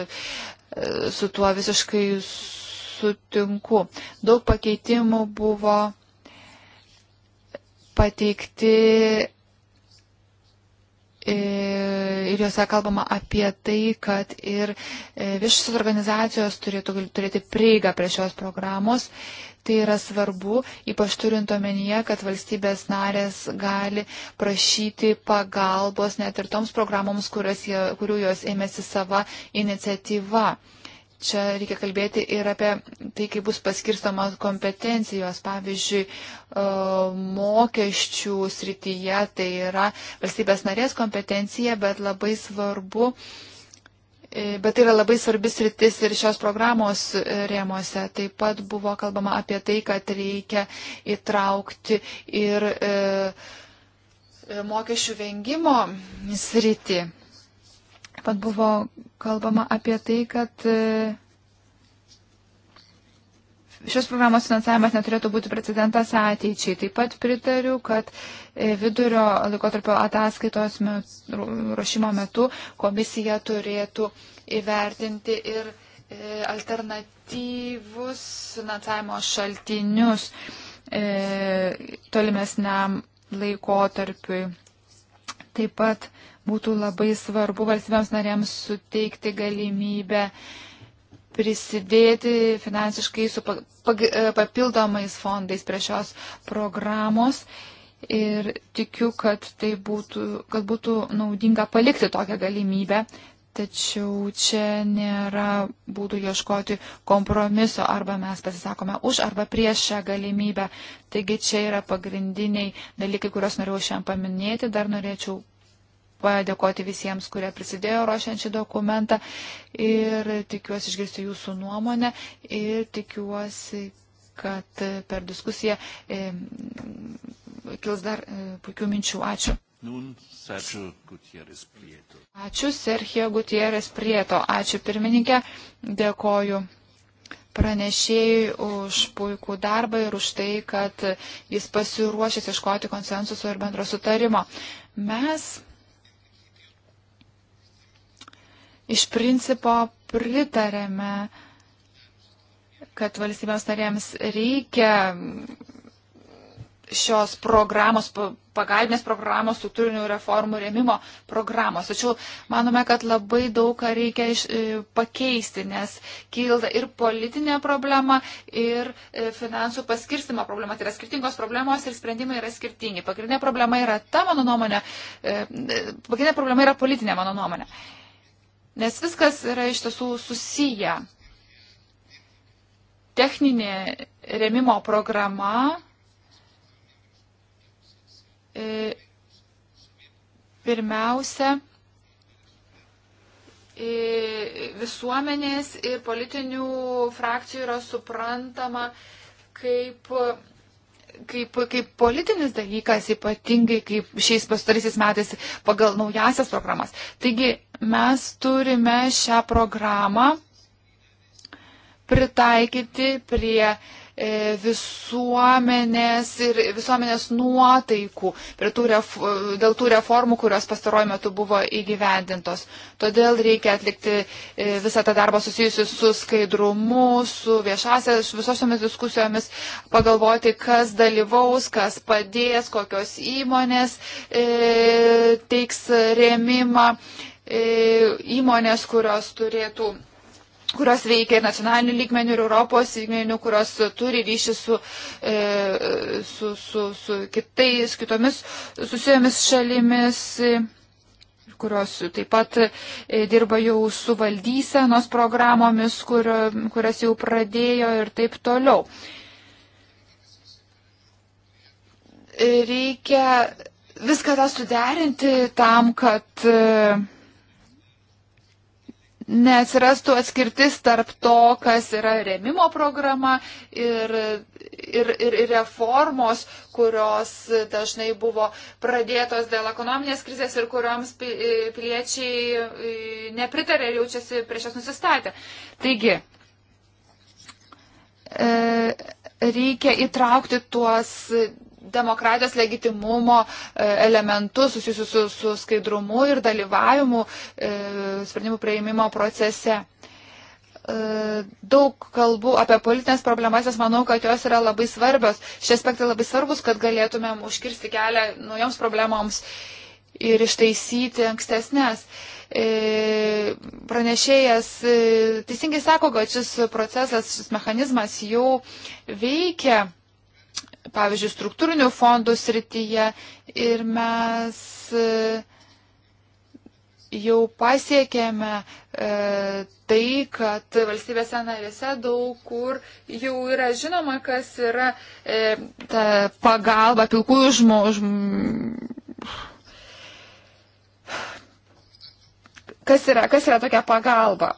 su tuo visiškai sutinku. Daug pakeitimų buvo pateikti e, ir juose kalbama apie tai, kad ir viešas organizacijos turėtų turėti prieigą prie šios programos Tai yra svarbu, ypač turint omenyje, kad valstybės narės gali prašyti pagalbos net ir toms programoms, jie, kurių jos ėmėsi sava iniciatyva. Čia reikia kalbėti ir apie tai, kaip bus paskirstamos kompetencijos, pavyzdžiui, e, mokesčių srityje, tai yra valstybės narės kompetencija, bet labai svarbu uh, E, bet tai yra labai svarbis rytis ir šios programos e, rėmose. Taip pat buvo kalbama apie tai, kad reikia įtraukti ir e, e, mokesčių vengimo sritį. Taip pat buvo kalbama apie tai, kad e, šios programos finansavimas neturėtų būti precedentas ateičiai. Taip pat pritariu, kad e, vidurio laikotarpio ataskaitos met, ruošimo metu komisija turėtų įvertinti ir e, alternatyvus finansavimo šaltinius e, tolimesniam laikotarpiui. Taip pat būtų labai svarbu valstybėms narėms suteikti galimybę e, prisidėti finansiškai su e, papildomais fondais prie šios programos. Ir tikiu, kad tai būtų, kad būtų naudinga palikti tokią galimybę, tačiau čia nėra būdų ieškoti kompromiso, arba mes pasisakome už arba prieš šią galimybę. Taigi čia yra pagrindiniai dalykai, kuriuos norėjau šiandien paminėti. Dar norėčiau padėkoti visiems, kurie prisidėjo ruošiant šį dokumentą ir tikiuosi išgirsti jūsų nuomonę ir tikiuosi, kad per diskusiją e, kils dar e, puikių minčių. Ačiū. Nun, Sergio Gutierrez Prieto. Ačiū Sergio Gutierrez Prieto. Ačiū pirmininkė. Dėkoju pranešėjai už puikų darbą ir už tai, kad jis pasiruošęs iškoti konsensuso ir bendro sutarimo. Mes iš principo pritarėme, kad valstybėms narėms reikia šios programos, pagalbinės programos, struktūrinių reformų rėmimo programos. Tačiau manome, kad labai daug ką reikia iš, e, pakeisti, nes kyla ir politinė problema, ir e, finansų paskirstimo problema. Tai yra skirtingos problemos ir sprendimai yra skirtingi. Pagrindinė problema yra ta, mano nuomonė, e, pagrindinė problema yra politinė, mano nuomonė. Nes viskas yra iš tiesų susiję. Techninė remimo programa e, pirmiausia e, visuomenės ir politinių frakcijų yra suprantama kaip, kaip, kaip politinis dalykas, ypatingai kaip šiais pastarysiais metais pagal naujasias programas. Taigi mes turime šią programą pritaikyti prie e, visuomenės ir visuomenės nuotaikų tų ref, dėl tų reformų, kurios pastaruoju metu buvo įgyvendintos. Todėl reikia atlikti e, visą tą darbą susijusiu su skaidrumu, su viešasias, visosiomis diskusijomis, pagalvoti, kas dalyvaus, kas padės, kokios įmonės e, teiks rėmimą. E, E, įmonės, kurios turėtų kurios veikia ir nacionalinių lygmenių, ir Europos lygmenių, kurios turi ryšį su, e, su, su, su kitais, kitomis susijomis šalimis, e, kurios taip pat dirba jau su valdysenos programomis, kur, kurias jau pradėjo ir taip toliau. Reikia viską tą suderinti tam, kad neatsirastų atskirtis tarp to, kas yra remimo programa ir, ir, ir, ir reformos, kurios dažnai buvo pradėtos dėl ekonominės krizės ir kurioms e, piliečiai e, nepritarė ir jaučiasi prieš jas nusistatę. Taigi, e, reikia įtraukti tuos demokratijos legitimumo e, elementus susijusius su, su skaidrumu ir dalyvavimu e, sprendimų prieimimo procese e, daug kalbų apie politinės problemas, nes manau, kad jos yra labai svarbios. Šie aspektai labai svarbus, kad galėtumėm užkirsti kelią naujoms problemoms ir ištaisyti ankstesnės. Pranešėjas teisingai sako, kad šis procesas, šis mechanizmas jau veikia pavyzdžiui, struktūrinių fondų srityje ir mes e, jau pasiekėme e, tai, kad valstybėse narėse daug kur jau yra žinoma, kas yra e, ta pagalba pilkųjų žmonių. Kas yra, kas yra tokia pagalba?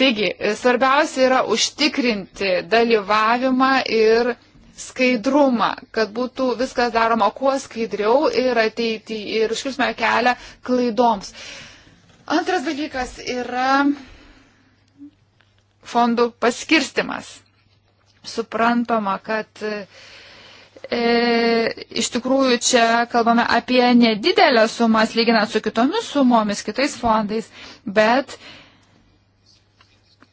Taigi, svarbiausia yra užtikrinti dalyvavimą ir skaidrumą, kad būtų viskas daroma kuo skaidriau ir ateiti ir užkirsime kelią klaidoms. Antras dalykas yra fondų paskirstimas. Suprantama, kad e, iš tikrųjų čia kalbame apie nedidelę sumas lyginant su kitomis sumomis, kitais fondais, bet e,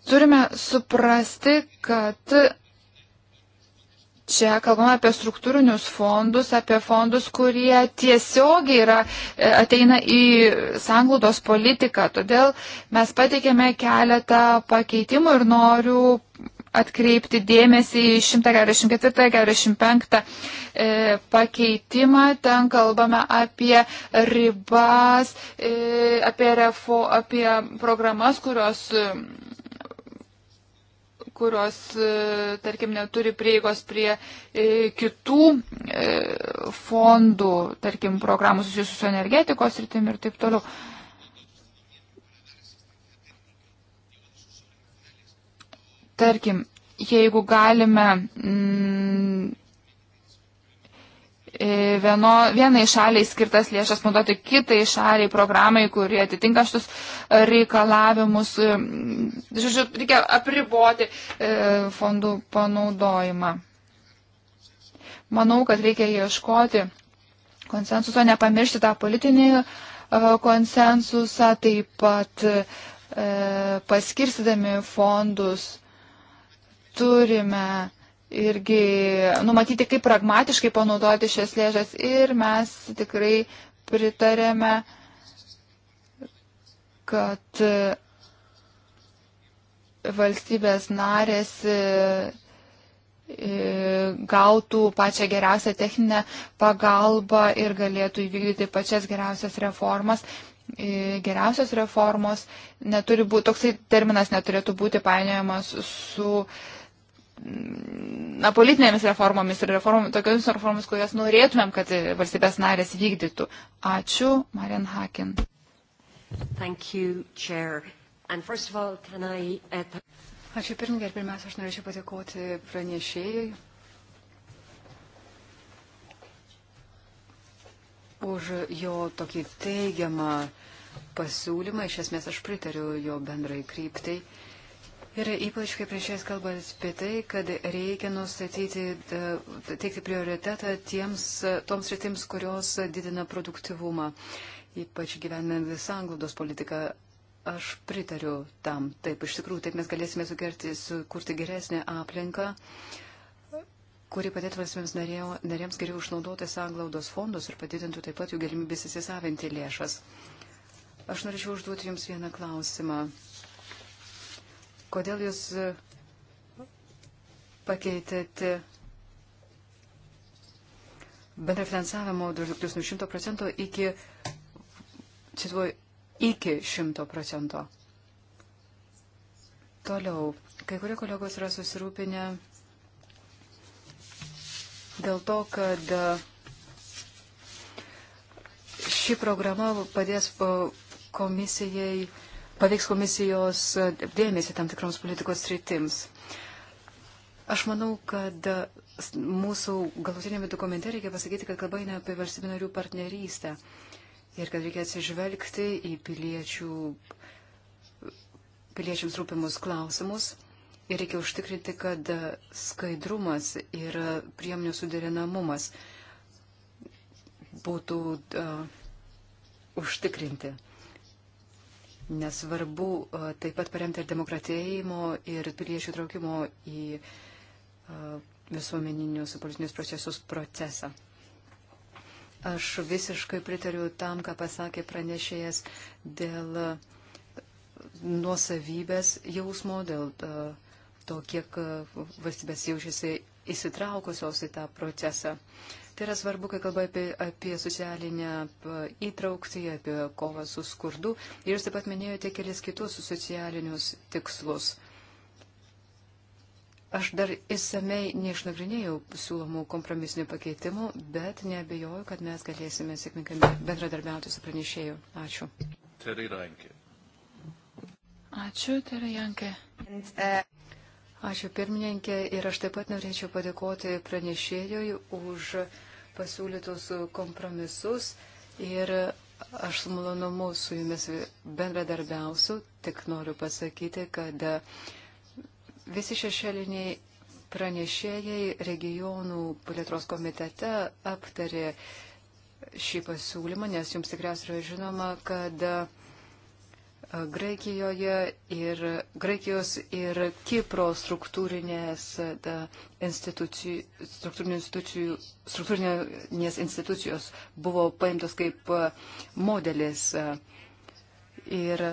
Turime suprasti, kad čia kalbame apie struktūrinius fondus, apie fondus, kurie tiesiogiai yra, e, ateina į sanglaudos politiką. Todėl mes pateikėme keletą pakeitimų ir noriu atkreipti dėmesį į 144-45 e, pakeitimą. Ten kalbame apie ribas, e, apie, refo, apie programas, kurios kurios, e, tarkim, neturi prieigos prie e, kitų e, fondų, tarkim, programų susijusių su energetikos rytim ir taip toliau. Tarkim, jeigu galime. Mm, E, vieno, vienai šaliai skirtas lėšas naudoti kitai šaliai programai, kurie atitinka šitus e, reikalavimus. E, žodžiu, reikia apriboti fondų panaudojimą. Manau, kad reikia ieškoti konsensuso, nepamiršti tą politinį konsensusą, taip pat paskirstydami fondus turime irgi numatyti, kaip pragmatiškai panaudoti šias lėšas ir mes tikrai pritarėme, kad valstybės narės e, e, gautų pačią geriausią techninę pagalbą ir galėtų įvykdyti pačias geriausias reformas. E, geriausios reformos neturi būti, toksai terminas neturėtų būti painiojamas su uh, na, politinėmis reformomis ir reform, tokiamis reformomis, kurias norėtumėm, kad e, valstybės narės vykdytų. Ačiū, Marian Hakin. Thank you, Chair. And first of all, can I... Uh, Ačiū pirmininkai ir pirmiausia, aš norėčiau patikoti pranešėjai už jo tokį teigiamą pasiūlymą. Iš esmės aš pritariu jo bendrai kryptai. Uh, Ir ypač, kai prieš jas kalbas apie tai, kad reikia nustatyti, teikti prioritetą tiems, toms rytims, kurios didina produktivumą, ypač gyvenant visanglaudos politiką. Aš pritariu tam. Taip, iš tikrųjų, taip mes galėsime sugerti, sukurti geresnę aplinką kuri padėtų valstybėms narėms geriau išnaudoti sanglaudos fondus ir padidintų taip pat jų galimybės įsisavinti lėšas. Aš norėčiau užduoti Jums vieną klausimą. Kodėl jūs e, pakeitėte bendrafinansavimo rodiklius nuo 100 procentų iki, cituoju, iki 100 procento? Toliau, kai kurie kolegos yra susirūpinę dėl to, kad e, ši programa padės komisijai uh, paveiks komisijos dėmesį tam tikroms politikos sritims. Aš manau, kad mūsų galutinėme dokumente reikia pasakyti, kad kalba eina apie valstybių narių partnerystę ir kad reikia atsižvelgti į piliečių, piliečiams rūpimus klausimus ir reikia užtikrinti, kad skaidrumas ir priemonių suderinamumas būtų uh, užtikrinti. Nesvarbu taip pat paremti ir demokratėjimo, ir piliečių traukimo į visuomeninius ir politinius procesus procesą. Aš visiškai pritariu tam, ką pasakė pranešėjas dėl nuosavybės jausmo, dėl to, kiek valstybės jaučiasi įsitraukusios į tą procesą. Uh, Tai yra svarbu, kai kalba apie, apie socialinę įtraukti, apie kovą su skurdu. Ir jūs taip pat minėjote kelias kitus socialinius tikslus. Aš dar įsamei neišnagrinėjau siūlomų kompromisinių pakeitimų, bet nebejoju, kad mes galėsime sėkmingai bendradarbiauti su pranešėju. Ačiū. Terai Rankė. Ačiū, Terai Rankė. Ačiū pirmininkė ir aš taip pat norėčiau padėkoti pranešėjui už pasiūlytus kompromisus ir aš su malonumu su jumis bendradarbiausiu, tik noriu pasakyti, kad visi šešėliniai pranešėjai regionų plėtros komitete aptarė šį pasiūlymą, nes jums tikriausiai yra žinoma, kad Graikijoje ir Graikijos ir Kipro struktūrinės da, institucijų, struktūrinės institucijų, struktūrinės institucijos buvo paimtos kaip modelis. Ir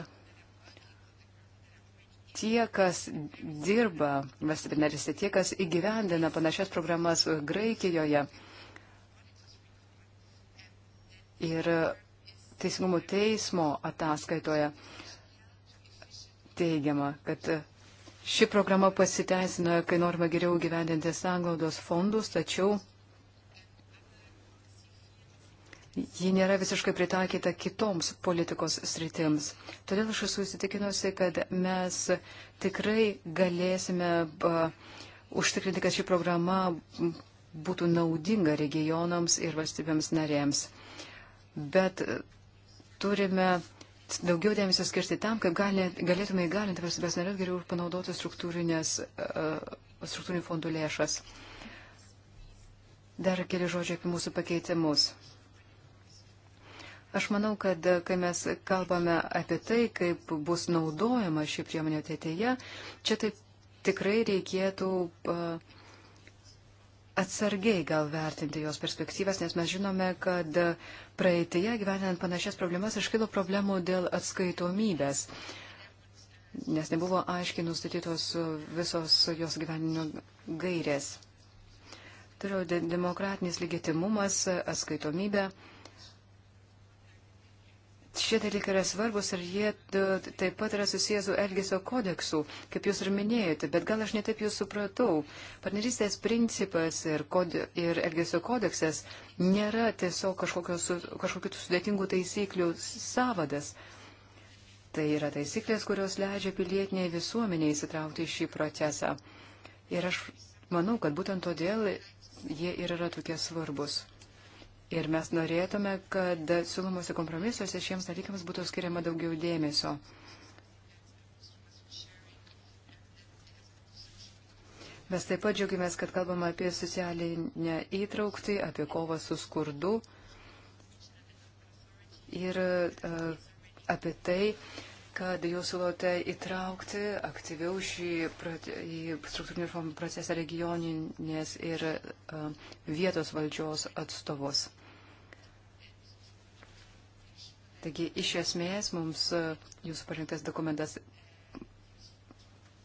tie, kas dirba valstybinarėse, tie, kas įgyvendina panašias programas Graikijoje ir Teisingumo teismo ataskaitoje teigiama, kad ši programa pasiteisina, kai norima geriau gyvendinti sanglaudos fondus, tačiau ji nėra visiškai pritaikyta kitoms politikos sritims. Todėl aš esu įsitikinusi, kad mes tikrai galėsime užtikrinti, kad ši programa būtų naudinga regionams ir valstybėms narėms. Bet turime daugiau dėmesio skirti tam, kad gali, galėtume įgalinti valstybės narės geriau panaudoti e, e, struktūrinių fondų lėšas. Dar keli žodžiai apie mūsų pakeitimus. Aš manau, kad e, kai mes kalbame apie tai, kaip bus naudojama ši priemonė ateityje, čia taip tikrai reikėtų uh, atsargiai gal vertinti jos perspektyvas, nes mes žinome, kad praeitėje gyvenant panašias problemas iškilo problemų dėl atskaitomybės, nes nebuvo aiškiai nustatytos visos jos gyvenimo gairės. Toliau demokratinis legitimumas, atskaitomybė šie dalykai yra svarbus ir jie taip pat yra susijęs su Elgesio kodeksu, kaip jūs ir minėjote, bet gal aš netaip jūs supratau. Partnerystės principas ir, kode, ir Elgesio kodeksas nėra tiesiog kažkokių sudėtingų taisyklių savadas. Tai yra taisyklės, kurios leidžia pilietiniai visuomeniai įsitraukti į šį procesą. Ir aš manau, kad būtent todėl jie ir yra tokie svarbus. Ir mes norėtume, kad siūlomose kompromisuose šiems dalykams būtų skiriama daugiau dėmesio. Mes taip pat džiaugiamės, kad kalbama apie socialinę įtraukti, apie kovą su skurdu ir uh, apie tai, uh, kad jūs siūlote įtraukti aktyviau šį struktūrinį reformų procesą regioninės ir e, vietos valdžios atstovus. Taigi, iš esmės, mums e, jūsų parinktas dokumentas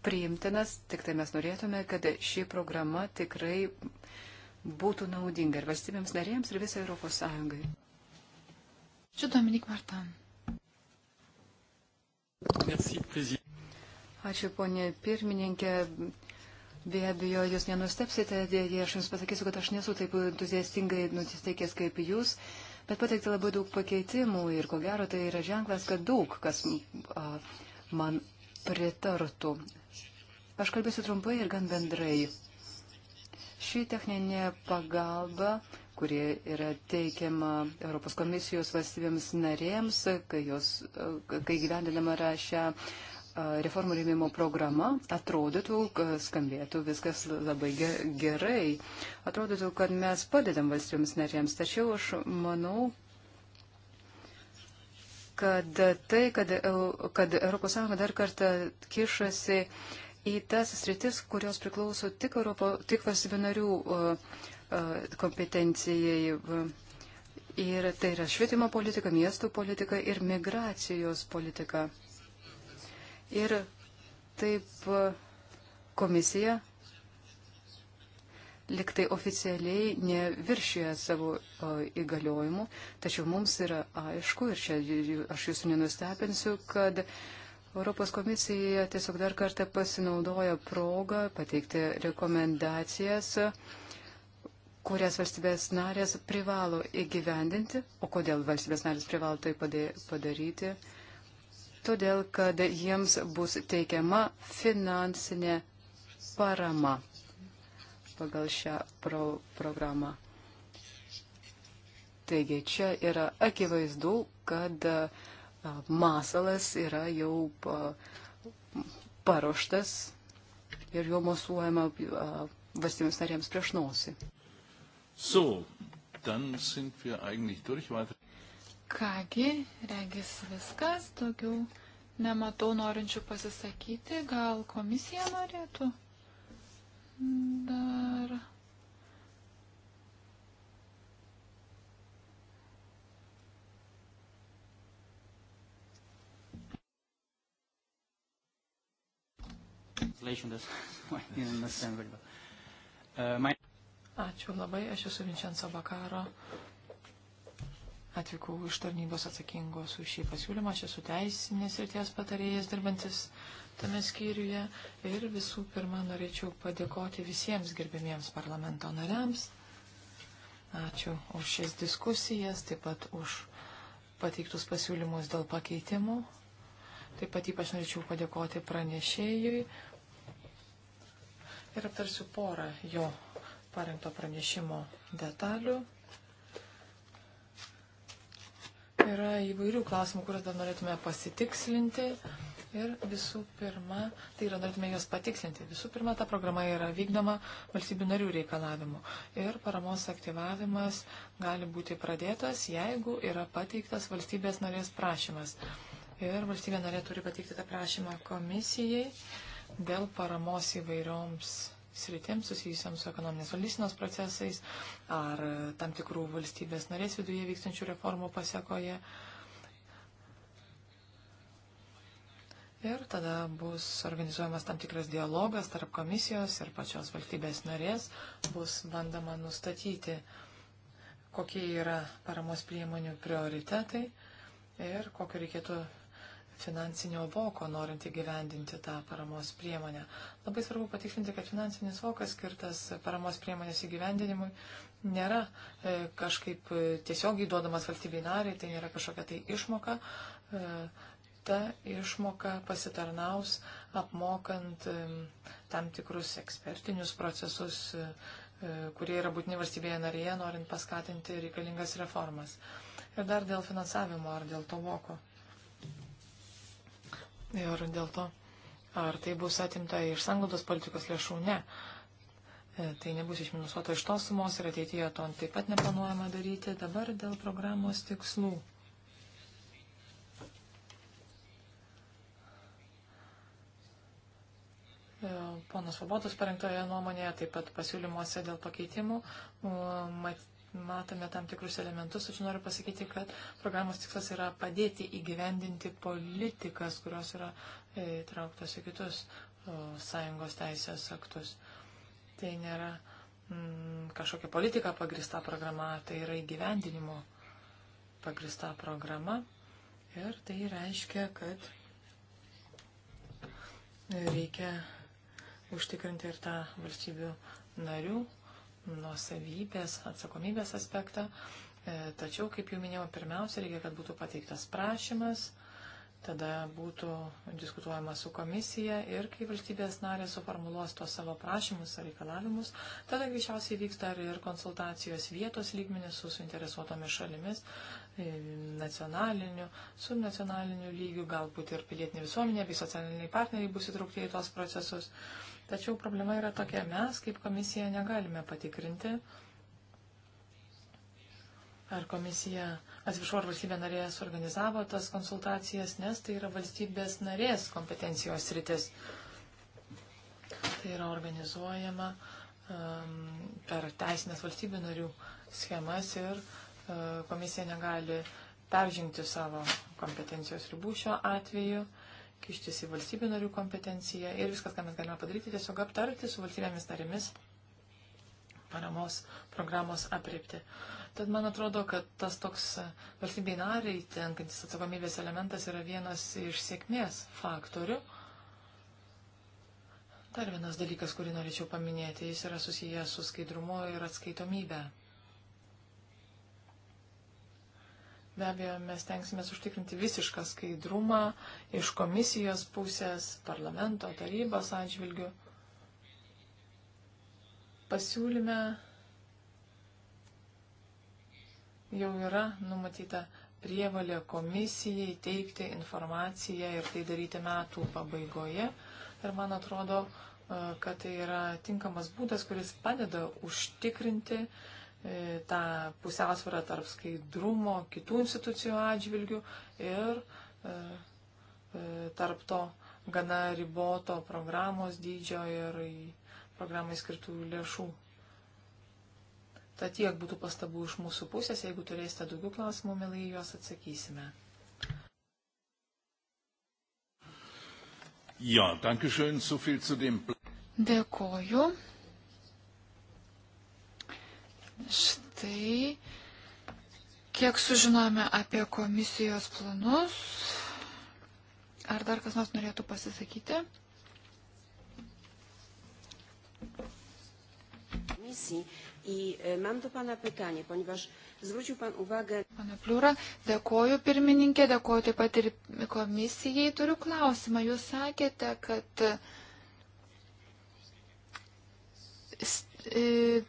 priimtinas, tik tai mes norėtume, kad ši programa tikrai būtų naudinga ir valstybėms narėms, ir visai Europos Sąjungai. Čia Dominik Martan. Merci, prezident. Ačiū, ponė pirmininkė. Be abejo, jūs nenustepsite, dėja, aš jums pasakysiu, kad aš nesu taip entuziastingai nusisteikęs kaip jūs, bet pateikti labai daug pakeitimų ir ko gero tai yra ženklas, kad daug kas a, man pritartų. Aš kalbėsiu trumpai ir gan bendrai. Ši techninė pagalba kurie yra teikiama Europos komisijos valstybėms narėms, kai, jos, kai gyvendinama yra šią reformų rėmimo programa, atrodytų, skambėtų viskas labai gerai. Atrodytų, kad mes padedam valstybėms narėms, tačiau aš manau, kad tai, kad, kad ES dar kartą kišasi į tas sritis, kurios priklauso tik, Europo, tik valstybių narių uh, kompetencijai. Ir tai yra švietimo politika, miestų politika ir migracijos politika. Ir taip komisija liktai oficialiai neviršyje savo įgaliojimų, tačiau mums yra aišku, ir čia aš jūsų nenustebinsiu, kad Europos komisija tiesiog dar kartą pasinaudoja progą pateikti rekomendacijas kurias valstybės narės privalo įgyvendinti. O kodėl valstybės narės privalo tai padaryti? Todėl, kad jiems bus teikiama finansinė parama pagal šią pro programą. Taigi čia yra akivaizdu, kad masalas yra jau paruoštas ir jo mosuojama valstybėms narėms prieš nosį. So, dann sind wir eigentlich durch. Weiter. Kągi, regis viskas, daugiau nematau norinčių pasisakyti, gal komisija norėtų dar. Translation, that's why I didn't understand very well. Uh, my Ačiū labai, aš esu Vincenzo Bakaro. Atvykau iš tarnybos atsakingos už šį pasiūlymą, aš esu teisinės ir ties patarėjas dirbantis tame skyriuje ir visų pirma norėčiau padėkoti visiems gerbėmiems parlamento nariams. Ačiū už šias diskusijas, taip pat už pateiktus pasiūlymus dėl pakeitimų. Taip pat ypač norėčiau padėkoti pranešėjui ir aptarsiu porą jo parengto pranešimo detalių. Yra įvairių klausimų, kuriuos dar norėtume pasitikslinti. Ir visų pirma, tai yra norėtume juos patikslinti. Visų pirma, ta programa yra vykdoma valstybių narių reikalavimu. Ir paramos aktyvavimas gali būti pradėtas, jeigu yra pateiktas valstybės narės prašymas. Ir valstybė narė turi pateikti tą prašymą komisijai dėl paramos įvairioms sritims susijusiams su ekonominės valdysinos procesais ar tam tikrų valstybės narės viduje vykstančių reformų pasiekoje. Ir tada bus organizuojamas tam tikras dialogas tarp komisijos ir pačios valstybės narės, bus bandama nustatyti, kokie yra paramos priemonių prioritetai ir kokio reikėtų finansinio voko, norint įgyvendinti tą paramos priemonę. Labai svarbu patikslinti, kad finansinis vokas skirtas paramos priemonės įgyvendinimui nėra e, kažkaip e, tiesiogiai duodamas valstybei nariai, tai nėra kažkokia tai išmoka. E, ta išmoka pasitarnaus apmokant tam tikrus ekspertinius procesus, kurie yra būtini valstybėje narėje, norint paskatinti reikalingas reformas. Ir dar dėl finansavimo ar dėl to voko. Ir dėl to, ar tai bus atimta iš sanglaudos politikos lėšų, ne. E, tai nebus išminusuota iš tos sumos ir ateityje to taip pat neplanuojama daryti. Dabar dėl programos tikslų. E, ponas Vabotas parengtoje nuomonėje, taip pat pasiūlymuose dėl pakeitimų, mat, matome tam tikrus elementus. Aš noriu pasakyti, kad programos tikslas yra padėti įgyvendinti politikas, kurios yra e, įtrauktos į kitus sąjungos teisės aktus. Tai nėra mm, kažkokia politika pagrista programa, tai yra įgyvendinimo pagrista programa. Ir tai reiškia, kad reikia užtikrinti ir tą valstybių narių nuosavybės, atsakomybės aspektą. E, tačiau, kaip jau minėjau, pirmiausia, reikia, kad būtų pateiktas prašymas, tada būtų diskutuojama su komisija ir kai valstybės narė suformuluos tuos savo prašymus ar reikalavimus, tada greičiausiai vyks dar ir konsultacijos vietos lygmenis su suinteresuotomis šalimis, e, nacionaliniu, su nacionaliniu lygiu, galbūt ir pilietinė visuomenė bei socialiniai partneriai bus įtraukti į tuos procesus. Tačiau problema yra tokia, mes kaip komisija negalime patikrinti, ar komisija, atsiprašau, ar valstybė narė suorganizavo tas konsultacijas, nes tai yra valstybės narės kompetencijos rytis. Tai yra organizuojama um, per teisinės valstybių narių schemas ir uh, komisija negali peržengti savo kompetencijos ribų šiuo atveju. Uh, kištis į valstybių narių kompetenciją ir viskas, ką mes galime padaryti, tiesiog aptarti su valstybėmis narėmis paramos programos apriepti. Tad man atrodo, kad tas toks valstybei nariai tenkantis atsakomybės elementas yra vienas iš sėkmės faktorių. Dar vienas dalykas, kurį norėčiau paminėti, jis yra susijęs su skaidrumu ir atskaitomybė. Be abejo, mes tenksime užtikrinti visišką skaidrumą iš komisijos pusės, parlamento, tarybos atžvilgių. Pasiūlyme jau yra numatyta prievalė komisijai teikti informaciją ir tai daryti metų pabaigoje. Ir man atrodo, e, kad tai yra tinkamas būdas, kuris padeda užtikrinti uh, E, tą pusiausvyrą tarp skaidrumo kitų institucijų atžvilgių ir e, e, tarp to gana riboto programos dydžio ir programai skirtų lėšų. Tad tiek būtų pastabų iš mūsų pusės, jeigu turėsite daugiau klausimų, mielai juos atsakysime. Ja, danke schön, so viel zu dem. Dėkoju. Štai, kiek sužinome apie komisijos planus. Ar dar kas nors norėtų pasisakyti? Misija I e, mam do Pana pytanie, ponieważ zwrócił Pan uwagę. Pana Pliura, dėkoju pirmininkė, dėkoju taip pat ir komisijai. Turiu klausimą. Jūs sakėte, kad e,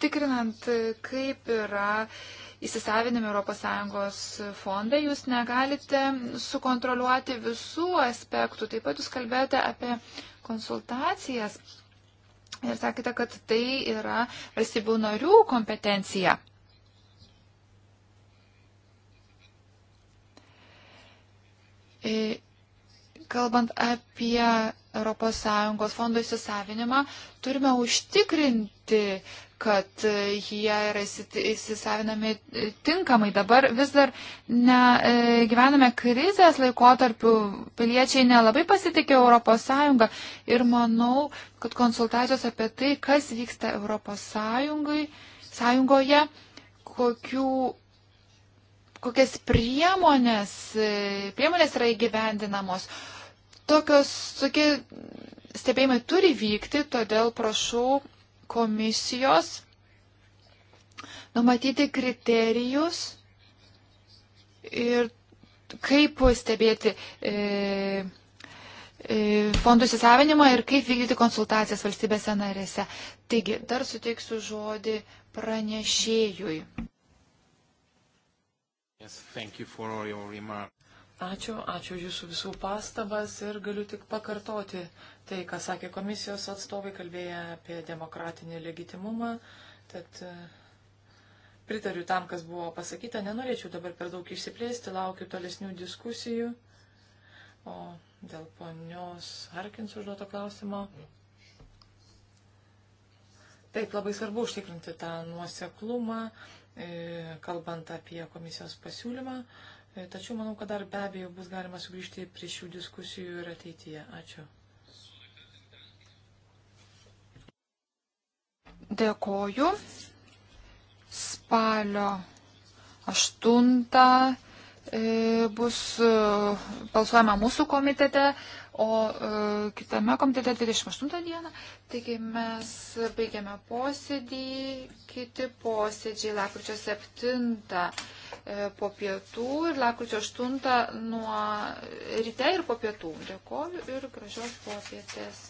tikrinant, kaip yra įsisavinami ES fondai, jūs negalite sukontroliuoti visų aspektų. Taip pat jūs kalbėjote apie konsultacijas ir sakėte, kad tai yra valstybių narių kompetencija. E, kalbant apie ES fondų įsisavinimą, turime užtikrinti, kad jie yra įsisavinami tinkamai. Dabar vis dar ne, e, gyvename krizės laikotarpiu, piliečiai nelabai pasitikė ES ir manau, kad konsultacijos apie tai, kas vyksta ES, sąjungoje, kokių kokias priemonės, e, priemonės yra įgyvendinamos. Tokios, tokie stebėjimai turi vykti, todėl prašau komisijos numatyti kriterijus ir kaip stebėti e, e, fondų įsisavinimą ir kaip vykdyti konsultacijas valstybėse narėse. Taigi, dar suteiksiu žodį pranešėjui. Yes, Ačiū, ačiū jūsų visų pastabas ir galiu tik pakartoti tai, ką sakė komisijos atstovai, kalbėję apie demokratinį legitimumą. Tad e, pritariu tam, kas buvo pasakyta, nenorėčiau dabar per daug išsiplėsti, laukiu tolesnių diskusijų. O dėl ponios Harkins užduoto klausimo. Taip, labai svarbu užtikrinti tą nuoseklumą, e, kalbant apie komisijos pasiūlymą. E, tačiau manau, kad dar be abejo bus galima sugrįžti prie šių diskusijų ir ateityje. Ačiū. Dėkoju. Spalio 8 e, bus e, balsuojama mūsų komitete, o e, kitame komitete 28 dieną. Taigi mes baigiame posėdį, kiti posėdžiai lapkričio 7 e, po pietų ir lapkričio 8 nuo ryte ir po pietų. Dėkoju ir gražios popietės.